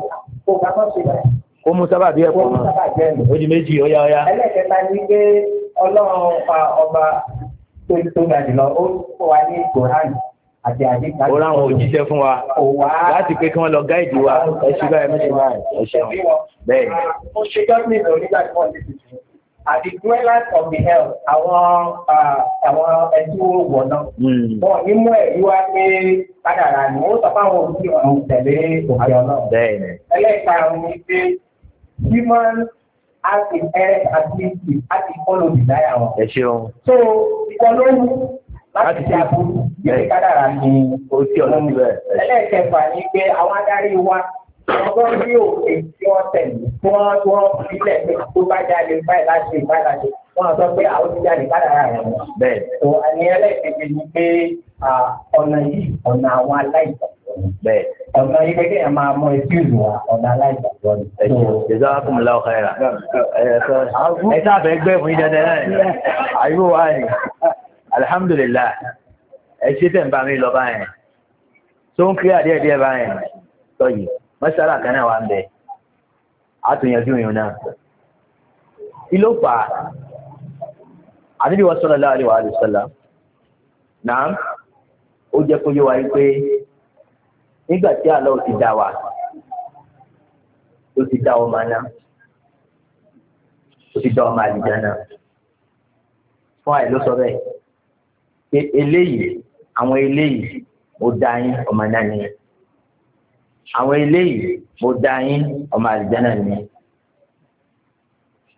Speaker 3: kó ká má ṣe báyìí.
Speaker 2: kó mú sábà bí ẹ̀kọ́ mọ́ ó di méjì ó yá ó yá. ẹlẹ́kẹ̀ẹ́ta ni pé ọlọ́run pa ọba tó tó ga jùlọ ó fún wa ní koran àti àdéhùn. ó ráwọn òjíṣẹ́ fún wa láti pé kí wọ́n lọ gáìdì wa ẹ báyìí ẹ báyìí ẹ ṣeun
Speaker 3: mo ṣe gọ́ọ̀mì àti dwellers of the hell àwọn àwọn ẹtí wo wọ̀ náà. Hmm. wọn
Speaker 2: ní mú ẹ̀rí wá pé kádàrà ni ó sọ fáwọn òbí ọ̀hún tẹ̀lé òfin ọ̀nà. ẹlẹ́karùn-ún ni pé human as in earth activity as in follow desire wọn. ẹ ṣeun. so ìwọ ló wù láti ṣe àbúrò yìí kádàrà ni òfin ọ̀nà. ẹlẹ́kẹfà ni pé àwọn adarí wa ọgbọ́n bí òfin tí wọ́n tẹ̀lé tí wọ́n tí wọ́n sílẹ̀ pé tó bá jáde báyìí láti báyìí láti wọ́n sọ pé àwọn ti jáde bá dára rẹ̀ wọ́n. bẹ́ẹ̀ tó àní ẹlẹ́ẹ̀kejì ni pé ọ̀nà yìí ọ̀nà àwọn aláìsàn. bẹ́ẹ̀ ọ̀nà yìí pé kéèyàn máa mọ etí ìlú wa ọ̀nà aláìsàn. ẹ jọ ìjọba kùn lọ ọkọ ẹ̀rà ẹ sáfẹ́ gbé fún yín dandan náà àyùbọ̀ wa ni alihamudulilá ẹ ṣe tẹ̀ ń bá mi lọ báyẹn tó ń kí àdéhàdéhà báyẹn tọ́yìí mọ́ṣálà kan náà wà ń bẹ àtúnyẹ̀dú yìí náà ìlò fà á ànábì wa sallallahu alaihi wa sallam náà ó jẹ́ kó yé wa yí pé nígbà tí Allah ti dá wa ó ti dá ọmọ náà ó ti dá ọmọ àlìjá náà fún àìló sọ bẹ́ẹ̀ eléyìí àwọn eléyìí ó dá yín ọmọ náà nìyẹn àwọn eléyìí mo dá yín ọmọ àlìjáná ni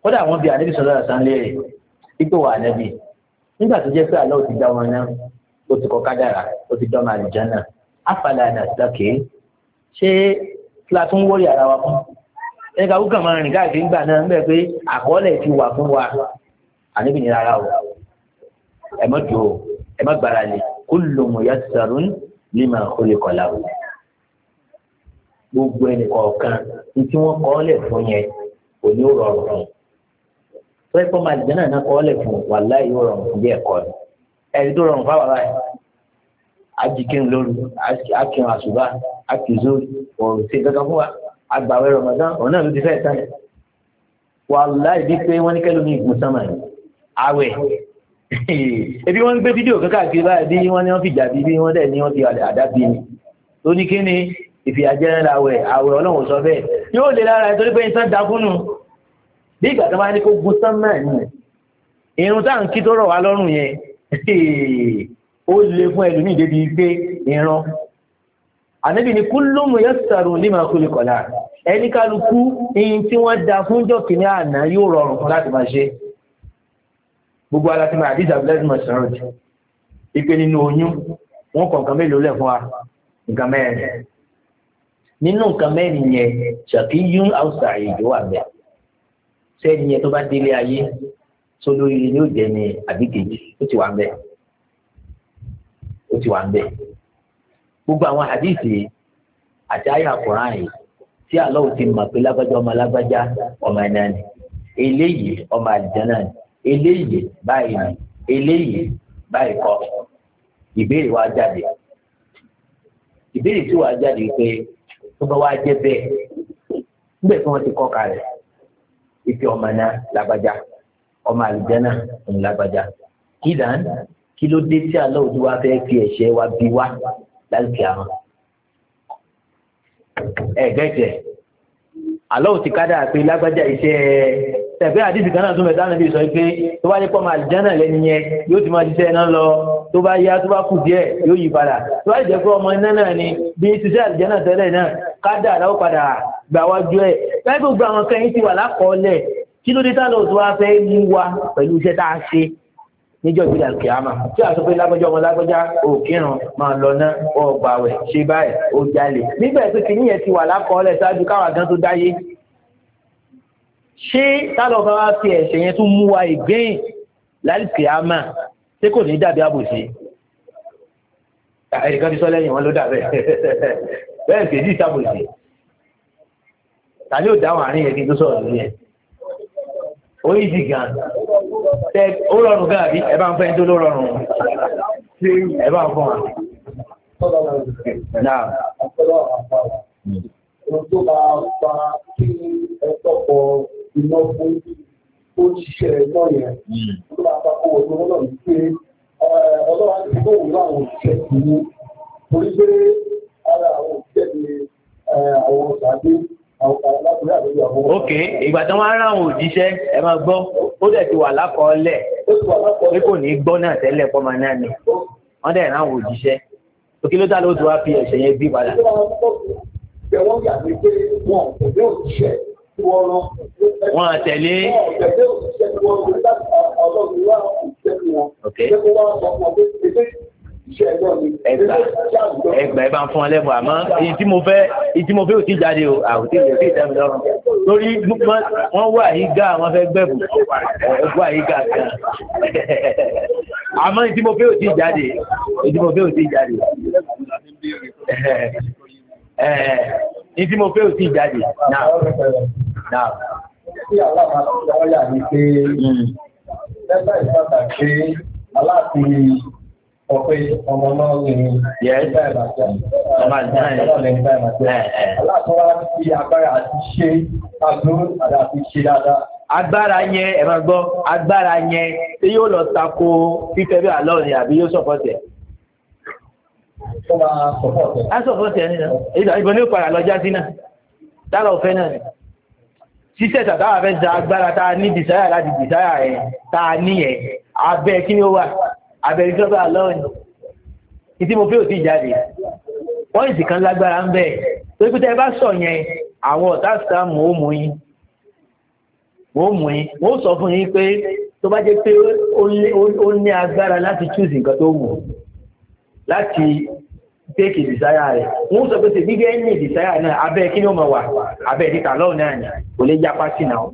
Speaker 2: kódà àwọn bíi ànábì sọlá ọsán léèrè ipò wà ànábì nígbà tó jẹ́ pé àlọ́ ti dá wọn náà ó ti kọ kádàrà ó ti dá àlìjáná àfàlà àdàsílákè ṣé kíláàsì ń wọ́ọ̀rì ara wa fún ẹni ká wúkà máa rìn káàkiri ńgbà náà ń bẹ̀ pé àkọọ́lẹ̀ ti wà fún wa ànábì ní rárá o ẹ jò ó ẹ mọ́ gbára lé kullu muyassarun lima khuliqa lahu gbogbo ẹnìkọ̀ọ̀kan ní tí wọ́n kọ́ lẹ̀ fún yẹn kò ní rọrùn fún un tó ẹ̀kọ́ máa jẹ́ náà kọ́ lẹ̀ fún wàhálà yóò rọrùn fún bí ẹ̀kọ́ ni ẹ̀rí tó rọrùn fáwọn ará yẹn ajikin lóru akin àṣùbà akin zori ọ̀rọ̀ ṣe kankan fún wa agbàwẹ̀ Ramadan ọ̀nà ló ti fẹ́ tán wàhálà ìdí pé wọ́n ní kẹ́lómi ìgbọ̀nsán mọ̀ àwẹ̀ [LAUGHS] ebi wọ́n gbé fídíò kankan àkiri báyìí bí wọ́n ní wọ́n fìjà bí bí wọ́n dẹ̀ ní wọ́n ti àdá bí ni tó ní kí ni ìfìyàjẹ́ làwẹ̀ àwẹ̀ ọlọ́run sọ bẹ́ẹ̀ yóò lè lára ẹ̀ torí pé ìtàn dákúnnù bí ìgbà tó bá ní kó gun sánmà ni irun tá à ń kí tó rọ̀ wá lọ́rùn yẹn [LAUGHS] ó lè fún ẹlòmíì débi pé ìran ànábì ni kúlùmù yóò sàrùn ní màá kúlù kọ̀lá ẹni kálukú ihun tí wọ́n da fúnjọ́ kìíní àná yóò rọrùn fún láti máa ṣe gbogbo aláti máa àdíjà blessing my surround ipe nínú oyún wọn kọ̀ọ̀kan mélòó lẹ̀ fún wa nǹkan mẹ́rin nínú nǹkan mẹ́rin yẹn ṣàkíyún àwùsà ìjọ wà bẹ́ẹ̀ sẹ́ni yẹn tó bá délé ayé tó lórí ni ó jẹ́ ní àbíkejì ó ti wà bẹ́ẹ̀ ó ti wà bẹ́ẹ̀ gbogbo àwọn hadithi àti àyà Kùránì yìí tí aláwo ti mọ̀ pé lágbájá ọmọ lágbájá ọmọ ẹ̀nà ni eléyìí ọmọ àlìjáná ni eléyìí báyìí ni eléyìí báyìí kọ́ ìbéèrè wa jáde ìbéèrè tí wàá jáde pé tó bá wá jẹ́ bẹ́ẹ̀ tí wọ́n ti kọ́ kalẹ̀ ìfi ọmọ náà lágbájá ọmọ àlùjànnà ń lágbájá kí dàn kí ló dé tí àlọ́ òdu wa fẹ́ fi ẹ̀ṣẹ̀ wa bí wa lálùkì àwọn ẹ̀gẹ́jẹ̀ aláwọ̀ ti kádà pé lágbájá iṣẹ́ tẹ̀pẹ́ àdìsí kan náà tún bẹ̀rẹ̀ sáà níbi ìsọ pé tó bá ní pọ́ máa jẹ́nà lẹ́ni yẹn yóò ti máa ṣiṣẹ́ iná lọ tó bá yá tó bá kù díẹ̀ yóò yí padà tó bá jẹ́ pé ọmọ iná náà ni bí ṣiṣẹ́ àlùjẹ́nà tẹ́lẹ̀ náà kádà aláwọ̀ padà gbà wájú ẹ̀ láì gbogbo àwọn kẹ́yìn ti wà lákọọ́lẹ̀ kí ló dé tá lọ́ọ̀ tó wá fẹ́ mú wa pẹ̀lú iṣẹ́ tá a ṣe níjọ́ ìgbéra kìámà tí a sọ pé lágbájá ọmọ lágbájá òkìrùn máa lọ ná ọgbà wẹ̀ ṣe báyìí ó jalè nígbà tó ti níyẹn ti wà lákọọ́lẹ̀ ṣáájú káwà gan tó dáyé ṣé tálọ̀ bá wá fi ẹ̀ṣẹ̀ yẹn tún mú wa ìgbẹ́yìn láì kìámà tí kò ní dàbí àbòsí ẹnìkan ti sọ lẹ́yìn wọn ló dàbẹ̀ bẹ́ẹ̀ kì í dì sábòsí tàbí ò dáhùn àárín yẹn kí n tó sọ̀rọ̀ ó yìí di gan
Speaker 3: tẹ ó rọrùn gan àbí ẹ
Speaker 2: bá ń fẹ́ tó ló rọrùn ẹ bá ń fọ́n wa. Náà. Ohun tó
Speaker 3: máa fa kí ẹ tọ́pọ̀ iná fún tó ṣiṣẹ́ náà yẹn. Ó máa fa kó owó náà ní pé ọlọ́wà ti kó òun láwọn òṣìṣẹ́ ìlú. Torí pé ara àwọn òṣìṣẹ́ ni àwọn ọ̀sán dé ok ìgbà tí wọ́n
Speaker 2: rán àwọn òjíṣẹ́ ẹ máa gbọ́ ó dẹ̀ ti wà lákọọ́lẹ̀ pé kò ní gbọ́ náà tẹ́lẹ̀ pọ́nmọ náà ni wọ́n dẹ̀ rán àwọn òjíṣẹ́ òkè ló dá lóòótọ́ wá fi ẹ̀sẹ̀ yẹn bí padà.
Speaker 3: wọ́n á tẹ̀lé. ok ẹgbà ẹgbà
Speaker 2: ẹ bá ń fún ọ lẹ́bùn àmọ́ èyí tí mo fẹ́ èyí tí mo fẹ́ ò ti jáde o àwòtí ìlú sí ìdámi lọ́rùn torí wọ́n wà yí gá wọ́n fẹ́ gbẹ̀bù ẹ̀gbọ́n àyí gá gan
Speaker 4: [LAUGHS]
Speaker 2: àmọ́ èyí tí mo fẹ́ ò ti jáde èyí tí mo fẹ́ ò ti jáde [LAUGHS] èyí tí mo fẹ́ ò ti
Speaker 3: jáde náà náà. Tí àwọn àwọn àwọn yà ní pé hmm. ẹgbẹ́ ìpàtàkì aláàfin ọ̀pẹ ọmọ náà ní ìyá ìbàjẹ́ ọmọ ìbàjẹ́ aláàtọ́wá fi
Speaker 2: agbára àti ṣe àdúró àti ṣe dáadáa. agbára yẹn ẹ máa gbọ́ agbára yẹn tí yóò lọ tako fífẹ́ bí àlọ́ ni àbí yóò sọ̀pọ̀tẹ̀. ó máa sọ̀pọ̀tẹ̀. á sọ̀pọ̀tẹ̀ nínú ìbọn ní ìpàrà lọ́jà sí náà dára òfẹ́ náà ni ṣíṣẹ́ tàbá fẹ́ da agbára tá a ní dìsáyà láti dìsáyà yẹn tá a ní yẹn abẹ́ kí ni ó abẹ́rẹ́ sọ́gbà lọ́ọ̀nù ìdí mo fi òtí jáde pọ́ìntì kan lágbára ń bẹ̀ torí pé tẹ́ ẹ bá sọ yẹn àwọn ọ̀tá sàmù ó mú yín ó mú yín ó sọ fún yín pé tó bá jẹ́ pé ó ní agbára láti chúùsì nǹkan tó wù láti take ìdìsáyà rẹ̀ wọ́n sọ pé tèmi gẹ́ ní ìdìsáyà náà abẹ́ kí ni ó máa wà abẹ́ ìdíkà lọ́ọ̀ ni kò lè yapa sí náà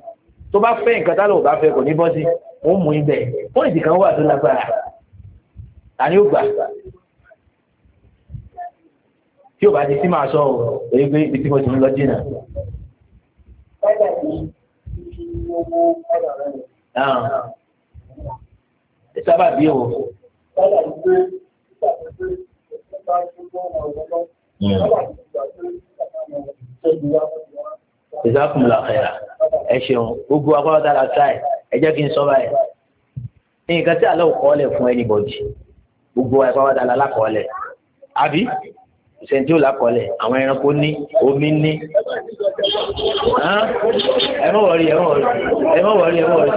Speaker 2: tó bá fẹ́ nǹkan tá lóò bá fẹ́ kò ní bọ́ sí wọ́n mú yín bẹ́ẹ̀ pọ́ìntì kan wà tó lágbára tani ó gbà tí ò bá ti sí máa sọ ọ èyí pé ibi tí mo ti ń lọ jìnnà. sábà bí o.
Speaker 3: ìsákùn la ẹ̀yà ẹ
Speaker 2: ṣeun gbogbo akọ́lọ́tà la ta ẹ̀ ẹ jẹ́ kí n sọ báyìí. nǹkan tí àlọ́ kọ́ lẹ̀ fún ẹnìbọ̀dì gbogbo wa ìpá wàdà lálákọ̀ọ́lẹ̀ àbí ìṣẹ́ntì òlákọ̀ọ́lẹ̀ àwọn ẹranko ní omi ní ẹmọ wọrí ẹmọ wọrí ẹmọ wọrí ẹmọ wọrí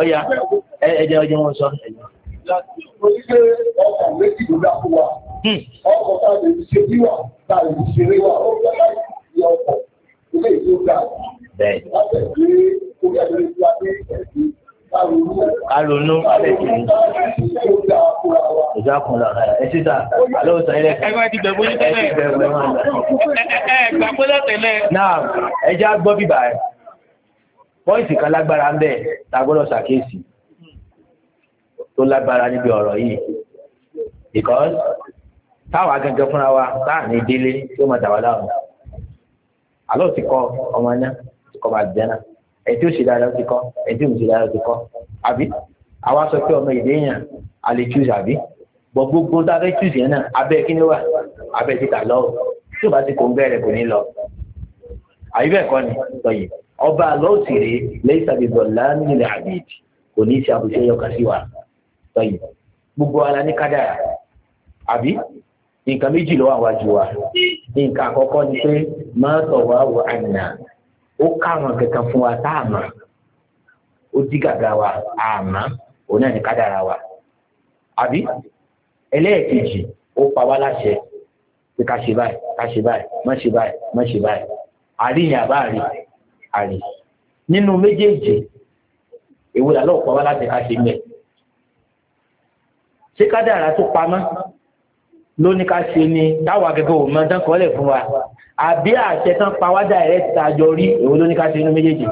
Speaker 2: ọ̀ya ẹ̀jẹ̀ ọjọ́ wọn sọ.
Speaker 3: Oníṣẹ́ ọkọ̀ méjì ló dá fún wa. Ọkọ̀ karonú alẹ́sìn ní. ìjà kun la
Speaker 2: ẹ sísà alẹ́ òsàn ilẹ̀ kan. ti ẹ ẹ náà ẹja gbọ́ bíbà ẹ kan lágbára ń gbọ́dọ̀ ṣàkíyèsí tó lágbára níbi ọ̀rọ̀ yìí because táwa gẹ́gẹ́ ẹtí ò ṣe dáadáa ti kọ ẹtí ò ṣe dáadáa ti kọ àbí àwa sọ pé ọmọ èdè èèyàn a lè choose àbí bọ gbogbo tá a fẹ́ choose yẹn náà abẹ́ kí ni wà abẹ́ ti kà lọ́wọ́ tí o bá ti kò ń bẹ̀rẹ̀ kò ní lọ àbí bẹ́ẹ̀ kọ́ ni sọyì ọba lọ́ọ̀tìrì lẹ́yìn sàbẹ̀bọ̀ láàmìlẹ̀ àbíyèdì kò ní í ṣe àbùṣe yọkà sí wa sọyì gbogbo ara ní kádàrà àbí nǹkan méjì ló wà wa nǹkan àkọ́kọ́ ni pé má sọ̀wá wọ àná ó káwọn kankan fún wa tá a mọ̀ ó dí gàgà wa a mọ̀ òun náà ní kádàrà wa àbí ẹlẹ́ẹ̀kejì ó pa wá láṣẹ pé ká ṣe báyìí ká ṣe báyìí má ṣe báyìí má ṣe báyìí àríyìn àbá àrí àrí nínú méjèèjì èwo làlọ́ wá láti ká ṣe mẹ́ ṣé kádàrà tó pamọ́ ló ní ká ṣe ni táwọn akẹ́kọ̀ọ́ ò mọ tán kọ́lẹ̀ fún wa àbí àṣẹ tán pa wá direct tá a jọ rí èwo ló ní ká ṣe inú méjèèjì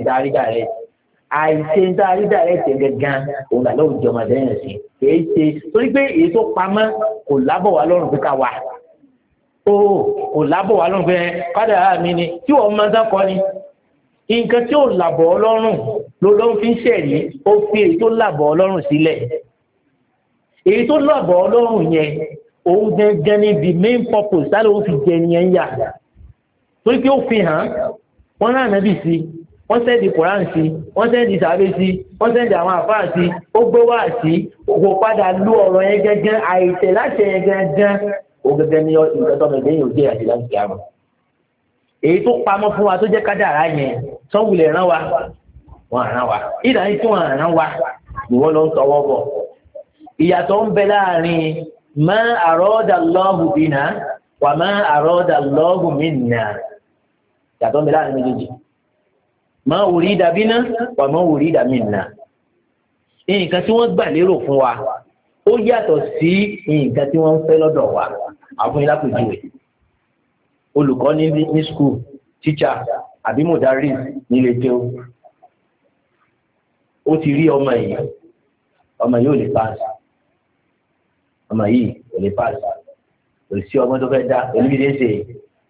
Speaker 2: ìdarí direct àìṣe ìdarí direct gangan òun là lóun jọmọ lẹ́yìn sí kìí ṣe torí pé èyí tó pamọ́ kò lábọ̀ wá lọ́rùn pé ká wà ó kò lábọ̀ wá lọ́rùn pé kádà mi ni tí wọ́n mọ tán kọ́ ni nǹkan tí ò làbọ̀ ọlọ́rùn ló ló ń fi ń ṣẹ̀rí ó fi èyí tó làbọ̀ ọlọ́rùn sílẹ̀ èyí tó làbọ̀ ọlọ́rùn yẹn òun gẹ́gẹ́ ní the main purpose tá ló ń fi jẹ nìyẹn yà torí pé ó fi hàn wọ́n rán ànábì sí wọ́n sẹ́ẹ̀dì koran sí wọ́n sẹ́ẹ̀dì sàbẹ̀ sí wọ́n sẹ́ẹ̀dì àwọn àfáà sí ó gbé wá sí òkò padà lú ọ̀rọ̀ yẹn gẹ́gẹ́ àìtẹ̀ láti yẹn gẹ́gẹ́ ó gẹ́gẹ́ ní nǹkan tó tí wọ́n rán wa ìwọ ló ń tọwọ́ bọ̀ ìyàtọ̀ ń bẹ láàrin ma àrọ́dà lọ́hùn bínà wà má àrọ́dà lọ́hùn mínà yàtọ̀ ń bẹ láàrin méjèèjì ma òrí dàbínà wà má òrí dàmínà nǹkan tí wọ́n gbà lérò fún wa ó yàtọ̀ sí nǹkan tí wọ́n ń fẹ́ lọ́dọ̀ wa àfúnilá kò jù rẹ̀ olùkọ́ ní ní skul tíṣà àbí mọ̀dárí nílé tí ó ti rí ọmọ yìí ọmọ yìí ò lè paasi ọmọ yìí kò lè pàṣà kò sí ọmọ tó fẹ́ dá olùbíde ṣe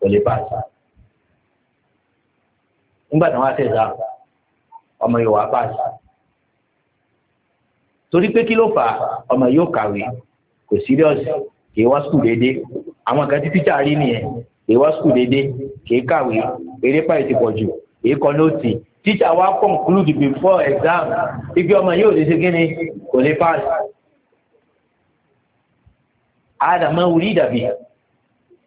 Speaker 2: kò lè pàṣà nígbà tí wọ́n á tẹ̀sà ọmọ yìí wà á pàṣà torí pé kí ló fà ọmọ yìí ó kàwé kò síríọ̀sì kì í wá sùkúù déédéé àwọn kan tí tíṣà rí nìyẹn kì í wá sùkúù déédéé kì í kàwé eré pàì ti pọ̀ jù kì í kọ lóòtì tíṣà wa conclude before exam ibi ọmọ yìí ò lè ṣe kí ni kò lè pàṣà. Ada máa wúrí dàbí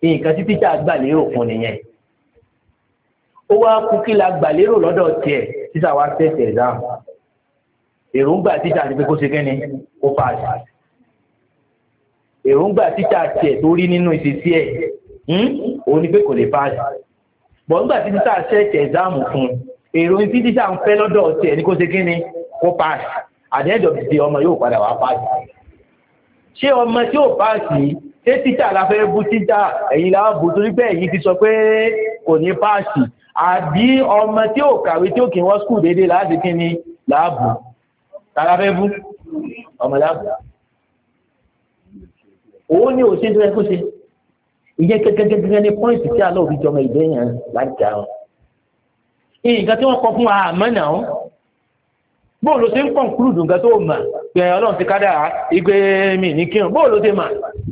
Speaker 2: nǹkan tí títà gbàlérò fún nìyẹn ó wá kú kí la gbàlérò lọ́dọ̀ tiẹ̀ títà wá tẹ̀sẹ̀ dáhùn èròǹgbà títà ti pé kó ṣe kẹ́ni kó pa àṣà èròǹgbà títà tiẹ̀ tó rí nínú ìṣesí ẹ̀ hmm, òun ni pé kò lè pa àṣà bọ̀ nígbà tí títà ṣẹ̀ṣẹ̀ ẹ̀dáàmù fún èrò tí títà ń fẹ́ lọ́dọ̀ tiẹ̀ ni kó ṣe kẹ́ni kó pa àṣà àdéhùn ìdí ọmọ yóò padà wá pa àṣà ṣé ọmọ tí ò
Speaker 1: páàsì ṣé títà la fẹ́ bú títà ẹ̀yin la bú torí pé ẹ̀yin ti sọ pé kò ní páàsì àbí ọmọ tí ò kàwé tí ò kì í wọ́n skul déédéé láti kí ni láàbù
Speaker 2: tààrà fẹ́ bú ọmọ láàbù òun ni òṣèlú tó yẹ kó ṣe ìyẹn gẹ́gẹ́gẹ́gẹ́ ní pọ́ìntì tí aláwọ̀ fi jọmọ ìgbẹ́yàn láti jà wọn
Speaker 1: nǹkan tí wọ́n kọ fún wa àmọ́ náà bóòlù ṣe ń kọ̀nkúrùdù nǹkan tó mà pé ọlọ́run ti kádà igbe mi ní kírun bóòlù ṣe mà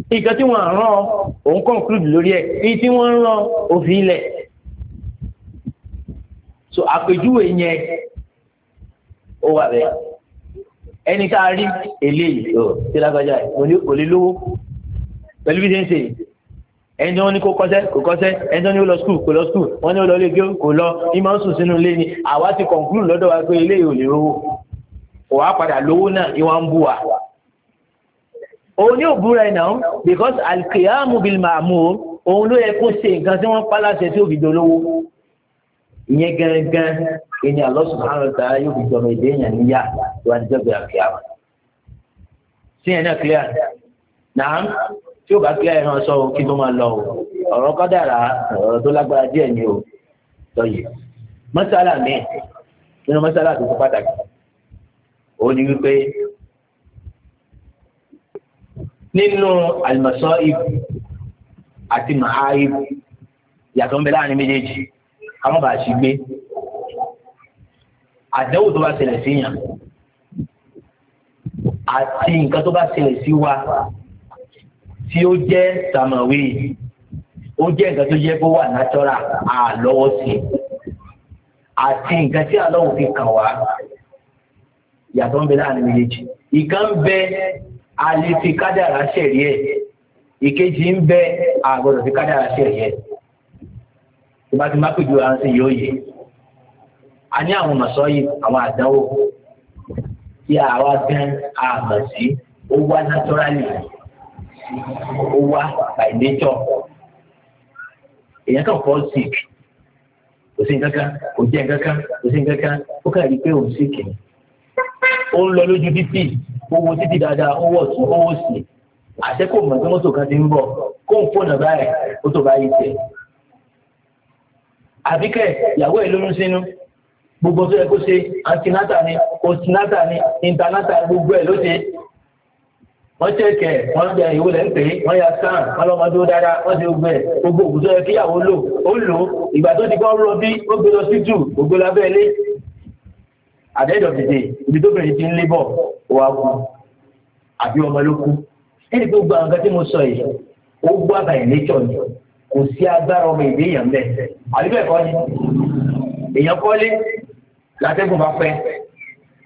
Speaker 1: nǹkan tí wọ́n rán òun kọ̀nkúrùdù lórí ẹ̀ èyí tí wọ́n rán òfin ilẹ̀
Speaker 2: so àpèjúwe yẹn ó wà bẹ́ẹ̀ ẹni tá a rí eléyìí ọ tí lágbájá yìí kò lè lówó pẹ̀lú bí ṣe ń ṣe yìí ẹni tí wọ́n ní kó kọ́ṣẹ́ kò kọ́ṣẹ́ ẹni tí wọ́n ní ó lọ skul kò lọ skul wọ́n ní ó lọ ilé kí kò lọ ní ń sùn sínú ilé ni àwa ti kọ̀ǹkúrù lọ́dọ̀ wa pé ilé yìí ò lè rówó kò wá padà lówó náà ni wọ́n ń bú wa. òun ní òbúra ẹ̀ náà because alkiyamu bil ma'mur òun ló yẹ kó ṣe nǹkan tí wọ́n pa láṣẹ tí òbí dolówó ìyẹn gangan ìní Allah subhanahu wa ta'ala yóò fi jọmọ èdè èèyàn níyà tó wá níjọba àkíyàwó. sí ẹ̀ náà clear náà tí ó bá clear ẹ̀ náà sọ kí ló máa lọ ọ̀rọ̀ kọ́dàrà ọ̀rọ̀ tó lágbára díẹ̀ ni o mọ́sálà mi nínú mọ́sálà tó kọ́ pàtàkì ó ní wípé nínú àlùmọ̀sọ́ ibù àti màá ibù yàtọ̀ ń bẹ láàrin méjèèjì káwọn bá a sì gbé àdánwò tó bá ṣẹlẹ̀ sí yàn àti nǹkan tó bá ṣẹlẹ̀ sí wa tí ó jẹ́ sàmọ̀wé ó jẹ́ nǹkan tó jẹ́ kó wà nátọ́ra àlọ́wọ́ àti nǹkan tí àlọ́wọ́ fi kàn wá ìyàtọ̀ ń bẹ láàrin méjèèjì ìkan ń bẹ a fi kádàrá ṣẹ̀rí ẹ̀ ìkejì ń bẹ a fi kádàrá ṣẹ̀rí ẹ̀ tó bá ti má pèjú ara sí yóò yẹ a ní àwọn mọ̀sọ́ yìí àwọn àdánwò tí àwa gan àmọ̀ sí ó wá naturally ó wá by nature èèyàn kan fall sick kò sí nǹkan kan kò jẹ́ nǹkan kan i pé ó ń lọ lójú títì owó títì dáadáa owó ọ̀tún owó sí àṣẹ kò mọ̀ tí mọ́tò kan ti ń bọ̀ kó ń fònà báyìí ó tó báyìí tẹ̀. àbíkẹ́ ìyàwó ẹ̀ lóyún sínú gbogbo tó yẹ kó ṣe antinata ni ostinata ni intanata gbogbo ẹ̀ ló ṣe wọ́n tẹ̀kẹ̀ wọ́n jẹ ìwé lẹ́ ń pè é wọ́n ya sàn wọ́n lọ́mọ tó dára wọ́n ti gbẹ gbogbo òkú yẹ kíyàwó lò ó lò ìgbà tó ti kọ́ rọ ó gbé lọ sí at the end of the day ibi tó bẹ̀rẹ̀ ti ń lébọ̀ wá kú àbí ọmọ ló kú ẹni tó gba nǹkan tí mo sọ yìí ó gbọ́ àbàyè nature ni kò sí agbára ọmọ ìdí èèyàn bẹ́ẹ̀ àbí bẹ́ẹ̀ kọ́ ni èèyàn kọ́lé látẹ́gùn bá fẹ́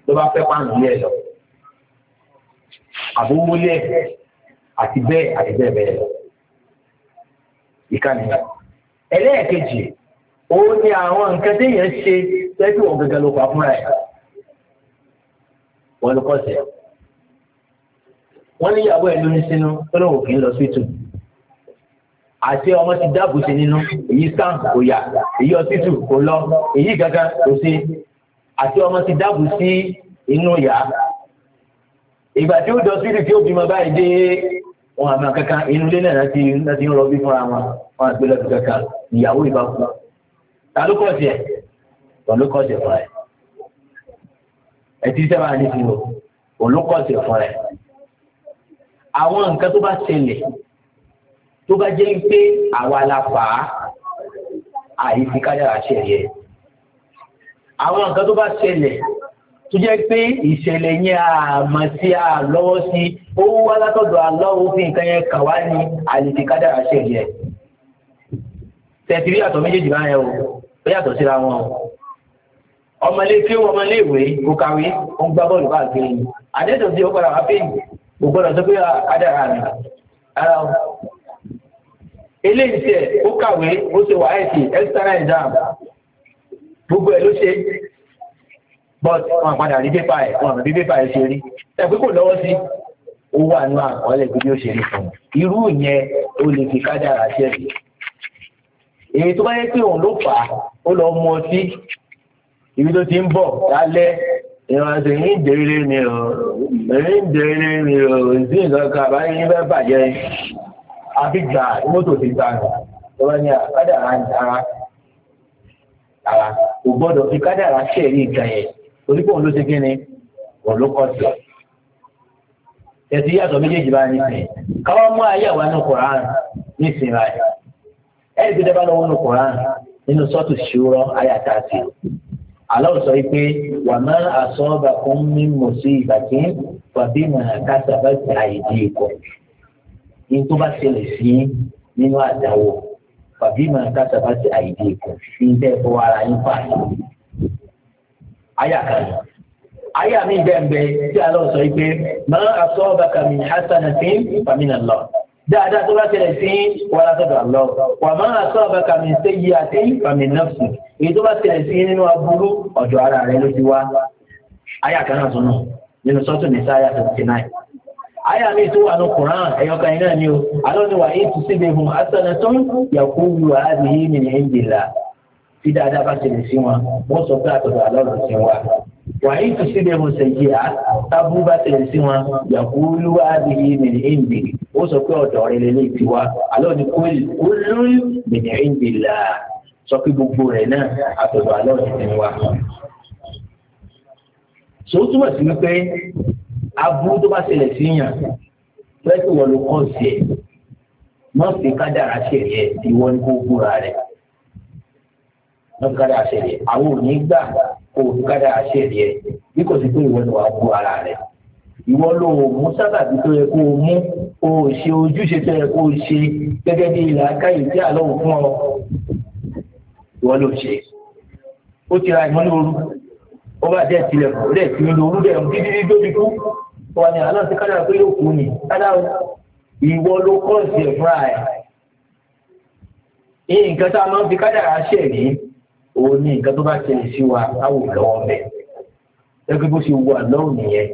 Speaker 2: ló bá fẹ́ pàǹdù lé ẹ̀ lọ àbówólé ẹ̀ àti bẹ́ẹ̀ àti bẹ́ẹ̀ bẹ́ẹ̀ lọ ìkànnì ẹlẹ́ẹ̀kejì òun ni àwọn nǹkan téèyàn ṣe tẹ́tù ọ̀gẹ̀gẹ̀ ló pa fúnra ẹ̀ wọ́n ló kọ̀sẹ̀ wọ́n ní ìyàwó ẹ̀ lóyún sínú tọ́lọ́wò kì í lọ síìtù àti ọmọ ti dáàbò ṣe nínú èyí sàn kò yà èyí ọsítù kò lọ èyí gàgà kò sí àti ọmọ ti dáàbò sí inú yà ìgbà tí ó dọ síìtù tí ó bímọ báyìí dé wọn àmì kankan inú ilé náà láti láti ń rọbí fúnra wọn wọn àgbélọ́dún kankan ìyàwó ìbá kú ta ló kọ̀ sí ẹ̀ tọ́ ló kọ̀ sí ẹ̀ fún ẹ̀ ẹtí sábà ní fi o olùkọ́sẹ̀ fún rẹ̀ àwọn nǹkan tó bá ṣẹlẹ̀ tó bá jẹ́ pé àwa la fà á àyífi kádàrá ṣẹlẹ̀ àwọn nǹkan tó bá ṣẹlẹ̀ tó jẹ́ pé ìṣẹ̀lẹ̀ yẹn àmọ́ sí a lọ́wọ́ sí owó wá látọ̀dọ̀ aláwo fi nǹkan yẹn kàn wá ní àyífi kádàrá ṣẹlẹ̀ tẹ̀sírí àtọ̀ méjèèjì báyẹn o ó yàtọ̀ síra wọn o ọmọléke ọmọléèwé kò kàwé ó ń gbá bọ́ọ̀lù bá gbé yìí àdéhùn sí ó padà wá péyì kò gbọ́dọ̀ sọ pé ah, àdára rẹ̀ ara o. eléyìí tẹ ó kàwé ó ṣe wàhálà external exam gbogbo ẹ̀ ló ṣe but wọn padà rí pépà ẹ̀ wọn àmọ́ bí pépà ẹ̀ ṣe rí ẹ̀ pé kò lọ́wọ́ sí ó wà ní àkọọ́lẹ̀ bí ó ṣe rí fún un irú ìyẹn ó lè fi kádàrá ṣẹ́bi èyí tó bá yẹ pé òun ló fà á ó lọ mú ọtí ibi tó ti ń bọ̀ lálẹ́ ìrànṣẹ́ yìí ń dèrè ni o èyí ń dèrè ni o sí nǹkan kan àbáyé yín fẹ́ bàjẹ́ àfi gbà mọ́tò ti ara kò fi kádàrá ṣẹ̀rí ìgbà yẹn torí pé òun ló ṣe kí ni òun ló kọ́ sí ẹtì yàtọ̀ méjèèjì bá nísìnyí káwọn mú ayé àwa koran kọ̀ọ̀rán nísìnyí báyìí ẹ̀ ẹ́ ti lọ́wọ́ nínú aláwọ̀ sọ pé wà má àsọ́ọ̀bà fún mímọ̀ sí ìbàkí tàbí màá kásá bá ti àìdí ikọ̀ ní tó bá ṣẹlẹ̀ sí nínú àdáwọ̀ tàbí màá kásá bá ti àìdí ikọ̀ ní bẹ́ẹ̀ fọ́ ara yín pàṣẹ. Ayà kan ayé àmì bẹ́ẹ̀ bẹ́ẹ̀ tí aláwọ̀ sọ pé má àsọ́ọ̀bà kàmí hasanàfín fàmínà lọ́wọ́ dáadáa tó bá ṣẹlẹ̀ sí wọn látọ̀dọ̀ àlọ́ wà máa ń sọ ọ̀bẹ kàmí ṣe yí àti kàmí nọ́ọ̀sì èyí tó bá ṣẹlẹ̀ sí nínú aburú ọ̀dọ̀ ara rẹ ló ti wá àyà kan náà tún nù nínú sọ́tù nìsa àyà seventy nine àyà mi tó wà ní Quran ẹ̀yọ́ka iná ni o àlọ́ ni wà á tún síbi ìhun asana tó ń yàkó wù wá á bìí mi ní ìjìlá tí dáadáa bá ṣẹlẹ̀ sí wọn wọ́n sọ pé wàyí tún síbi ìhun ṣèjì à bá ṣẹlẹ̀ sí wọn yàkó wù wá á bìí mi ó sọ pé ọ̀dọ̀ rẹ̀ lè ní ìtiwá alọ́ ni kó lórí bìnrin ìgbìlà sọ pé gbogbo rẹ̀ náà àtọ̀dọ̀ alọ́ ti ti wá. so ó túmọ̀ sí wípé aburú tó bá ṣẹlẹ̀ sí yàn fẹ́ẹ́ tí wọ́n ló kọ́ sí ẹ̀ wọ́n fi kádàrá ṣẹlẹ̀ ẹ̀ ìwọ ni kó búra rẹ̀ wọ́n fi kádàrá ṣẹlẹ̀ àwọn ò ní gbà kó fi ṣẹlẹ̀ ẹ̀ bí kò sí pé ìwọ ni wàá bú rẹ̀ ìwọ ló mú sábàbí tó yẹ kó o mú o ṣe ojúṣe tó yẹ kó o ṣe gẹ́gẹ́ bí ilà káyọ̀ tí àlọ́ fún ọ ìwọ ló ṣe ó ti ra ìmọ̀ lóru ó bá dẹ̀ tilẹ̀ kù ó dẹ̀ ti mi lóru dẹ̀ mú títí tó fi kú wọn ni àlọ́ ti kádà pé yóò kú ni kádà ìwọ ló kọ́ ìsìn fúnra ẹ̀ nǹkan tá a máa ń fi kádà rà ṣẹ̀ ní òun ni nǹkan tó bá ṣẹlẹ̀ sí wa láwùjọ lọ́wọ́ bẹ̀ lọ́wọ́ nìyẹn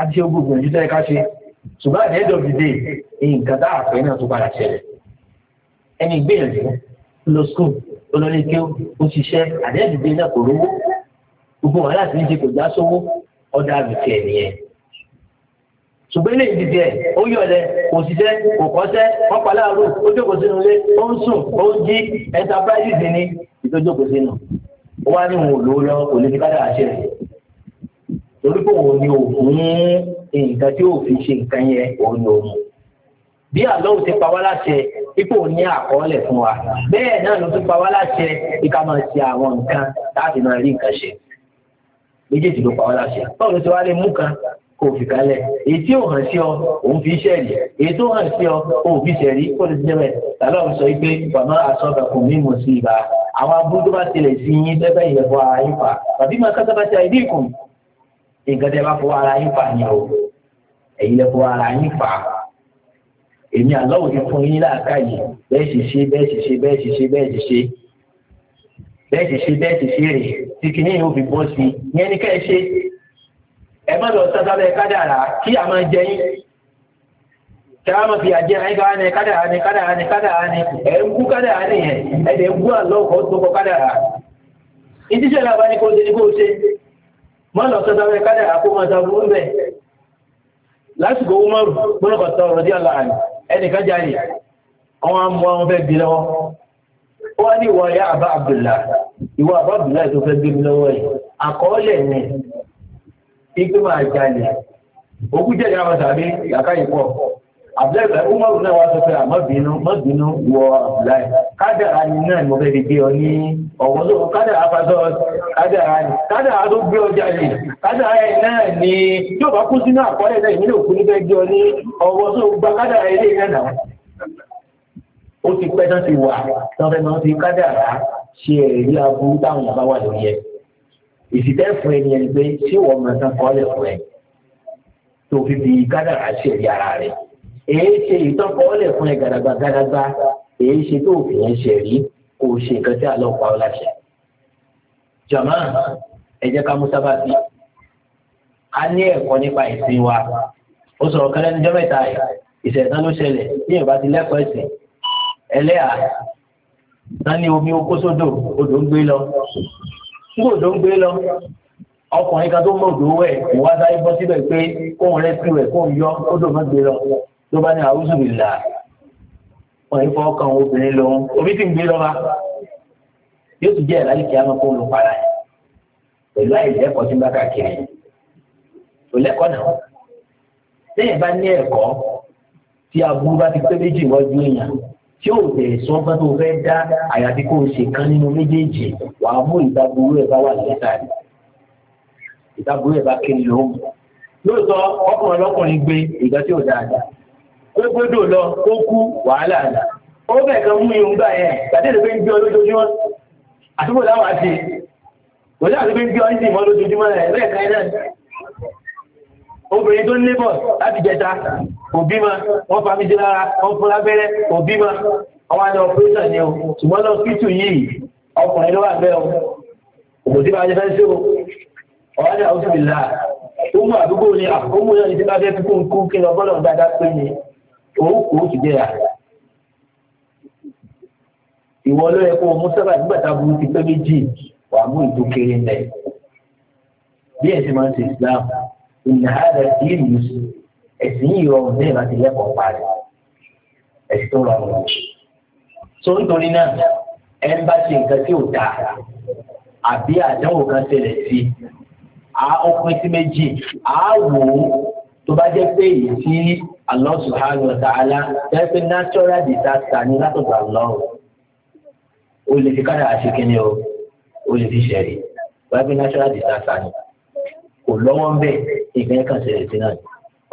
Speaker 2: àti ṣe gbogbo ìjú ṣe ṣùgbọ́n at the end of the day nǹkan tá a fẹ́ náà tó padà ṣẹlẹ̀ ẹni gbìyànjú lọ school olórí kí ó ṣiṣẹ́ at the end of the day náà kò rówó gbogbo wọn láti ní ṣe kò já sówó ọ̀dà àbùkẹ́ nìyẹn ṣùgbọ́n ilé ìdìdì ẹ̀ ó yọ̀lẹ̀ kò ṣiṣẹ́ kò kọ́ṣẹ́ wọ́n pa láàárọ̀ ó jókòó sínú ilé ó ń sùn ó ń jí enterprises ni ìtọ́jókòó sínú ó wá ní òun ò lówó lọ́wọ́ kò lè fi kádà àṣẹ rẹ̀ torí pé òun ni òun nǹkan tí òfin ṣe nǹkan yẹn òun ni òun bí àlọ́ ti pa wá láṣẹ ipò ní àkọọ́lẹ̀ fún wa bẹ́ẹ̀ náà ló tún pa wá láṣẹ ìka máa ṣe àwọn nǹkan láti máa rí nǹkan ṣe méjèèjì ló pa wá láṣẹ báwo ló ti wá lè mú kan kò fi kalẹ̀ èyí tí ò hàn sí ọ òun fi iṣẹ́ rí èyí tó hàn sí ọ òun fi iṣẹ́ kó lè ti jẹ́wẹ̀ sọ pé bàmá àsọ̀bà kò ní mọ̀ sí ibà àwọn abúlé tó bá tilẹ̀ sí yín lẹ́gbẹ̀ẹ́ ìyẹ̀fọ́ àyípa tàbí máa kásábàṣe àìdí ìkùn nǹkan tẹ́ bá fọwọ́ ara yín fà ní àwọn ẹ̀yin lẹ fọwọ́ ara yín fà èmi àlọ́wọ̀ yẹn fún yín láàká yìí bẹ́ẹ̀ sì ṣe bẹ́ẹ̀ sì ṣe bẹ́ẹ̀ sì ṣe bẹ́ẹ̀ sì ṣe bẹ́ẹ̀ sì ṣe bẹ́ẹ̀ sì ṣe rè tí kìíní yìí ó fi bọ́ sí i yẹn ni ẹ ṣe ẹ má lọ sábẹ́ kádàrá kí a máa jẹ yín tẹ́wàá ma fi àjẹ́ àyíká ni kádàá ni kádàá ni kádàá ni ẹ̀ ń kú kádàá ni yẹn ẹ̀ dẹ̀ ń kú àlọ́ ọkọ̀ tó kọ kádàá. ìdíṣẹ́ làbá ni kò ṣe ni kò ṣe mọ́nà ọ̀sọ̀tọ̀ rẹ̀ kádà àkómọ́ta burú bẹ̀ lásìkò umaru gbọ́nàkọ̀tọ̀ ọ̀rọ̀dí aláàrẹ̀ ẹnìkan jáde ọmọ amú àwọn fẹ́ bí lọ́wọ́ ó wá ní ìwọ ya àbá abdullah ìwọ àbá abdullah tó fẹ́ gbé mi lọ́wọ́ yìí àkọọ́lẹ̀ ni ìgbé máa jalè òkú jẹ́ ìyá àwọn sàbí yàká ìpọ̀ àbẹ́bẹ̀ ó mọ̀rún náà wá sọ pé àmọ́bìnú ah, mọ́bìnú wọ àbúláì kádàrá ni náà mo fẹ́ di gbé ọ ní ọ̀wọ́n tó kádàrá fàtọ́ kádàrá ni kádàrá tó gbé ọjà lè kádàrá yẹn náà ni tí ò bá kú sínú àkọọ́lẹ̀ náà ìmílẹ̀ òkú ní fẹ́ gbé ọ ní ọ̀wọ́n tó gba kádàrá ilé yẹn náà. ó ti pẹ́ tán ti wà tán fẹ́ máa fi kádàrá ṣe èrí aburú táwọn bàbá wà lórí ẹ̀ ìsìtẹ́ fún ẹni ẹni pé ṣé wọ́n mọ̀ tán kọ́ọ́lẹ̀ fún ẹ tó fi fi kádàrá ṣe èrí ara rẹ̀ èyí ṣe ìtọ́kọ̀ọ́lẹ̀ fún ẹ gàdàgbà gàdàgbà èyí ṣe tó òfin ẹ̀ ṣe rí kò ṣe nǹkan tí àlọ́ pa ọ́ láṣẹ. jọ̀mọ́ ẹ jẹ́ ká musa bá sí. a ní ẹ̀kọ́ nípa ìsìn wa ó sọ̀rọ̀ kẹlẹ́ níjọ́ mẹ́ta yìí ìṣẹ̀tàn ló ṣẹlẹ̀ ní ìbá ti lẹ́kọ̀ọ́ ẹ̀sìn ẹlẹ́à tán ní omi okó sódò odò ń gbé lọ ń odò ń gbé lọ ọkùnrin kan tó mọ odò wẹ̀ ìwádàá ibọ́ síbẹ̀ pé kóun rẹ́sì rẹ̀ kóun yọ odò má gbé lọ ló bá ní àwùjọ ìlà wọn yìí fọwọ́ kan obìnrin lòun omi ti ń gbé lọ́ba yóò tún jẹ́ ìlàlẹ́ kí á máa kó olùpara yẹn pẹ̀lú àìlẹ́kọ̀ọ́ tí ń bá káàkiri òlẹ́kọ̀ọ́ náà lẹ́yìn bá ní ẹ̀kọ́ tí aburú bá ti pé méjì wájú èèyàn tí ò bẹ̀rẹ̀ sọ fún tó fẹ́ dá àyàfi kó o ṣe kan nínú méjèèjì wàá mú ìdaburú ẹ̀ bá wà lẹ́ta rẹ̀ ìdaburú ẹ̀ bá kiri lòun lóòótọ́ ọkùnrin ọlọ́kùnrin gbé ìgbà tí ò dáadáa
Speaker 1: ó gbọ́dọ̀ lọ okwu
Speaker 2: kú wàhálà rẹ̀ ó bẹ̀ kan mú ihun yẹn gbàdé ń gbé ọ àtúbọ̀ láwọn àti òjò àti ń gbé ọ nídìí mọ́ lójoojúmọ́ rẹ̀ bẹ́ẹ̀ kan náà obìnrin tó ń lébọ̀ láti jẹta òbí ma wọ́n o ṣùgbọ́n lọ fítù yìí ọkùnrin ló wà bẹ́ẹ̀ o òkú tí bá jẹ fẹ́ sí o ọwọ́ ni òun kò sì jẹ́yà ìwọ ló yẹ kó o mú sábà nígbà tá a burú ti pé méjì wàá mú ìtò kéré ńlẹ̀ bí ẹ̀sìn máa ń ṣe Islam ìnáhàdà sí ìlú ẹ̀sìn yìí rọrùn bẹ́ẹ̀ láti lẹ́kọ̀ọ́ parí ẹ̀sìn tó rọrùn so nítorí náà ẹ ń bá ṣe nǹkan tí ò dáa àbí àdánwò kan ṣẹlẹ̀ sí a ó pín sí méjì a wò ó tó bá jẹ́ pé èyí tí Allah subhanahu wa ta'ala jẹ́ pé natural disaster ni látọ̀dọ̀ Allah o lè fi kára àṣẹ kínní o o lè fi ṣẹ̀rí wáyé pé natural disaster ni kò lọ́wọ́ ń bẹ̀ ìpínlẹ̀ kan ṣẹlẹ̀ sí náà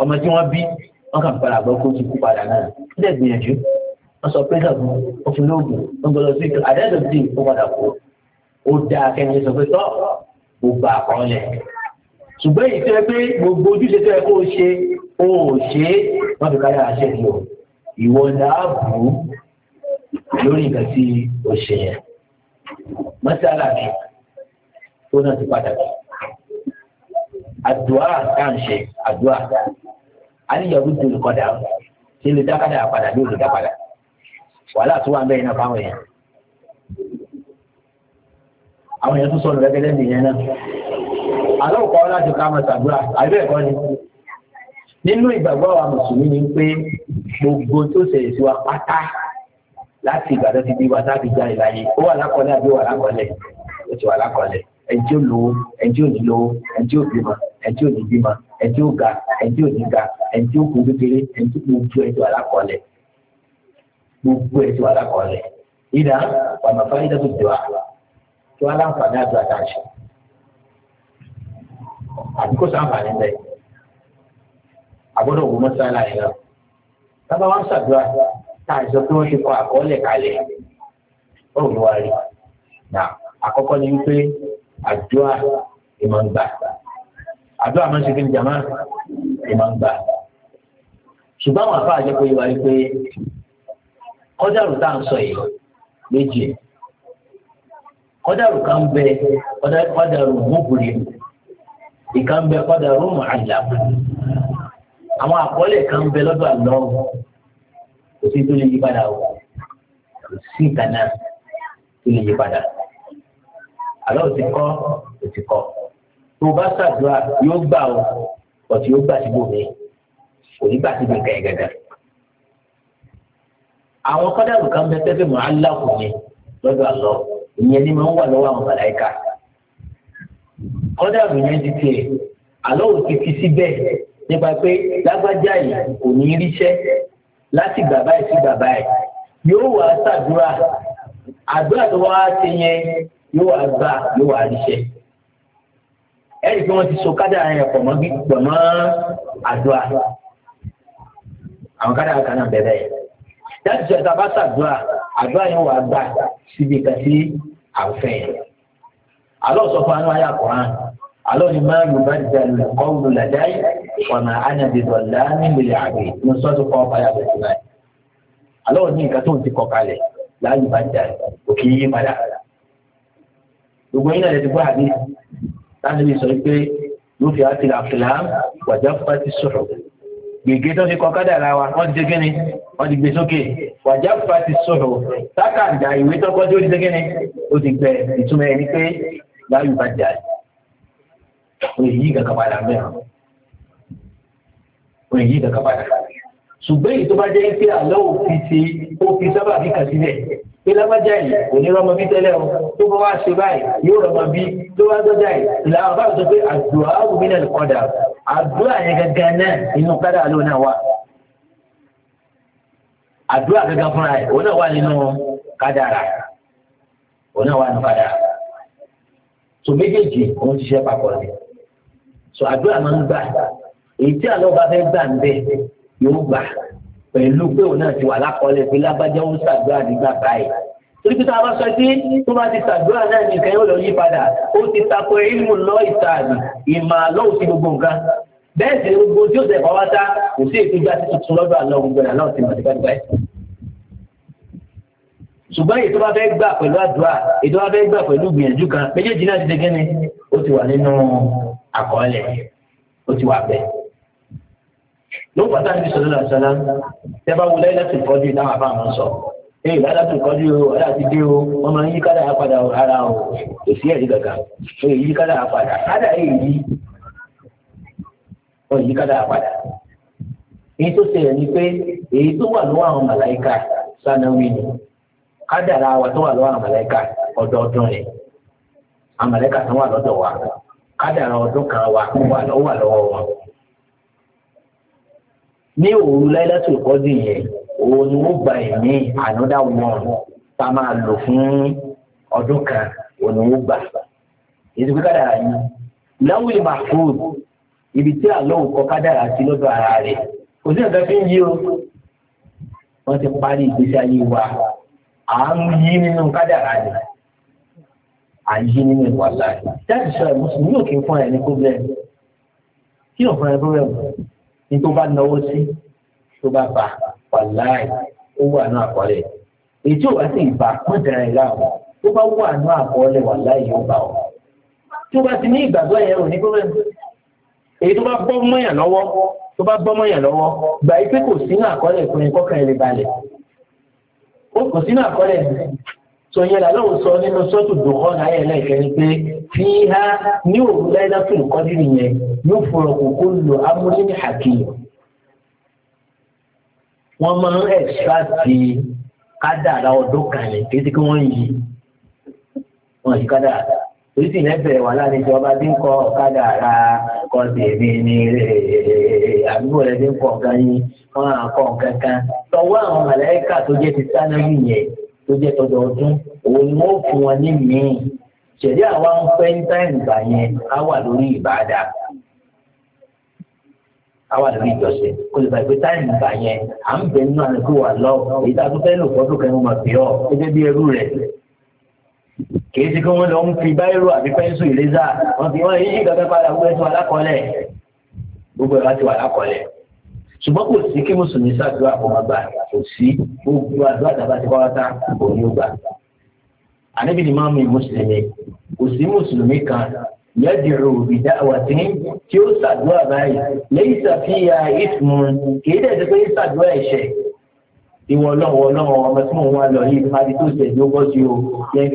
Speaker 2: ọmọ tí wọ́n bí wọ́n kàn padà gbọ́ kó ti kú padà náà ó dẹ̀ gbìyànjú wọ́n sọ pé sọ̀rọ̀ ó fún lóògùn ó ń gbọ́dọ̀ sí ìtọ́ àdéhùn tí ó padà kú ó dá akẹ́ni sọ pé tọ́ gbogbo àkọọ́lẹ̀ ṣùgbọ́n ìtẹ́ pé gbogbo ojúṣe tó yẹ kó o ṣe o ò ṣe é wọ́n fi káyà àṣẹ yìí o ìwọ dáàbò lórí nǹkan tí o ṣe yẹn mọ́sálà mi tó náà ti pàtàkì àdúrà káàṣẹ àdúrà àníyàwó ti olùkọ́dà tí lè dákàdà padà ní olùdápadà wàhálà tó wà ń bẹ́ẹ̀ náà fáwọn èèyàn àwọn èèyàn tó sọ̀rọ̀ gẹ́gẹ́ lẹ́nu ìyẹn náà aláwọ̀ láti ká mọ̀ sàdúrà ni nínú ìgbàgbọ́ àwọn mùsùlùmí ni pé gbogbo tó ṣẹlẹ̀ sí wa pátá láti ìgbà tó ti di wa tábí jáde láyé ó wà lákọlẹ̀ àbí wà lákọlẹ̀ ó ti wà lákọlẹ̀ ẹjí ò lówó ẹjí ò ní lówó ẹjí ò bímọ ẹjí ò ní bímọ ẹjí ò ga ẹjí ò ní ga ẹjí ò kú kékeré ẹjí gbogbo ẹ ti wà lákọlẹ̀ gbogbo ẹ wà lákọlẹ̀ ìdá wàmà fáyidá tó dùn á tí wọn láǹfààní àti àtàṣe àbíkó sáǹfààní bẹ́ẹ̀ àgbọ́dọ̀ wò mọ́sálà yẹn lọ. Tábà wá ń ṣàdúrà tá à ń sọ pé wọ́n ti kọ àkọọ́lẹ̀ kalẹ̀ ọ̀rọ̀ ló wá rí. Nà àkọ́kọ́ ni wípé àdúrà ìmọ̀ ń gbà. Àdúrà máa ń ṣe kí ni jàmá ìmọ̀ ń gbà. Ṣùgbọ́n àwọn àfáà jẹ́ pé wá rí pé tá à ń sọ yìí méjì. Kọjá kan bẹ kọjá rò mọ́bùrì. bẹ kọjá rò mọ̀ àwọn àkọọ́lẹ̀ kan ń bẹ lọ́dọ̀ àlọ́ kò sí tó lè yí padà o kò sí ìdáná tó lè yí padà àlọ́ ò ti kọ́ ò ti kọ́ tó o bá ṣàdúrà yóò gbà o ọtí yóò gbà síbò mi kò ní gbà síbi nǹkan ẹ̀gẹ̀dẹ̀ àwọn kọ́dàrú kan bẹ tẹ́fẹ̀ mọ́ aláàkùn mi lọ́dọ̀ àlọ́ ìyẹn ni máa ń wà lọ́wọ́ àwọn màláìka kọ́dàrú yẹn ti tiẹ̀ àlọ́ ò ti fi síbẹ̀ nípa pé lágbájá yìí kò ní ríṣẹ́ láti bàbá ẹ̀ sí bàbá ẹ̀ yóò wá ṣàdúrà àdúrà tó wá ṣe yẹn yóò wá gbà yóò wá ríṣẹ́ ẹ̀rí pé wọ́n ti so kádà yẹn pọ̀ mọ́ pọ̀ mọ́ àdúrà àwọn kádà kan náà bẹ̀rẹ̀ yẹn láti sọ ìta bá ṣàdúrà àdúrà yẹn wà gbà síbi kan sí àwùfẹ́ yẹn àlọ́ sọ fún anú ayé àkùrán àlọ́ ni máa yóò bá jẹ ọ̀rùn làdáì ọ̀nà ànàbìbọ̀ láàrin lè àgbè ní sọ́tù kọ́ ọ̀páyà bẹ̀rẹ̀ náà àlọ́ ní nǹkan tó ń ti kọkalẹ̀ láàyò bá jẹ òkè yí padà gbogbo yín náà lè ti gbọ́ àbí láti lè sọ pé yóò fi àti àfìlà wàjá fati sọ̀rọ̀ gbègbè tó fi kọ kádàrà wa wọ́n ti ṣe kíni ti gbé sókè wàjá fati sọ̀rọ̀ tákàdá ìwé tọ́kọ́ tí ó ti ṣe kíni ó ti gbẹ ìtumọ̀ ẹni pé láàyò bá jẹ àyè kò yí kankan padà mẹ́rin kò yí kankan padà ṣùgbọ́n èyí tó bá jẹ́ pé àlọ́ òfin ṣe ó fi sábà bí kan sílẹ̀ pé lábájá yìí kò ní rọmọ bí tẹ́lẹ̀ o tó bá wá ṣe báyìí yóò rọmọ bí tó bá dọ́jà yìí làwọn bá sọ pé àdúrà gómìnà kọ́dà àdúrà yẹn gangan náà inú kádà ló náà wà àdúrà gangan fúnra ẹ̀ òun náà wà nínú kádàrà òun náà wà nínú kádàrà tó méjèèjì òun ti ṣe papọ̀ sí sọ àdúrà máa ń gbà èyí tí àlọ́ bá fẹ́ gbà ń bẹ̀ yóò gbà pẹ̀lú pé òun náà ti wà lákọọ́lẹ̀ pé lágbájá ó ń ṣàdúrà nígbà báyìí torí pé tá a bá sọ pé tó bá ti ṣàdúrà náà nìkan yóò lọ yí padà ó ti tako ilmu lọ ìtààmì ìmọ̀ àlọ́ òsì gbogbo nǹkan bẹ́ẹ̀ sì gbogbo tí ó ṣe ẹ̀kọ́ wáta kò sí ètò ìgbà tuntun lọ́dọ̀ àlọ́ gbogbo ẹ̀ aláwọ̀ ti mọ̀ nípa ṣùgbọ́n ètò bá fẹ́ gbà pẹ̀lú àdúrà ètò bá fẹ́ gbà pẹ̀lú gbìyànjú kan méjèèjì náà ti dẹ́gẹ́ni ó ti wà nínú àkọọ́lẹ̀ ó ti wà bẹ́ẹ̀. ló ń pàtàkì bí sọlọ́dọ̀ sọlá tẹ bá wọlé láti kọjú ìdáhùn àbá sọ ee kọjú ọ̀rá ti dé o wọ́n máa ń yí kádà padà ara o kò sí ẹ̀rí kankan èyí yí kádà padà kádà yí yí kádà èyí tó ṣẹlẹ̀ ni pé èyí tó wà lọ́wọ́ àwọn màláìka sanáwí ni kádà ara wa tó wà lọ́wọ́ àwọn màláìka ọ̀dọ̀ọ̀dún rẹ̀ àwọn màláìka kádàrà ọdún kan wà wà lọ́wọ́ lọ́wọ́ wa. ní òru láìláṣù ìkọ́jú yẹn òun ni wọ́n gba ẹ̀mí another one tá a máa lò fún ọdún kan òun ni wọ́n gbà. èsì pé kádàrà yìí láwùí mahfud ibi tí àlọ́ òkọ kádàrà sí lọ́dọ̀ ara rẹ̀ kò sí nǹkan fi ń yí o wọ́n ti parí ìgbésí ayé wa à ń yí nínú kádàrà nìyẹn ayé nínú ìwà láì jáde ṣe àìmọ́sùn yóò kí n fún ẹni problem kí yóò fún ẹni problem ní tó bá náwó sí tó bá bá wà láì ó wà ní àkọọ́lẹ̀ èyí tí ò bá sì bá pọ́n tẹ̀ra ẹ̀ láwọn tó bá wà ní àkọọ́lẹ̀ wà láì yóò bá wọn tó bá ti ní ìgbàgbọ́ ẹ̀yẹ ò ní problem èyí tó bá bọ́ mọ́yàn lọ́wọ́ tó bá bọ́ mọ́yàn lọ́wọ́ gbà yí pé kò sínú àkọọ́lẹ̀ fún ẹni kọ́kàn ẹ̀ lè balẹ̀ ó kò sínú àkọọ́lẹ̀ sọyìn làlọ́wọ́ sọ nínú sọ́tù dùnkọ́ náà yẹn náà kẹ́ni pé fi ha ní òun láyé fún nìyẹn yóò fọ̀rọ̀ kókó lò amúlé ní àkè. wọ́n máa ń kan ní wọ́n yí wọ́n yí èyí sì lẹ́bẹ̀ẹ́ wà láti ìjọba tí ń kọ ọ̀kadà tèmi ní rẹ̀ wọ́n á tọwọ́ àwọn tó jẹ́ tó jẹ́ tọdọọdún òun ni wọ́n fún wọn ní míì ṣẹ̀dí àwa ń fẹ́ ń tá ìgbà yẹn á wà lórí ìbáadà á wà lórí ìjọsìn kò lè bàgbé tá ìgbà yẹn à ń bẹ nínú àlejò wà lọ èyí tá a tún fẹ́ lò fọ́dún kẹrin mà bí ọ gẹ́gẹ́ bí ẹrú rẹ̀ kìí ti kí wọ́n lọ ń fi báírò àbí pẹ́ńsù ìrẹ́sà wọ́n fi wọ́n yí ìgbàgbẹ́ padà gbogbo ẹ̀ wá wà lákọọ́lẹ̀ ṣùgbọ́n kò sí kí mùsùlùmí ṣàdúrà kò má gbà kò sí gbogbo àdúrà tàbá ti kọ́ wáta kò ní gbà. àníbi ni máa ń mi mùsùlùmí kò sí mùsùlùmí kan yẹ́dìrò ìdá àwàtí tí ó ṣàdúrà báyìí lẹ́yìn ṣàfihàn ìtumọ̀ kì í dẹ̀ pé ṣàdúrà ẹ̀ṣẹ̀ ìwọ ọlọ́wọ́ ọlọ́wọ́ ọmọ tí mò ń wá lọ yìí fadi tó ṣẹ̀ ló bọ́ sí o yẹn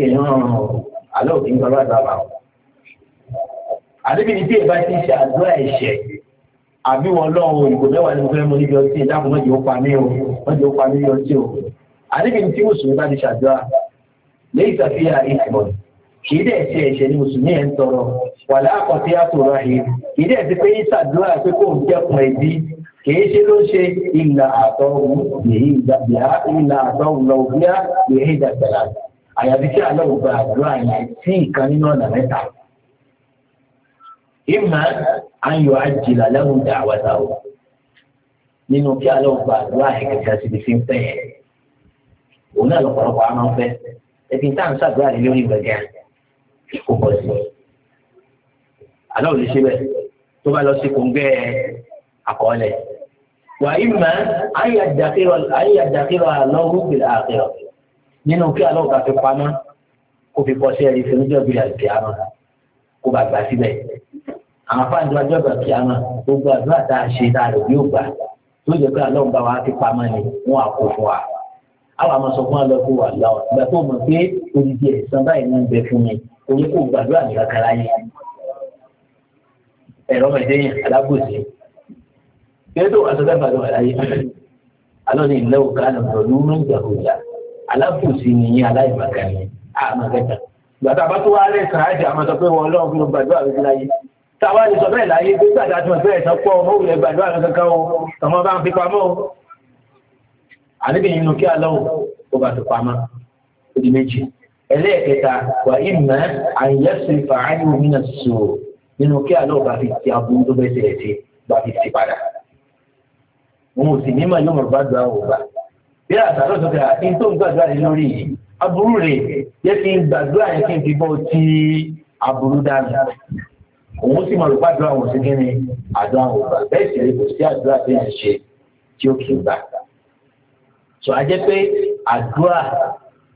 Speaker 2: kì àbí wọn lọ́wọ́ ìgò mẹ́wàá ní fẹ́ mú níbi ọtí ìdáàbò mọ́jì ó pa ní o mọ́jì ó pa ní ọtí o àdébì tí mùsùlùmí bá ti ṣàdúrà lẹ́yìn ìsàfihàn ìsìnbọn kì í dẹ̀ ṣe ẹ̀ṣẹ̀ ni mùsùlùmí ẹ̀ ń tọrọ wà láàkọsí àtòrọ yìí kì í dẹ̀ ti pé ìṣàdúrà pé kò ń jẹ́kun ẹbí kì í ṣe ló ń ṣe ìlà àtọ̀hún lèyí ìdàgbà ìlà àtọ̀hún lọ bíá lèyí ìdàgbà àyàfi tí àlọ́ ògbà àdúrà yẹn sí ìmọ̀ ayọ̀ àjìlá lẹ́hùn dà wàtà o nínú kí alẹ́ ògbà àdúrà ẹ̀kẹ́kẹ́ síbi fi ń fẹ́ yẹn òun náà lọ́pọ̀lọpọ̀ àwọn fẹ́ ẹbí tá à ń ṣàdúrà lé lórí gbẹ̀gẹ́ kò bọ̀ sí i àlọ́ ò lè ṣe bẹ́ẹ̀ tó bá lọ sí kòńgẹ́ àkọọ́lẹ̀ wà ìmọ̀ ayọ̀ àdàkírọ̀ àlọ́wọ́ gbèrè àkírọ̀ nínú kí alẹ́ ògbà fi pamọ́ kó fi bọ́ sí ẹ̀rí fún níjọ́ gbèrè àgbè àmọ́ kó bá gbà síbẹ̀ àwọn afáàní tó bá jẹ́ ọ̀gbà kí a máa gbogbo àdúrà tá a ṣe tá a rò yóò gbà tó jẹ́ pé àlọ́ ń bá wa ti pamọ́ ni wọ́n á kó fún wa àwọn àmọ́ sọ fún wa lọ pé wà lọ ìgbà tó mọ̀ pé odidi ẹ̀sán báyìí ló ń bẹ fún mi orí kò gbàdúrà mi kankan láyé ẹ̀rọ mẹ̀dẹ́yìn alábòsí kéèdò àtọ́jà gbàdúrà láyé alọ́ ní ìlẹ́wò kánà lọ́dún mẹ́jàkójà alábòsí nìyẹn aláìmọ̀kànnì àmọ̀kẹta gbàdúrà bá tó wá rẹ̀ sàn táwa lè sọ bẹ́ẹ̀ láyé pé gbàdá tí wọ́n fẹ́ ẹ̀sán pọ̀ ọmọ òwúlẹ̀ gbàdúrà kankan o tọmọ bá ń fi pamọ́ o àníbi nínú kí alọ́wọ́ ó bá fi pamọ́ ó di méjì ẹlẹ́ẹ̀kẹta wà ìmọ̀ àyẹ̀sùn ìfàáyù nínú sòrò nínú kí alọ́wọ́ bá fi ti aburú tó bẹ́ẹ̀ sẹ̀ ẹ̀sẹ̀ bá fi ti padà wọn ò sì ní mọ̀ yóò mọ̀ bá dùn àwọn òbá bí àtàlọ́ sọ àti tó ń gbàdúrà òun sì máa lò gbàdúrà òun sí kí ni àdúrà òun gbà bẹ́ẹ̀ sì rí kò sí àdúrà tí yẹn ṣe tí ó kì í gbà. sọ ajẹ́ pé àdúrà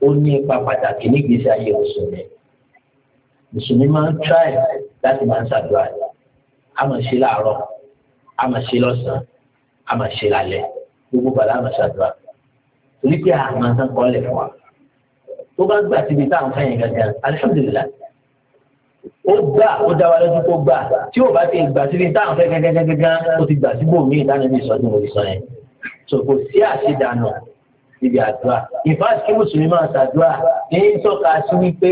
Speaker 2: ó ní ipa pàtàkì ní ìgbésí ayé mùsùlùmí mùsùlùmí máa ń tíráì láti máa ń ṣàdúrà a máa ṣe láàárọ̀ a máa ṣe lọ́sàn-án a máa ṣe lálẹ́ gbogbo bàlá a máa ṣàdúrà torí pé àmọ́ sàn kọ́lẹ̀ fún wa tó bá gbà síbi táwọn fẹ́yìn gàdá alihamudulilayi ó gbà ó dá wa lójú kó gbà tí ò bá ti gbà síbi táwọn fẹ́ gẹ́gẹ́gẹ́gẹ́ ó ti gbà síbò míì lánàá ní ìsọdún òrìṣà yẹn so kò sí àṣedànù ibi àdúrà ìfáàsì kí mùsùlùmí máa ṣàdúrà ní tọ́ka sí wípé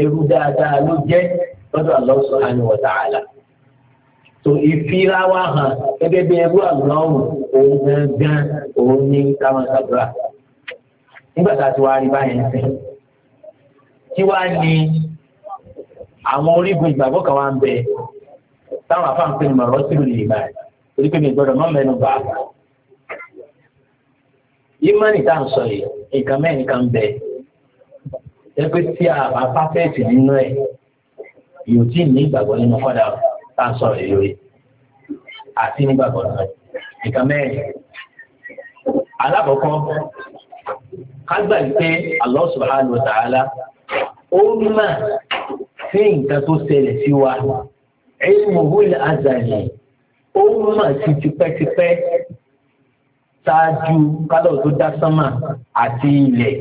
Speaker 2: ẹrú dáadáa ló jẹ́ lọ́dọ̀ Allah subhanahu wa ta'ala so ìfira wa hàn gẹ́gẹ́ bí ẹrú àlọ́hùn òun gangan òun ní táwọn ṣàdúrà nígbà tá a ti wá rí báyẹn sẹ́yìn tí wàá ní àwọn orígun ìgbàgbọ́ kan wá ń bẹ táwọn afáǹpé ni màrọ́ sí lórí ìgbà torí pé mi gbọ́dọ̀ mọ́ mẹ́nu bà á. ìmánì tá à ń sọ yìí nǹkan mẹ́rin kan bẹ ẹ pé tí a bá pápẹ́ẹ̀tì nínú ẹ̀ yóò tí ì ní ìgbàgbọ́ nínú kọ́dà tá à ń sọ yìí lórí àti nígbàgbọ́ nínú ẹ̀ nǹkan mẹ́rin. alákọ̀ọ́kọ́ ká gbà pé Allah subhanahu wa ta'ala ó mà ṣé nǹkan tó ṣẹlẹ̀ sí wa ẹ̀yìn mọ̀wúlẹ̀ azàlẹ̀ ó mà sí tipẹ́tipẹ́ ṣáájú kálọ̀ tó dá sánmà àti ilẹ̀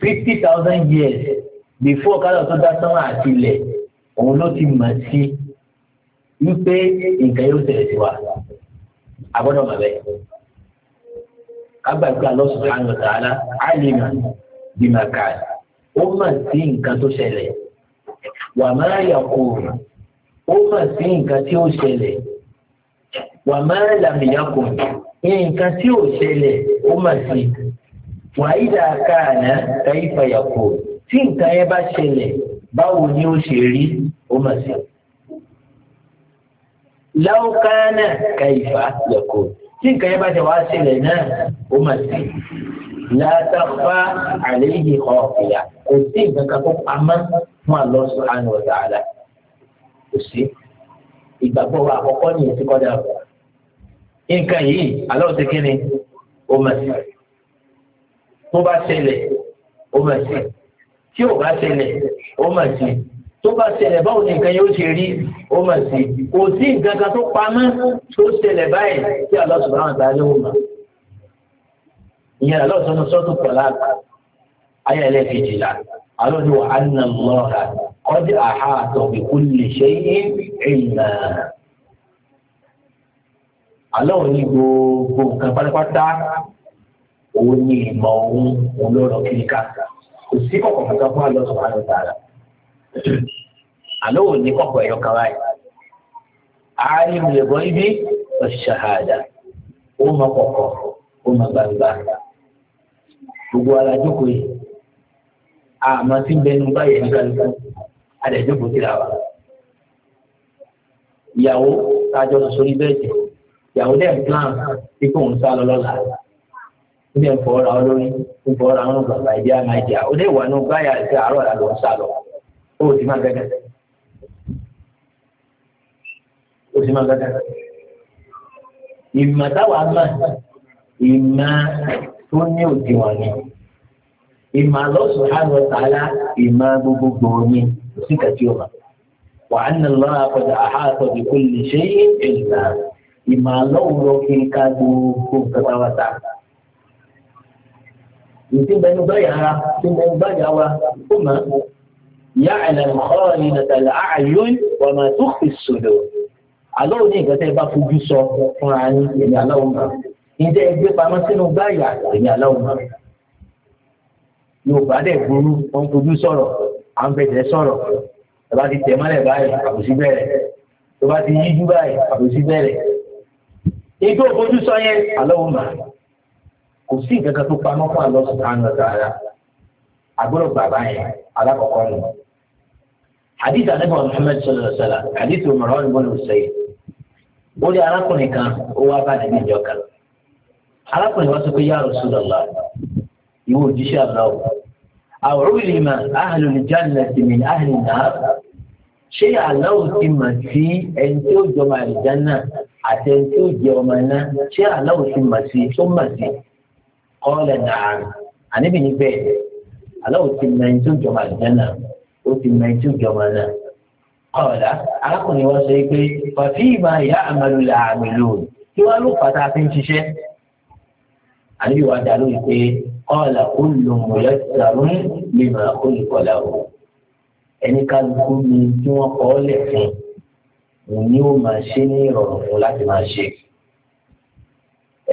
Speaker 2: fifty thousand years before kálọ̀ tó dá sánmà àti ilẹ̀ òun ló ti mà sí wípé nǹkan yóò ṣẹlẹ̀ sí wa àgbọ́dọ̀ mọ̀ bẹ́ẹ̀ kágbàgbé Allah subhanahu wa ta'ala alima bima kana ó mà sí nǹkan tó ṣẹlẹ̀ wà máa yà kùn ó mà sí nǹkan tí ó ṣẹlẹ̀ wà máa làmìyà kùn nǹkan tí ò ṣẹlẹ̀ ó mà sí wà á yíra káàná káyí fàyà kùn tí nǹkan yẹn bá ṣẹlẹ̀ báwo ni ó ṣe rí ó mà sí. láwùkáná káyí fà yà kùn tí nǹkan yẹn bá ṣẹlẹ̀ náà ó mà sí látàkùbá àléyé ọ̀fìyà kò sí nǹkan kan tó pamọ́ fún Allah subhanahu wa ta'ala kò sí ìgbàgbọ́ wa àkọ́kọ́ ní ìsìn kọ́dà bọ̀ nǹkan yìí Allah ti kí ni ó mà sí tó bá ṣẹlẹ̀ ó mà sí tí ò bá ṣẹlẹ̀ ó mà sí tó bá ṣẹlẹ̀ báwo ni nǹkan yóò ṣe rí ó mà sí kò sí nǹkan kan tó pamọ́ tó ṣẹlẹ̀ báyìí tí Allah subhanahu wa ta'ala ó mà ìyẹn alọ́sọ̀nù sọ́tù pẹ̀lá ayé ẹlẹ́kejìlá alọ́dún wa anna mọ́ra kọ́dí àhá àtọ̀bí kú lè ṣe é ìmọ̀. alọ́run ní gbogbo nǹkan pátápátá òun ní ìmọ̀ òun òun lọ́rọ̀ kíríkà kò sí kọ̀kọ̀ kankan fún alọ́sọ̀nù àwọn ọ̀tá rẹ̀. alọ́run ní kọ̀kọ̀ ẹ̀yọ kan láì. ààrin ìrẹ̀bọ̀ ibi ọ̀ṣàhàdà ó mọ kọ̀kọ̀ ó mọ gbangba gbogbo ara jókòó yìí àmọ́ tí ń bẹ nu báyìí ní kálíkà àdẹ̀jókòó ti rà wá. ìyàwó tájọ sọ sórí bẹ́ẹ̀dì ìyàwó dẹ̀ ń plan tí kò ń sá lọ lọ́la ń bẹ̀ ń fọ ọ́ra olórí ń fọ ọ́ra ọ̀run bàbá ìdí àmà ìdí àwọn ọdẹ ìwà nu báyà àti àárọ̀ ọ̀la ló ń sá lọ ó sì máa gẹ́gẹ́ ó sì máa gẹ́gẹ́ ìmọ̀ táwa mọ̀ ìmọ̀ tó ní òdiwọ̀n ni. Ìmọ̀ Allah subhanahu wa ta'ala ìmọ̀ gbogbogbò ni kò sí kàtí ọ̀ma. Wa anna Allaha qad ahata bi kulli shay'in ilma. Ìmọ̀ Allah lọ kí n ká gbogbo pátápátá. Ìtí bẹnu báyà ara, ìtí bẹnu báyà wa, ó máa ń ya'lamu kha'inata al-a'yun wa ma tukhfi as-sudur. Àlọ́ òní ìgbà bá fojú sọ fúnra ní ìyá aláwọ̀ náà ǹjẹ́ ẹgbẹ́ pamọ́ sínú gbáyà èèyàn lọ́wọ́ náà yorùbá dẹ̀ burú wọn fojú sọ̀rọ̀ à ń fẹsẹ̀ sọ̀rọ̀ tó bá ti tẹ̀ mọ́lẹ̀ báyìí àbòsí bẹ̀rẹ̀ tó bá ti yíjú báyìí àbòsí bẹ̀rẹ̀ ètò òfojú sọ yẹn àlọ́wọ́ mà kò sí ìkankan tó pamọ́ fún àlọ́ sùtánù ọ̀tàrà àgbọ̀rọ̀ bàbá yẹn alákọ̀ọ́kọ́ nù hadith anabi muhammad sallallahu alaihi wa sallam hadith umar ibn hussein ó lé arákùnrin kan ó wá bá nàbí ìjọ kan arákùnrin wa sọ pé ya Rasulullah ìwọ òjíṣẹ́ aláwọ àwòrán ìlímà ahlul jannati min ahlin nar ṣé aláwọ ti mà sí ẹni tí ó jọmọ àlùjánnà àti ẹni tí ó jẹ ọmọ iná ṣé aláwọ ti mà sí tó mà sí kọ́lẹ̀ nàá àníbi ní bẹ́ẹ̀ aláwọ ti mà ẹni tí ó jọmọ àlùjánnà ó ti mà ẹni tí ó jọmọ iná kọ́lá arákùnrin wa sọ pé fàfíìmà yà àmàlùlà àmì lòun kí wọ́n ló fàtà ń ṣiṣẹ́ àníbi wàá dá lórí pé ọ̀là olùlò mọ̀lẹ́ sàrún lè máa kó ìkọlà o ẹni kálukú ni tí wọ́n kọ́ lẹ̀ fún òun ni ó máa ṣe ní ìrọ̀rùn fún láti máa ṣe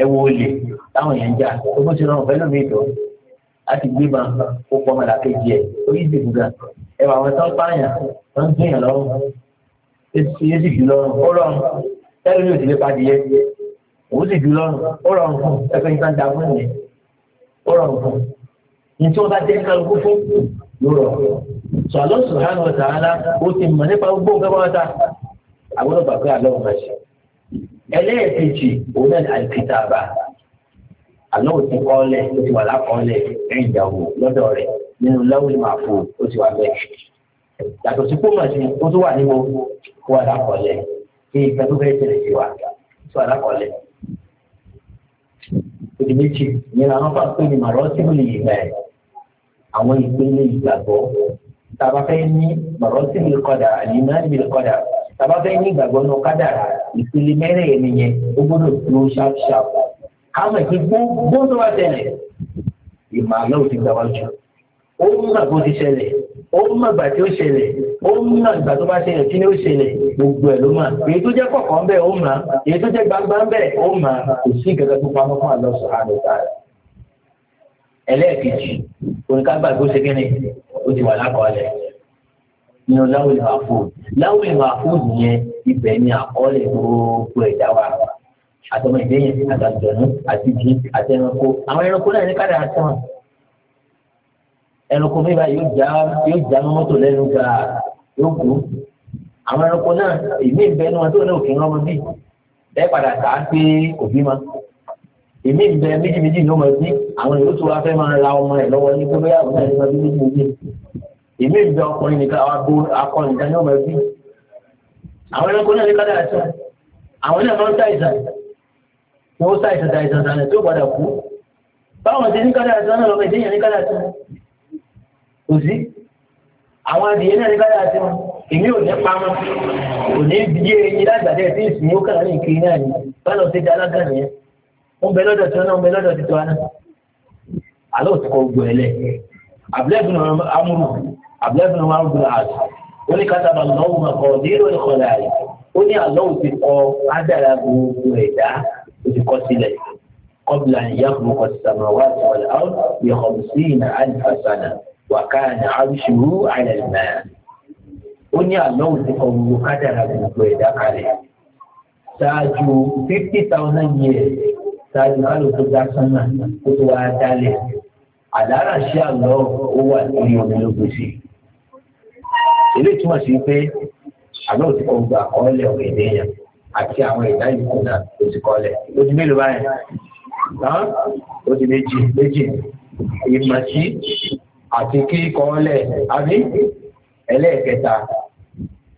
Speaker 2: ẹ wo olè táwọn èèyàn jà tó bó ṣe rọrùn fẹ́ lómi ìdọ̀ láti gbé ba kó pọ́ ọmọdé àkejì ẹ̀ orí ìdìbò gan ẹ wà àwọn tó pààyàn tó ń gbìyàn lọ́rùn yéésì jù lọ́rùn ó rọrùn tẹ́lẹ̀ ní òsì òun sì jù lọ́rùn ó rọrùn fún ẹgbẹ́ nípa da fún ìyẹn ó rọrùn fún ní tí wọ́n bá jẹ́ kálukú fún ló rọrùn sọ Allah subhanahu wa ta'ala ó ti mọ̀ nípa gbogbo nǹkan bá ta àwọn ọgbà pé àlọ́ ọ̀gá ṣe ẹlẹ́ẹ̀kejì òun náà àìkìtà bá àlọ́ òtí kọ́ọ́lẹ̀ ó ti wà lákọ́ọ́lẹ̀ ẹ̀yìndàwó lọ́dọ̀ rẹ̀ nínú lawul mahfuz ó ti wà bẹ́ẹ̀ yàtọ̀ sí kó màsí ó tún wà níbo kó lákọ́ọ́lẹ̀ kí ìgbà tó fẹ́ tẹ̀lé sí wa tó wà lákọ́ọ́lẹ̀ òdì méjì ìyẹn làwọn bá pè ní màrọ́síbìlì ìgbà ẹ̀ àwọn ìpínlẹ̀ ìgbàgbọ́ tàbá fẹ́ ní màrọ́síbìlì kọ́dà àlìmáàbìlì kọ́dà tàbá fẹ́ ní ìgbàgbọ́ náà kádà ìpínlẹ̀ mẹ́rẹ̀ẹ̀rin nìyẹn ó gbọ́dọ̀ dúró ṣáfṣáf káwọn ìpín gbóńdó wá tẹ̀lẹ̀ ìmọ̀ àlọ́ òdì gbàwájú ó ń gbàgbọ́ ti ṣẹlẹ̀ ó mọ̀ ìgbà tí ó ṣẹlẹ̀ ó mọ̀ ìgbà tó bá ṣẹlẹ̀ kí ni ó ṣẹlẹ̀ gbogbo ẹ̀ ló mọ̀ èyí tó jẹ́ kọ̀kọ́ ń bẹ̀ ó mọ̀ èyí tó jẹ́ gbangba ń bẹ̀ ó mọ̀ kò sí gẹ́gẹ́ tó pamọ́ fún àlọ́ sọ àlọ́ sáré. ẹlẹ́ẹ̀kejì oníkàgbà tó ṣe kíni ó ti wà lákọọ́lẹ̀ nínú láwùlì màfú láwùlì màfú nìyẹn ibẹ̀ ni àkọọ́lẹ̀ gbogbo ẹ̀dá wa àtọmọ ìdẹ́yìn àtàjọ̀nú àti jì àtẹnukó àwọn ẹranko náà ní kádàá ẹranko mi báyìí yóò já yóò já mọ́tò lẹ́nu ga yóò kú àwọn ẹranko náà èmi ń bẹ ẹnu wọn tó náà kì í rán ọmọ bí ẹ padà kà á pé òbí ma èmi ń bẹ méjì méjì ló mọ bí àwọn èrò tó wá fẹ́ máa la ọmọ ẹ lọ́wọ́ ní pẹ́pẹ́ àwọn ẹni máa bí méjì èmi ń bẹ ọkùnrin nìkan àwọn abo akọni ìdáná ọmọ bí àwọn ẹranko náà ní kádà àti àwọn náà máa ń ṣàìsàn wọn ó ṣàìsàn ṣàìsàn ṣàìsàn tó padà kò sí àwọn adìyẹ náà ní báyà sí wọn èmi ò ní pamọ́ kò ní bí eyín lágbàdẹ tí ì sìn ó kàn ní ìkiri náà ni báyọ̀ ti di alága nìyẹn ń bẹ lọ́dọ̀ tí wọn náà ń bẹ lọ́dọ̀ tí tiwa náà àlọ́ òtún kọ gbọ́ ẹlẹ́ abúlẹ́bùn amúrù abúlẹ́bùn amúrù àti oníkàtàbà lọ́wọ́ màkọ́ nílò ìkọlẹ̀ àyè ó ní àlọ́ òtún kọ gbogbo ẹ̀dá òtún sílẹ̀ kọ́bìlà ìyá kò kọ́ wàkàrà àrùsùrù àlẹ́mà ó ní àlọ́wò tí kò wù kádàrà gbogbo ẹ̀dá kalẹ̀ ṣáájú fifty thousand years ṣáájú kálù tó dá sánmà ó tó wá dálẹ̀ àdára ṣé àlọ́ ó wà lórí omi ló gbèsè èlé túmọ̀ sí pé àlọ́wò tí kò gbà àkọọ́lẹ̀ ọ̀gẹ̀dẹ̀ yẹn àti àwọn ẹ̀dá ìlú náà ó ti kọ́lẹ̀ ó ti mélòó báyìí ó ti méjì méjì ìmọ̀ sí àti kí kọ́ọ́lẹ̀ àbí ẹlẹ́ẹ̀kẹta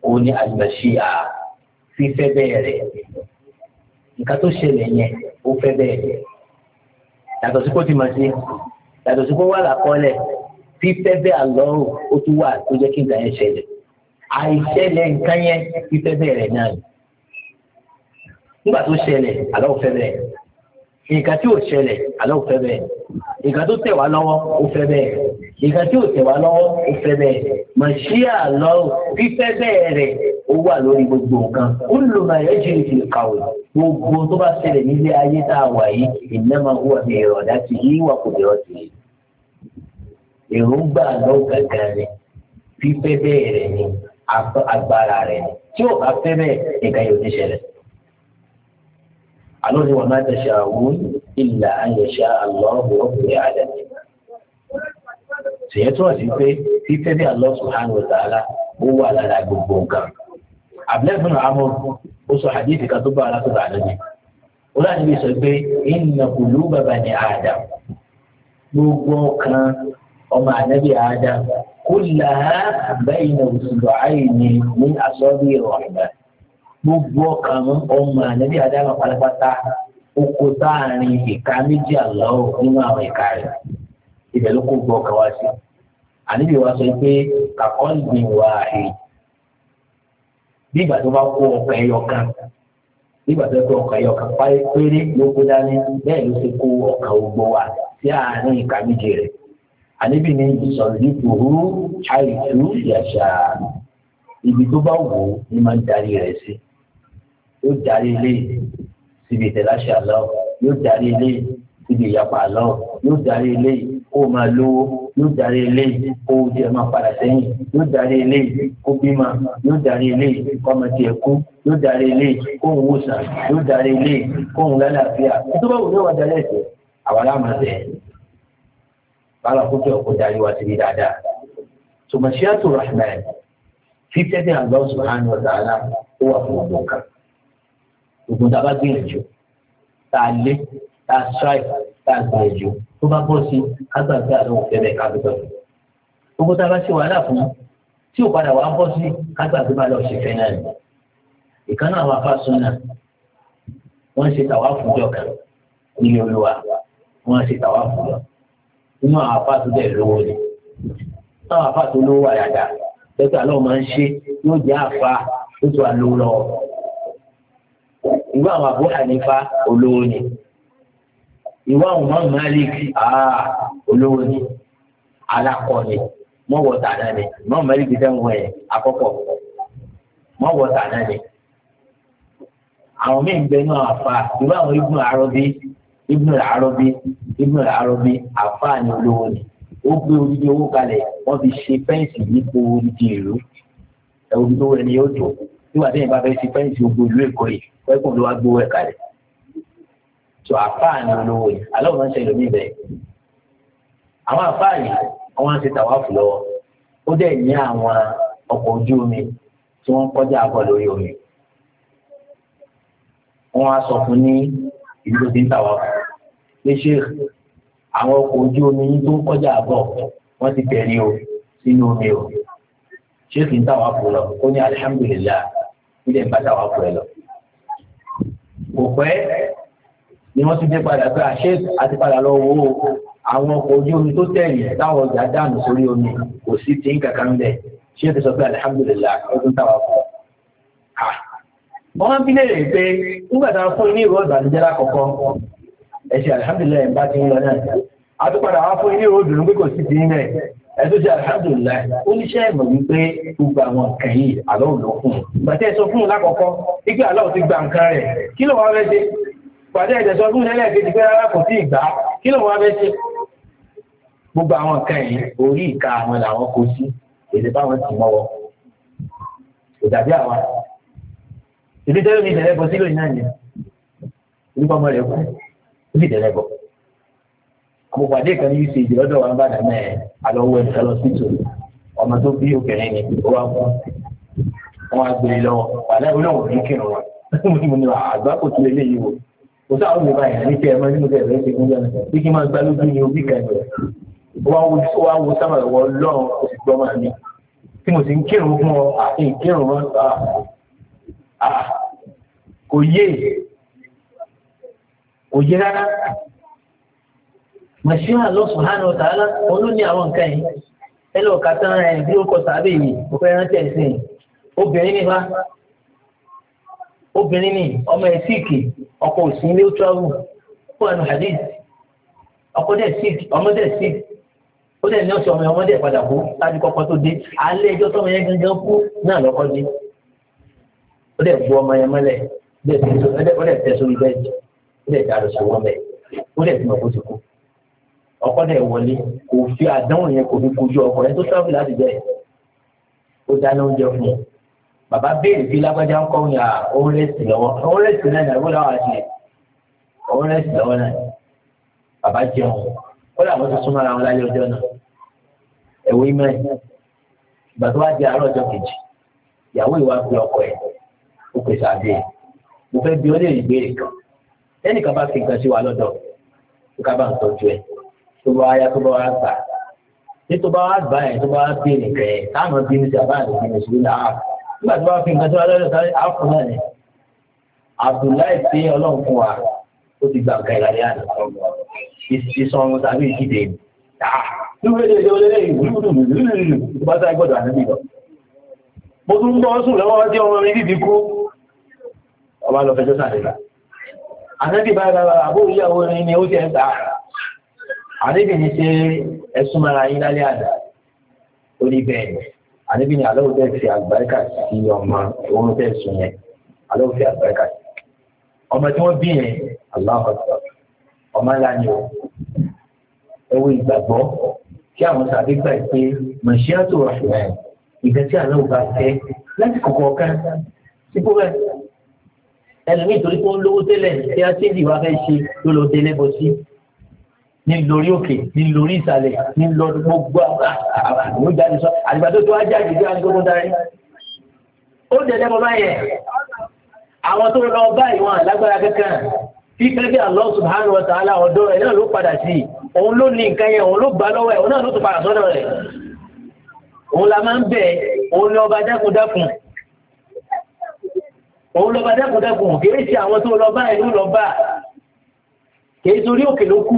Speaker 2: òun ni àgbàṣíà fífẹ́ bẹ́ẹ̀ nǹkan tó ṣẹlẹ̀ yẹn ó fẹ́ bẹ́ẹ̀ yàtọ̀ sí kó ti mọ̀ sí yàtọ̀ sí kó wà lákọ́ọ́lẹ̀ fífẹ́ bẹ́ẹ̀ àlọ́rù ó tún wà tó jẹ́ kí nǹkan yẹn ṣẹlẹ̀ àìṣẹlẹ̀ nǹkan yẹn fífẹ́ náà ìgbà tí ò tẹ̀wá lọ́wọ́ ó fẹ́ bẹ́ẹ̀ màṣíà lọ́rùn fífẹ́ bẹ́ẹ̀ rẹ̀ ó wà lórí gbogbo nǹkan ó lò máa yẹ jù ìdí kàwé gbogbo tó bá ṣẹlẹ̀ nílé ayé tá a wà yìí ìnáma wà ní ìrọ̀dá ti yí wà kò dẹ̀rọ̀ ti yí. èròǹgbà gàgà rẹ̀ fífẹ́ bẹ́ẹ̀ rẹ̀ ni agbára rẹ̀ ni tí ò bá fẹ́ bẹ́ẹ̀ nǹkan yóò ní ṣẹlẹ̀. àlọ́ ni wọ́n máa tẹ̀sà àwọn ìlà àyẹ̀ṣà àlọ́ ọ̀gbìn àdàtì ṣèyẹn tó wà sí pé títẹ́lẹ̀ Allah subhanahu wa ta'ala ó wà lára gbogbo nǹkan abdulhamid amur ó sọ hadith kan tó bá ara tó bá lónìí ó láti lè sọ pé inna quluba bani Adam gbogbo kan ọmọ ànábì Adam kullaha bayna usbu'ayni min asabi' rahmah gbogbo ọkàn ọmọ ànábì Adam pátápátá ó kó sáàárín ìka méjì àlọ́ nínú àwọn ìka rẹ̀ ibẹ̀ ló kó gbọ́ kàwá sí àníbi wa sọ pé kàkọ́ ìgbìn wà èyí bí ìgbà tó bá kó ọkọ̀ ẹyọ kan nígbà tó kó ọkọ̀ ẹyọ kan parí péré ló kó dání bẹ́ẹ̀ ló ti kó ọkọ̀ ògbó wa sí àárín ìka méje rẹ̀ àníbi ni ìsọ̀rọ̀ ìgbòho àìsú ìyàṣà ibi tó bá wò ni máa ń darí rẹ̀ sí ó darí ilé síbi ìtẹ̀láṣà lọ yóò darí ilé síbi ìyapa lọ yóò darí ilé kó o máa lówó yóò darí eléyìí kó o tiẹ̀ máa padà sẹ́yìn yóò darí eléyìí kó bímọ yóò darí eléyìí kó ọmọ tiẹ̀ kú yóò darí eléyìí kó òun wòsàn yóò darí eléyìí kó òun lálàáfíà tó bá wù ní wàá darí ẹ̀sẹ̀ àwa láàmú ẹ̀sẹ̀ bàbá kó kí ọkọ̀ darí wa síbi dáadáa tòmọ̀síàtò rahman fífẹ́tẹ̀ Allah subhanahu wa ta'ala ó wà fún ọgbọ̀n kan ògùn tá a bá tó bá bọ́ sí agbàgbé àdánwò fẹ́ bẹ́ẹ̀ kábí pẹ̀lú. gbogbo tá a bá ṣe wàhálà fún tí ò padà wàá bọ́ sí agbàgbé bá lọ ṣe náà ni. ìkànnì àwọn afásùn náà wọ́n ṣe tàwa fúnjọ kan ní olúwa wọ́n ṣe tàwa fúnjọ. inú àwọn afásùn bẹ́ẹ̀ lówó ni. táwọn afásùn lówó wà dáadáa lẹ́tọ̀ àlọ́ máa ń ṣe yóò jẹ́ àfa lójú àlówó lọ́wọ́. ìlú àwọn àbúrò ìwà ọmọ malik àá olówó ni alakọ ni mọwọ tàdá ni ìwà ọmọ malik tẹ ń wọ ẹ àkọ́kọ́ mọwọ tàdá ni àwọn míì ń bẹ náà àfa ìwà àwọn ibùn àrọbí ibùn àrọbí ibùn àrọbí àfa ni olówó ni ó gbé odidi owó kalẹ̀ wọ́n fi ṣe fẹ́ǹsì nípò odidi ìlú ẹ̀ odidi owó ẹni yóò tó nígbà tí ìbá fẹ́ ṣe fẹ́ǹsì ogun ìlú èkó yìí wọ́n kò ló wá gbowó ẹ̀ kalẹ̀ tó àfáàní olówó yìí aláwọ̀ máa ń ṣẹlẹ̀ mí bẹ́ẹ̀ àwọn àfáàní wọn á ti tàwáfù lọ́wọ́ ó dẹ̀ ní àwọn ọkọ̀ ojú omi tí wọ́n kọjá àbọ̀ lórí omi wọ́n á sọ fún ní ìlú tó ti ń tàwáfù pé ṣé àwọn ọkọ̀ ojú omi yìí tó ń kọjá àbọ̀ wọ́n ti tẹ̀lé o sínú omi o ṣé kì í tàwáfù lọ ó ní alihamudulilayi ilé ìbá tàwáfù ẹ lọ kò pẹ́ ni wọ́n ti dé padà pé àṣẹ àti padà lọ wo àwọn ọkọ̀ ojú omi tó tẹ̀yìn táwọn ọjà dànù sórí omi kò sí ti ń kankan bẹ̀ ṣé ti sọ pé alihamudulilá ọdún táwa fún ọ. wọ́n máa ń bí léèrè pé nígbà tá a fún ní ìró ìbànújẹ́ lákọ̀ọ́kọ́ ẹ̀ṣẹ̀ alihamudulilá ẹ̀ bá ti ń lọ náà àtúpadà wá fún ní ìró ìdùnnú pé kò sí ti ń rẹ̀ ẹ̀tọ́ jẹ́ alhamdulillah oníṣẹ́ ìmọ̀ wípé gbogbo àwọn nǹkan yìí àlọ́ òlò fún un bàtẹ́ sọ fún un pàdé ẹ̀dẹ̀sọ ọdún lẹ́lẹ́ kejì pé rárá kò sí ìgbà kí ló wá bẹ́ ṣe gbogbo àwọn nǹkan yìí orí ìka àwọn làwọn kò sí èdè báwọn ti mọ́wọ́ kò dàbí àwa ìdí tẹ́lẹ̀ mi ìdẹ̀lẹ́ bọ sí lóyìn náà yẹn orúkọ ọmọ rẹ̀ kú ó sì dẹ̀lẹ́ bọ mo pàdé kan ní uc lọ́dọ̀ wa ń bá dàmẹ́ àlọ́wọ́ ẹ̀ sálọ sí tòun ọmọ tó bí obìnrin ni ó wá fún wọn á gbé e lọ wàlẹ́ olóhùn ní kírun wọn [LAUGHS] kò sáà wò báyìí àní kí ẹ nínú bẹ́ẹ̀ lẹ́sẹ̀ fún yàrá bí kí n máa lójú wo sábà lọ́rùn sì gbọ́ máa ní tí mo sì ń kírun fún ọ àti ìkírun wọn kò yé kò yé rárá ní àwọn nǹkan yìí tán bí ó kọ yìí fẹ́ rántí ẹ̀sìn obìnrin ọkọ òsì ilé ó tọ́wù ó ẹnu hadith ọkọ dẹ̀ sick ọmọ dẹ̀ sick ó dẹ̀ ní ọ̀sẹ̀ ọmọ ọmọ dẹ̀ padà kú láti kọ́kọ́ tó dé alẹ́ ẹjọ́ tọ́mọ yẹn gangan kú náà lọ́kọ́ dé ó dẹ̀ bu ọmọ yẹn mọ́lẹ̀ ó dẹ̀ tẹ̀ sórí bẹ́ẹ̀dì ó dẹ̀ dàrú sàwọn bẹ́ẹ̀ ó dẹ̀ tìmọ̀ kó ti kú ọkọ dẹ̀ wọlé kò fi àdánwò yẹn kò fi kojú ọkọ yẹn tó tọ́wù láti bẹ́ẹ̀ ó dáná oúnjẹ fún un bàbá béèrè bí lágbájá ń kọ́ ń yà ọ̀rẹ́sì lọ́wọ́ ọ̀rẹ́sì náà ní àgbọ̀dọ̀ àwọn àṣẹ ọ̀rẹ́sì lọ́wọ́ náà bàbá jẹun ó làwọn tó súnmọ́ ara wọn lálẹ́ ọjọ́ náà ẹ̀wọ́ ìmọ̀ ẹ̀ ìgbà tó wá di àárọ̀ ọjọ́ kejì ìyàwó ìwà fi ọkọ ẹ̀ ó pèsè àbẹ̀ ẹ̀ mo fẹ́ bí ó lè rí béèrè kan ẹnìkan bá fi nǹkan sí wa lọ́dọ̀ tó ká bá ń tọ́jú ẹ̀ tó bá yá tó bá wá gbà ní tó bá wá gbà ẹ̀ nígbà tí wọ́n fi nǹkan tí wọ́n lọ́dọ̀ sáré àáfù náà ni Abdullahi tí ọlọ́run fún wa ó ti gba nǹkan ìlànà àná ìsọ̀run tàbí ìdíje ni. Níwèé lè ṣe olóyè ìwúlùmùlùmùlùmù tó bá sáré gbọ́dọ̀ àná bìbọ̀. Mo tún gbọ́ sùn lọ́wọ́ tí ọmọ mi bíbí kú. Ọba lọ fẹjọ́ sàdéla. Ànábì bá ra àbúrò ìyàwó rẹ̀ ni ó jẹ́ ń ta. Ànábì ní ṣe ẹ̀sùn mara yín lálẹ́ àdá. Ó ní bẹ́ẹ̀ ni àníbi ni aláwọ̀ fẹ́ fi àgbáríkà sí ọmọ òun fẹ́ sùn yẹn aláwọ̀ fi àgbáríkà sí ọmọ tí wọ́n bí yẹn aláwọ̀ ọmọ ńlá ni o ẹwọ ìgbàgbọ́ kí àwọn sàbí gbà pé mọ̀ṣíátò rẹ̀ ìgbà tí aláwọ̀ bá fẹ́ láti kọ̀kọ̀ kan sípò rẹ̀ ẹlòmíì torí pé ó ń lówó tẹ́lẹ̀ tí a ti ń fẹ́ ṣe ló lọ délé bọ́ sí ní lórí òkè ní lórí ìsàlẹ̀ ní lórí gbogbo àwọn ìjáde sọ àgbàdo tó wá jáde bí wọn gbogbo darí ó dẹ̀lẹ́ bọ́ báyẹ̀ àwọn tó lọ báyìí wọn lágbára kankan fífẹ́ bí Allah subhanahu wa ta'ala ọ̀dọ́ ẹ̀ náà ló padà sí òun ló ní nǹkan yẹn òun ló gbà lọ́wọ́ ẹ̀ òun náà ló tún padà sọ́dọ̀ rẹ̀ òun la máa ń bẹ̀ òun ni ọba dákúndákùn òun lọ́ba dákúndákùn kì í ṣe àwọn tó lọ báyìí ló lọ bá kì í torí òkè ló kú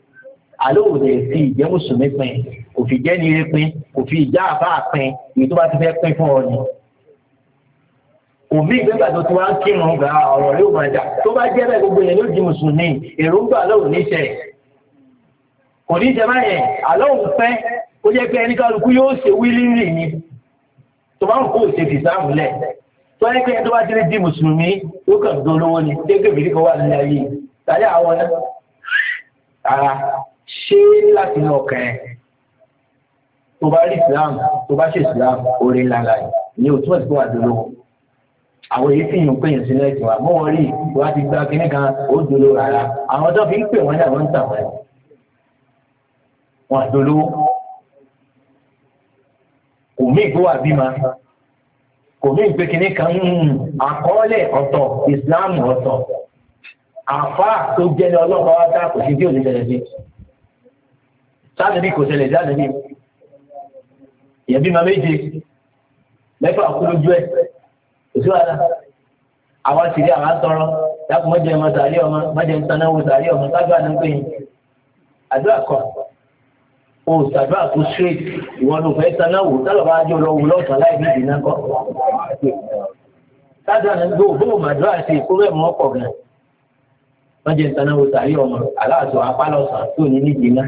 Speaker 2: àlóò lè fi ìjẹ́ mùsùlùmí pin kò fi ìjẹ́ nire pin kò fi ìjà àbá pin èyí tó bá ti fẹ́ pin fún ọ ni. òbí ìgbẹ́gbà tó ti wá ń kírun gba ọ̀rọ̀ rẹ̀ ò máa dà tó bá jẹ́ bẹ́ẹ̀ gbogbo yẹn ló di mùsùlùmí èròǹgbà lóò níṣẹ́ kò ní jẹ báyẹn àlóò fẹ́ ó jẹ́ pé ẹni kálukú yóò ṣe wílíìlì ni tó bá ń kó òṣè fìsáàmù lẹ̀ tó yẹ pé ẹni tó bá ti di mùsùlùmí ó kàn dolówó ni dégébìrì
Speaker 3: ṣe láti inú ọkàn
Speaker 2: ẹ̀ tó bá rí islam tó bá ṣe islam orí ńláńlá ni ò túmọ̀ sí pé wà dúró àwọn èyí fi yàn péyàn sínú ẹ̀sìn wa mọ́ wọn rí wọ́n á ti gba kínní kan ó dúró rárá àwọn tó fi ń pè wọ́n ní àwọn ń tà wọ́n wọn àdúró kò mí ìgbó wà bímọ kò mí ìgbé kínní kan hmm, àkọọ́lẹ̀ ọ̀tọ̀ islam ọ̀tọ̀ àfa tó jẹ́ ní ọlọ́pàá wá dá kò sí bí òní tẹ̀lé sí sáàdẹ̀bí kò tẹ̀lẹ̀ jáàdẹ̀bí ìyẹ̀bí ma méje mẹ́fà kú lójú ẹ̀ òsì wàhálà àwọn àṣírí àwọn àtọrọ dákun mọ́jẹ ọmọ sàárì ọmọ mọ́jẹ ntanáwó sàárì ọmọ sábà ní pé àdúrà kọ o sàdúrà tó straight ìwọ ló fẹ́ tanáwó sálọ̀bá ajé olówó lọ́sàn láì ní ìdìnnà kọ. sábà ní gbó bóun màdúrà ṣe ìkórè mọ́ ọkọ̀ gan mọ́jẹ ntanáwó sàárì ọmọ aláàtọ̀ apá lọ́sàn tó ní nídìí náà.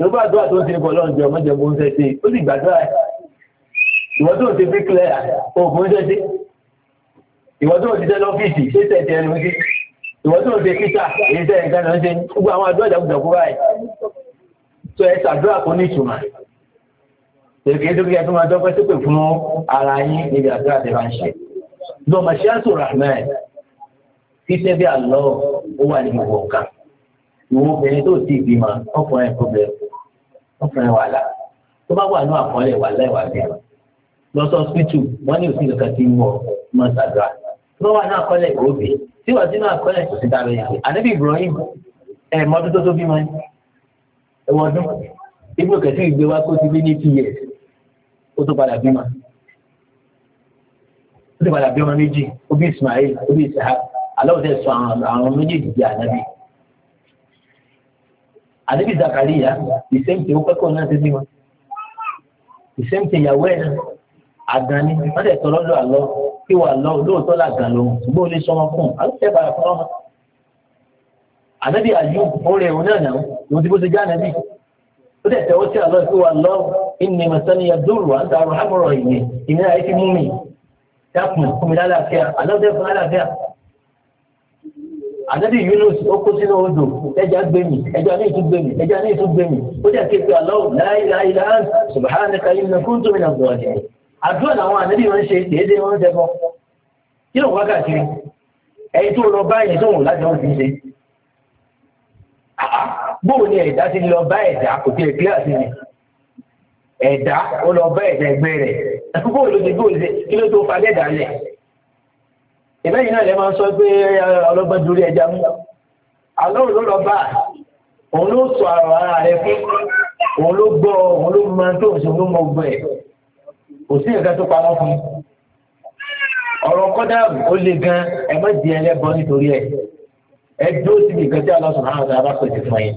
Speaker 2: lọ́gbà àdúrà tó ń ṣe bọ̀ lọ́njọ́ ọmọ jẹ̀bù ń ṣe ṣe ó sì gbàdúrà ẹ̀ ìwọ́n tó ti fi clear oògùn ń ṣe ṣe ìwọ́n tó ti tẹ́lẹ̀ ọ́fíìsì ṣé tẹ̀tẹ̀ ẹnu ṣe ìwọ́n tó ti kíta èyí tẹ̀ ẹ̀ka náà ṣe gbogbo àwọn àdúrà jàkújà kúrò ẹ̀ tó ẹ̀ ṣàdúrà kó ní ìtumọ̀ èké tó kíkẹ́ tó máa dọ́pẹ́ tó pè fún ara yín níbi àdúrà tẹ̀ máa ń ṣe lọ́mọ ṣíàtò rahman títẹ́ bí àlọ́ ó wà ní gbogbo nǹkan ìwọ obìnrin tó ti bímọ ọkùnrin problem wọ́n fẹ́ràn wàhálà tó bá wà ní àkọọ́lẹ̀ wàhálà ìwà gẹ̀rọ lọ́sọ̀ spítù wọ́n ní òfin kankan tí wọ́n mọ̀ ṣàdúrà tó bá wà ní àkọọ́lẹ̀ òbí tí wọ́n sínú àkọọ́lẹ̀ kò sí dára yàrá ànábì Ibrahim ẹ̀ mọ́tò tó tó bí mọ́ ẹ̀wọ̀n ọdún ibùdó kẹ̀sí ìgbé wa kó ti lé ní two years ó tó padà bímọ ó ti padà bímọ méjì ó bí Ismail ó bí Isahak aláwọ̀ tẹ̀ sọ àdébí zakariya ìsèǹtì ó pẹ́kọ̀ọ́ náà ti bímọ ìsèǹtì ìyàwó ẹ̀ àgànni wọ́n tẹ̀ tọ́lọ́ lọ àlọ́ kí wọ́n àlọ́ lóòótọ́ làgàn lòun ṣùgbọ́n ó lè sọmọ fún un àlùfẹ́ bàrà fún ọmọ. àdébí àyù orin ẹ̀hún náà náà lòun ti bó ṣe já ànábì ó tẹ̀ tẹ̀ ó sí àlọ́ kí wọ́n àlọ́ ìní mọ̀sánìyà dùrù àtàrọ̀ àmọ̀rọ̀ ìní ìní àyè ti mú mi dákùn fún mi lálàáfíà àlọ́ àdébí Yunus ó kó sínú odò ẹja gbẹmí ẹja ní ìtú gbẹmí ẹja ní ìtú gbẹmí ó jẹ kéèké aláwọ láìláì láàrín subhanaka inna kuntu minaz zalimin àdúrà làwọn àdébí wọn ṣe déédéé wọn ṣe fọ kí ló ń wákàtí ẹni tó lọ báyìí tó wù láti wọn fi ṣe bóun ni ẹ̀dá ti lọ bá ẹ̀dá kò tiẹ̀ clear sí mi ẹ̀dá ó lọ bá ẹ̀dá ẹgbẹ́ rẹ̀ bóun ló ti bóun ṣe kí ló tó fa lẹ́dàá lẹ̀ ìbẹ́yìn náà lè máa sọ pé eh, ọlọ́gbọ́n dorí ẹja mú alóhùn ló lọ bá òun ló sọ àrọ̀ ara rẹ fún òun ló gbọ́ òun ló máa tó òun sì ló mọ gbọ́ ẹ̀ kò sí nǹkan tó pamọ́ fún ọ̀rọ̀ kọ́dà ó le gan ẹ má di ẹlẹ́bọ nítorí ẹ̀ ẹ dúró síbi nǹkan tí Allah subhanahu wa ta'ala bá pèsè fún yín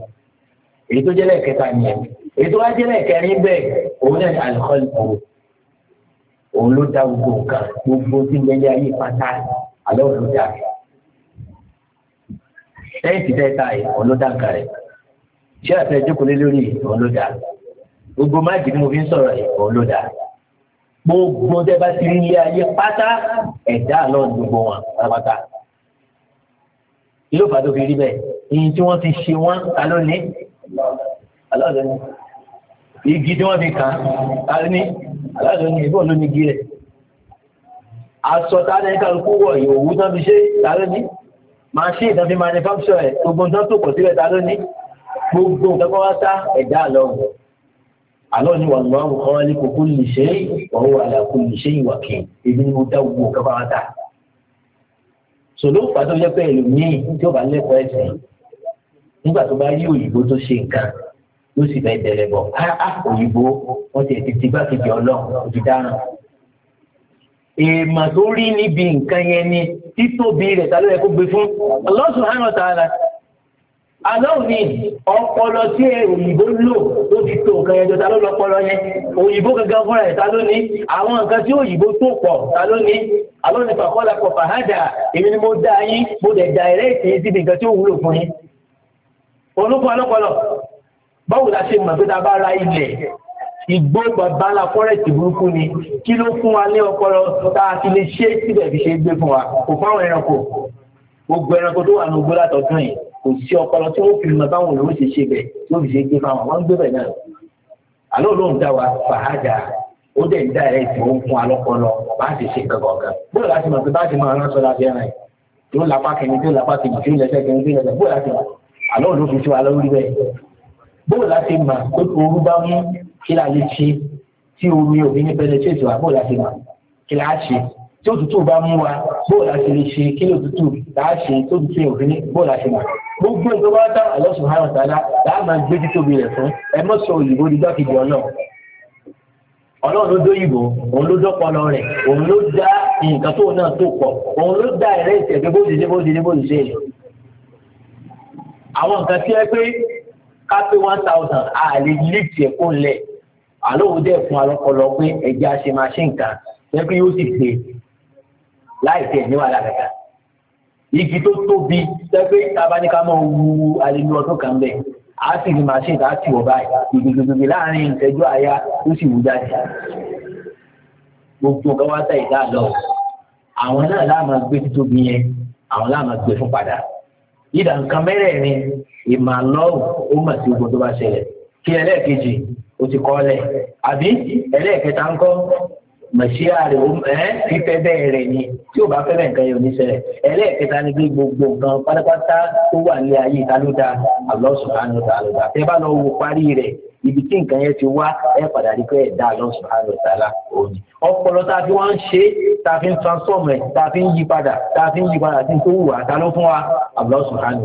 Speaker 2: èyí tó jẹ́ lẹ́ẹ̀kẹta nìyẹn èyí tó wá jẹ́ lẹ́ẹ̀kẹrin bẹ́ẹ̀ òun náà ni àlùkò òun ló dá gbogbo nǹkan gbogbo tí ń gbẹ́jẹ́ ayé pátá àlọ́ òun dà lẹ́yìn tí tẹ́ta yìí òun ló dá nǹkan rẹ̀ ṣé àti ẹjọ́ kò lé lórí òun ló dà gbogbo máàkì tí mo fi ń sọ̀rọ̀ yìí òun ló dà gbogbo tẹ́ bá ti rí ilé ayé pátá ẹ̀dá àlọ́ gbogbo wọn pátápátá ilé òfà tó fi rí bẹ́ẹ̀ ìyìn tí wọ́n ti ṣe wọ́n ta ló igi tí wọ́n fi kàn án ta ní aláàdọ́ ní ìbọn ló ní igi rẹ̀ aṣọ tààdà ẹ̀ka ń kó wọ̀ ìhòòhù náà fi ṣe ta ló ní machine náà fi manufacture ẹ̀ gbogbo nǹkan tó pọ̀ síbẹ̀ ta ló ní gbogbo nǹkan kọ́ wá sá ẹ̀dá àlọ́hùn àlọ́hùn ni wallahu khaliqu kulli shay wa huwa ala kulli shay wakil èmi ni mo dá gbogbo nǹkan bá wá ta sòló pàtó yẹ pé ẹlòmíì tí ó bá lẹ́kọ̀ọ́ ẹ̀sìn nígbà tó bá rí òyìnbó tó ṣe nǹkan ló sì fẹ́ tẹ̀lé bọ̀ á òyìnbó wọ́n ti ti èèmà tó rí níbi nǹkan yẹn ni títóbi rẹ̀ ta ló gbé fún ọlọ́sùn subhanahu wa ta'ala ọpọlọ tí òyìnbó lò tó ti tó nǹkan yẹn jọ ta ló yẹn òyìnbó gangan fúnra ẹ̀ ta ló ní àwọn nǹkan ta ló ni pọ̀ fàhádà èmi ni mo dá yín mo dẹ̀ dá ẹ̀rẹ́ síbi nǹkan tí ó wúlò fún yín báwo la ṣe mọ̀ pé igbó bàbálà fọ́rẹ̀tì burúkú ni kí ló fún wa ní ọpọlọ tá a ti lè ṣe síbẹ̀ fi ṣe gbé fún wa kò fáwọn ẹranko gbogbo ẹranko tó wà ní ogbó látọ̀tún yìí kò sí ọpọlọ tí wọ́n fi mọ báwọn olówó ṣe ṣe bẹ̀ tí wọ́n fi ṣe gbé fáwọn wọ́n ń gbé bẹ̀ náà àlọ́ ló ń dá wa fàájà ó dẹ̀ ń dá ẹ̀ tí ó ń fún alọ́pọlọ bá a ti ṣe kankan bóyá láti mọ̀ bóyá láti mọ̀ kí la lè ṣe tí omi òbí ní pẹlẹtíẹ̀tì wa bóòlù àti mà kí la ṣe tí òtútù bá mú wa bóòlù àti lè ṣe kí lòtútù là á ṣe tí òtútù yẹn òbí ní bóòlù àti mà gbogbo nǹkan bá dá Allah subhanahu wa ta'ala láà máa gbé títóbi rẹ̀ fún ẹ mọ́ sọ òyìnbó di dákìdí ọlọ́run ọlọ́run ló dóyìnbó òun ló dọ́pọlọ rẹ̀ òun ló dá nǹkan tóun náà tó pọ̀ òun ló dá ẹ̀rẹ́ ìtẹ̀gbẹ́ bó ti dé bó ti dé bó ti dé
Speaker 1: àwọn nǹkan tí ẹ pé ká pé one
Speaker 2: thousand a lè lift ẹ̀ kó lẹ̀ àlóhùn dẹ̀ fún alọ́pọlọ pé ẹ̀jẹ̀ àṣẹ máa ṣe nǹkan lẹ́kí yóò sì gbé láì tẹ̀ ní wàhálà kankan igi tó tóbi lẹ́gbẹ́ tabaníkà máa wu alẹ́nu ọdún kan bẹ́ẹ̀ a sì ní machine tá a ti wọ̀ báyìí gbìgbìgbìgbì láàrin ìtẹ́jú àyà ó sì wù jáde gbogbo nǹkan wá sẹ́yìn dáa lọ àwọn náà láà máa gbé títóbi yẹn àwọn láà máa gbé fún padà ìdá nǹkan mẹ́rẹ̀ẹ̀rin ìmọ̀ àlọ́wù ó mọ̀ sí gbogbo tó bá ṣẹlẹ̀ kí ẹlẹ́ẹ̀kejì ó ti kọ́ lẹ̀ àbí ẹlẹ́ẹ̀kẹta ń kọ́ mọ̀ṣíà rẹ̀ ẹ́ fífẹ́ bẹ́ẹ̀ rẹ̀ ni tí ò bá fẹ́ bẹ́ẹ̀ nǹkan yẹn ò ní ṣẹlẹ̀ ẹlẹ́ẹ̀kẹta ni pé gbogbo nǹkan pátápátá tó wà ní ayé ìta ló dáa Allah subhanahu wa ta'ala tẹ bá lọ wo parí rẹ̀ ibi tí nǹkan yẹn ti wá ẹ padà rí pé ẹ̀dá Allah subhanahu wa ta'ala òní. ọpọlọ tá a fi wọ́n ń ṣe tá a fi ń transform ẹ̀ tá a fi ń yí padà tá a fi ń yí padà sí tó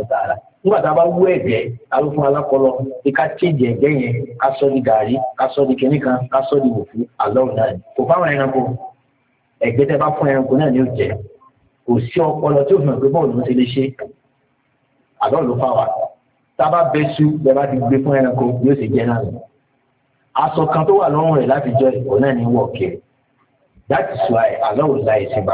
Speaker 2: wù nígbà tá a bá wú ẹ̀jẹ̀ aló fún alákọlọ pé ká chéjì ẹ̀jẹ̀ yẹn ká sọ di gàrí ká sọ di kinní kan ká sọ di wòfú àlọ́ náà ni kò fáwọn ẹranko ẹ̀gbẹ́ tẹ́ bá fún ẹranko náà ni ó jẹ kò sí ọpọlọ tí ó fi hàn pé bọ́ọ̀lù ló ti lè ṣe àlọ́ ló tá a bá bẹ sú bẹ́ẹ̀ bá ti gbé fún ẹranko ni ó sì jẹ náà ni aṣọ kan tó wà lọ́rùn rẹ̀ láti jọ ìkó náà ni wọ̀ láti sọ àlọ́ òòlà ìsìn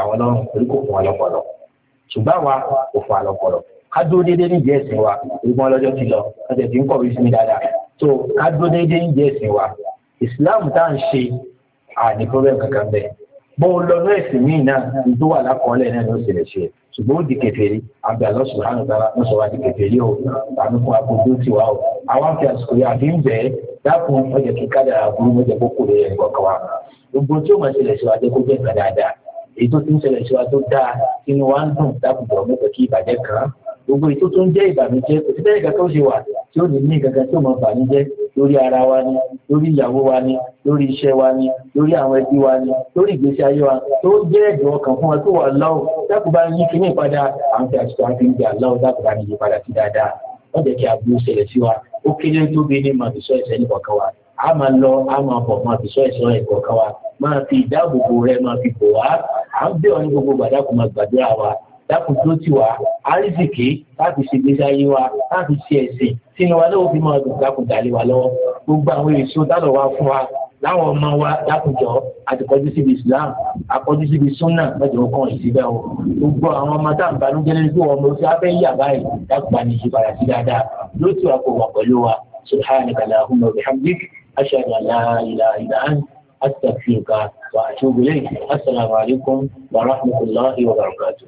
Speaker 2: ká dúró déédéé nídìí ẹ̀sìn wa ìgbọ́n lọ́jọ́ ti lọ ọjọ́ ti ń kọ̀wé sí mi dáadáa so ká dúró déédéé nídìí ẹ̀sìn wa Islam tá à ń ṣe àní problem kankan bẹ́ẹ̀ bó o lọ ní ẹ̀sìn míì náà ní tó wà lákọọ́lẹ̀ náà ló sì lè ṣe ṣùgbọ́n ó di kèfèrí àbí Allah subhanahu wa ta'ala ló sọ wá di kèfèrí o àmì fún agbègbè tí wà o àwọn fi àsìkò yà fi ń bẹ̀ ẹ́ dákun ọjà kíkà dára burú mọ́jà ṣẹlẹ̀ síwájú dáa kí ni wàá ń dùn dákun bọ̀ mọ́jà ìbàjẹ́ kan gbogbo ètò tó ń jẹ́ ìbànújẹ́ kò sí bẹ́ẹ̀ kankan ó ṣe wà tí ó lè ní kankan tí ó mọ bànújẹ́ lórí ara wa ni lórí ìyàwó wa ni lórí iṣẹ́ wa ni lórí àwọn ẹbí wa ni lórí ìgbésí ayé wa tó jẹ́ ẹ̀dùn ọkàn fún wa tó wà láwù dákun bá yí kíní ìpadà àwọn tí a ti tó a fi ń gbà láwù dákun bá yí padà sí dáadáa wọ́n jẹ́ kí aburú ṣẹlẹ̀ sí wa ó kéré tóbi ní màbísọ́ ẹ̀sẹ̀ nìkọ̀ọ̀kan wa a máa lọ a máa bọ̀ màbísọ́ ẹ̀sẹ̀ nìkọ̀ọ̀kan wa máa fi ìdáàbòbò rẹ máa fi bò wá à ń bẹ̀ ọ́ ní gbogbo gbàdákùn máa gbàdúrà wa dákòjó tì wá àrísìkí láti ṣe gbèsè ayé wa láti ṣe ẹ̀sìn tí ni wa lóò fi máa dùn dákòjá lé wa lọ́wọ́ gbogbo àwọn èso dálọ̀ wá fún wa láwọn ọmọ wa dákòjọ́ àtìkọ́jú síbi Islam àkọ́jú síbi súnà lọ́jọ́ kan ìsìgbà o gbogbo àwọn ọmọ tá à ń banújẹ́ lórí pé ọmọ tí a fẹ́ yà báyìí dákòjá ní ìyípadà sí dáadáa lótú àkọwà pẹ̀lú wa subhanaka allahumma wa bihamdik ashhadu an la ilaha illa ant أستغفرك وأتوب
Speaker 3: إليك السلام عليكم ورحمة الله وبركاته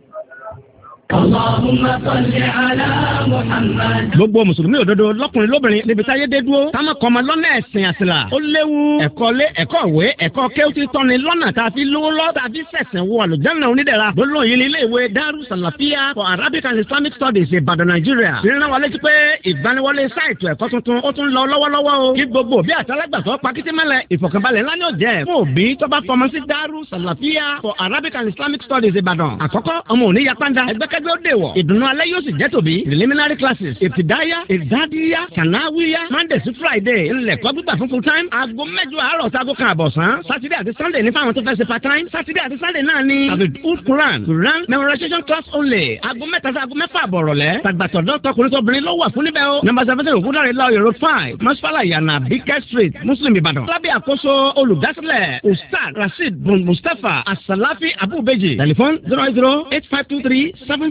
Speaker 5: gbogbo mùsùlùmí òdodo lọkùnrin lóbìnrin níbi táyé dé dúró táwọn kọ́mọ lọ́nà ẹ̀sìn àṣìlá ó léwu ẹ̀kọ́ lé ẹ̀kọ́ ìwé ẹ̀kọ́ kéwùtì tọ́ni lọ́nà tá a fi lówó lọ́ tá a fi sẹ̀sìn wọ àlùjáná onídẹ̀ra gbólóhùn yìí ní ilé ìwé Daru for Arabic and Islamic Studies Ìbàdàn Nàìjíríà nínú wa létí pé ìgbaniwọlé sáìtù ẹ̀kọ́ tuntun ó tún lọ lọ́wọ́lọ́wọ́ o kí gbogbo bí àtàlágbàsọ pakitimẹ́lẹ̀ ìfọ̀kànbalẹ̀ ńlá ni ó jẹ́ fún òbí tó bá fọmọ sí Daru for Arabic and Islamic Studies Ìbàdàn àkọ́kọ́ ọmọ òní yapanda dúró dè wọ̀. ìdùnnú alẹ́ yóò sì jẹ́ tòbí. preliminary classes ìtìdáyà ìdádíyà kànáwíyà monday sí friday ńlẹ̀kọ́ gbígbà fún full time. aago mẹ́jọ àárọ̀ sago kan àbọ̀sán. saturday àti sunday ní fáwọn tó fẹ́ ṣe part time. saturday àti sunday náà ni abidul quran quran memorization class only. aago mẹ́ta sí aago mẹ́fà àbọ̀rọ̀lẹ́. tàgbàtọ̀dọ̀ tọkùnrin tóbìnrin ló wà fún níbẹ̀ o. number seventeen òkúdàrẹ́ lọ́ọ̀yọ̀ road five masfala yana bikẹ́ street muslim ìbàdàn. lábẹ́ àkóso olùdásílẹ̀ ustaz rasheed bun mustapha asalafi abubeji. telephone zero eight zero eight five two three seven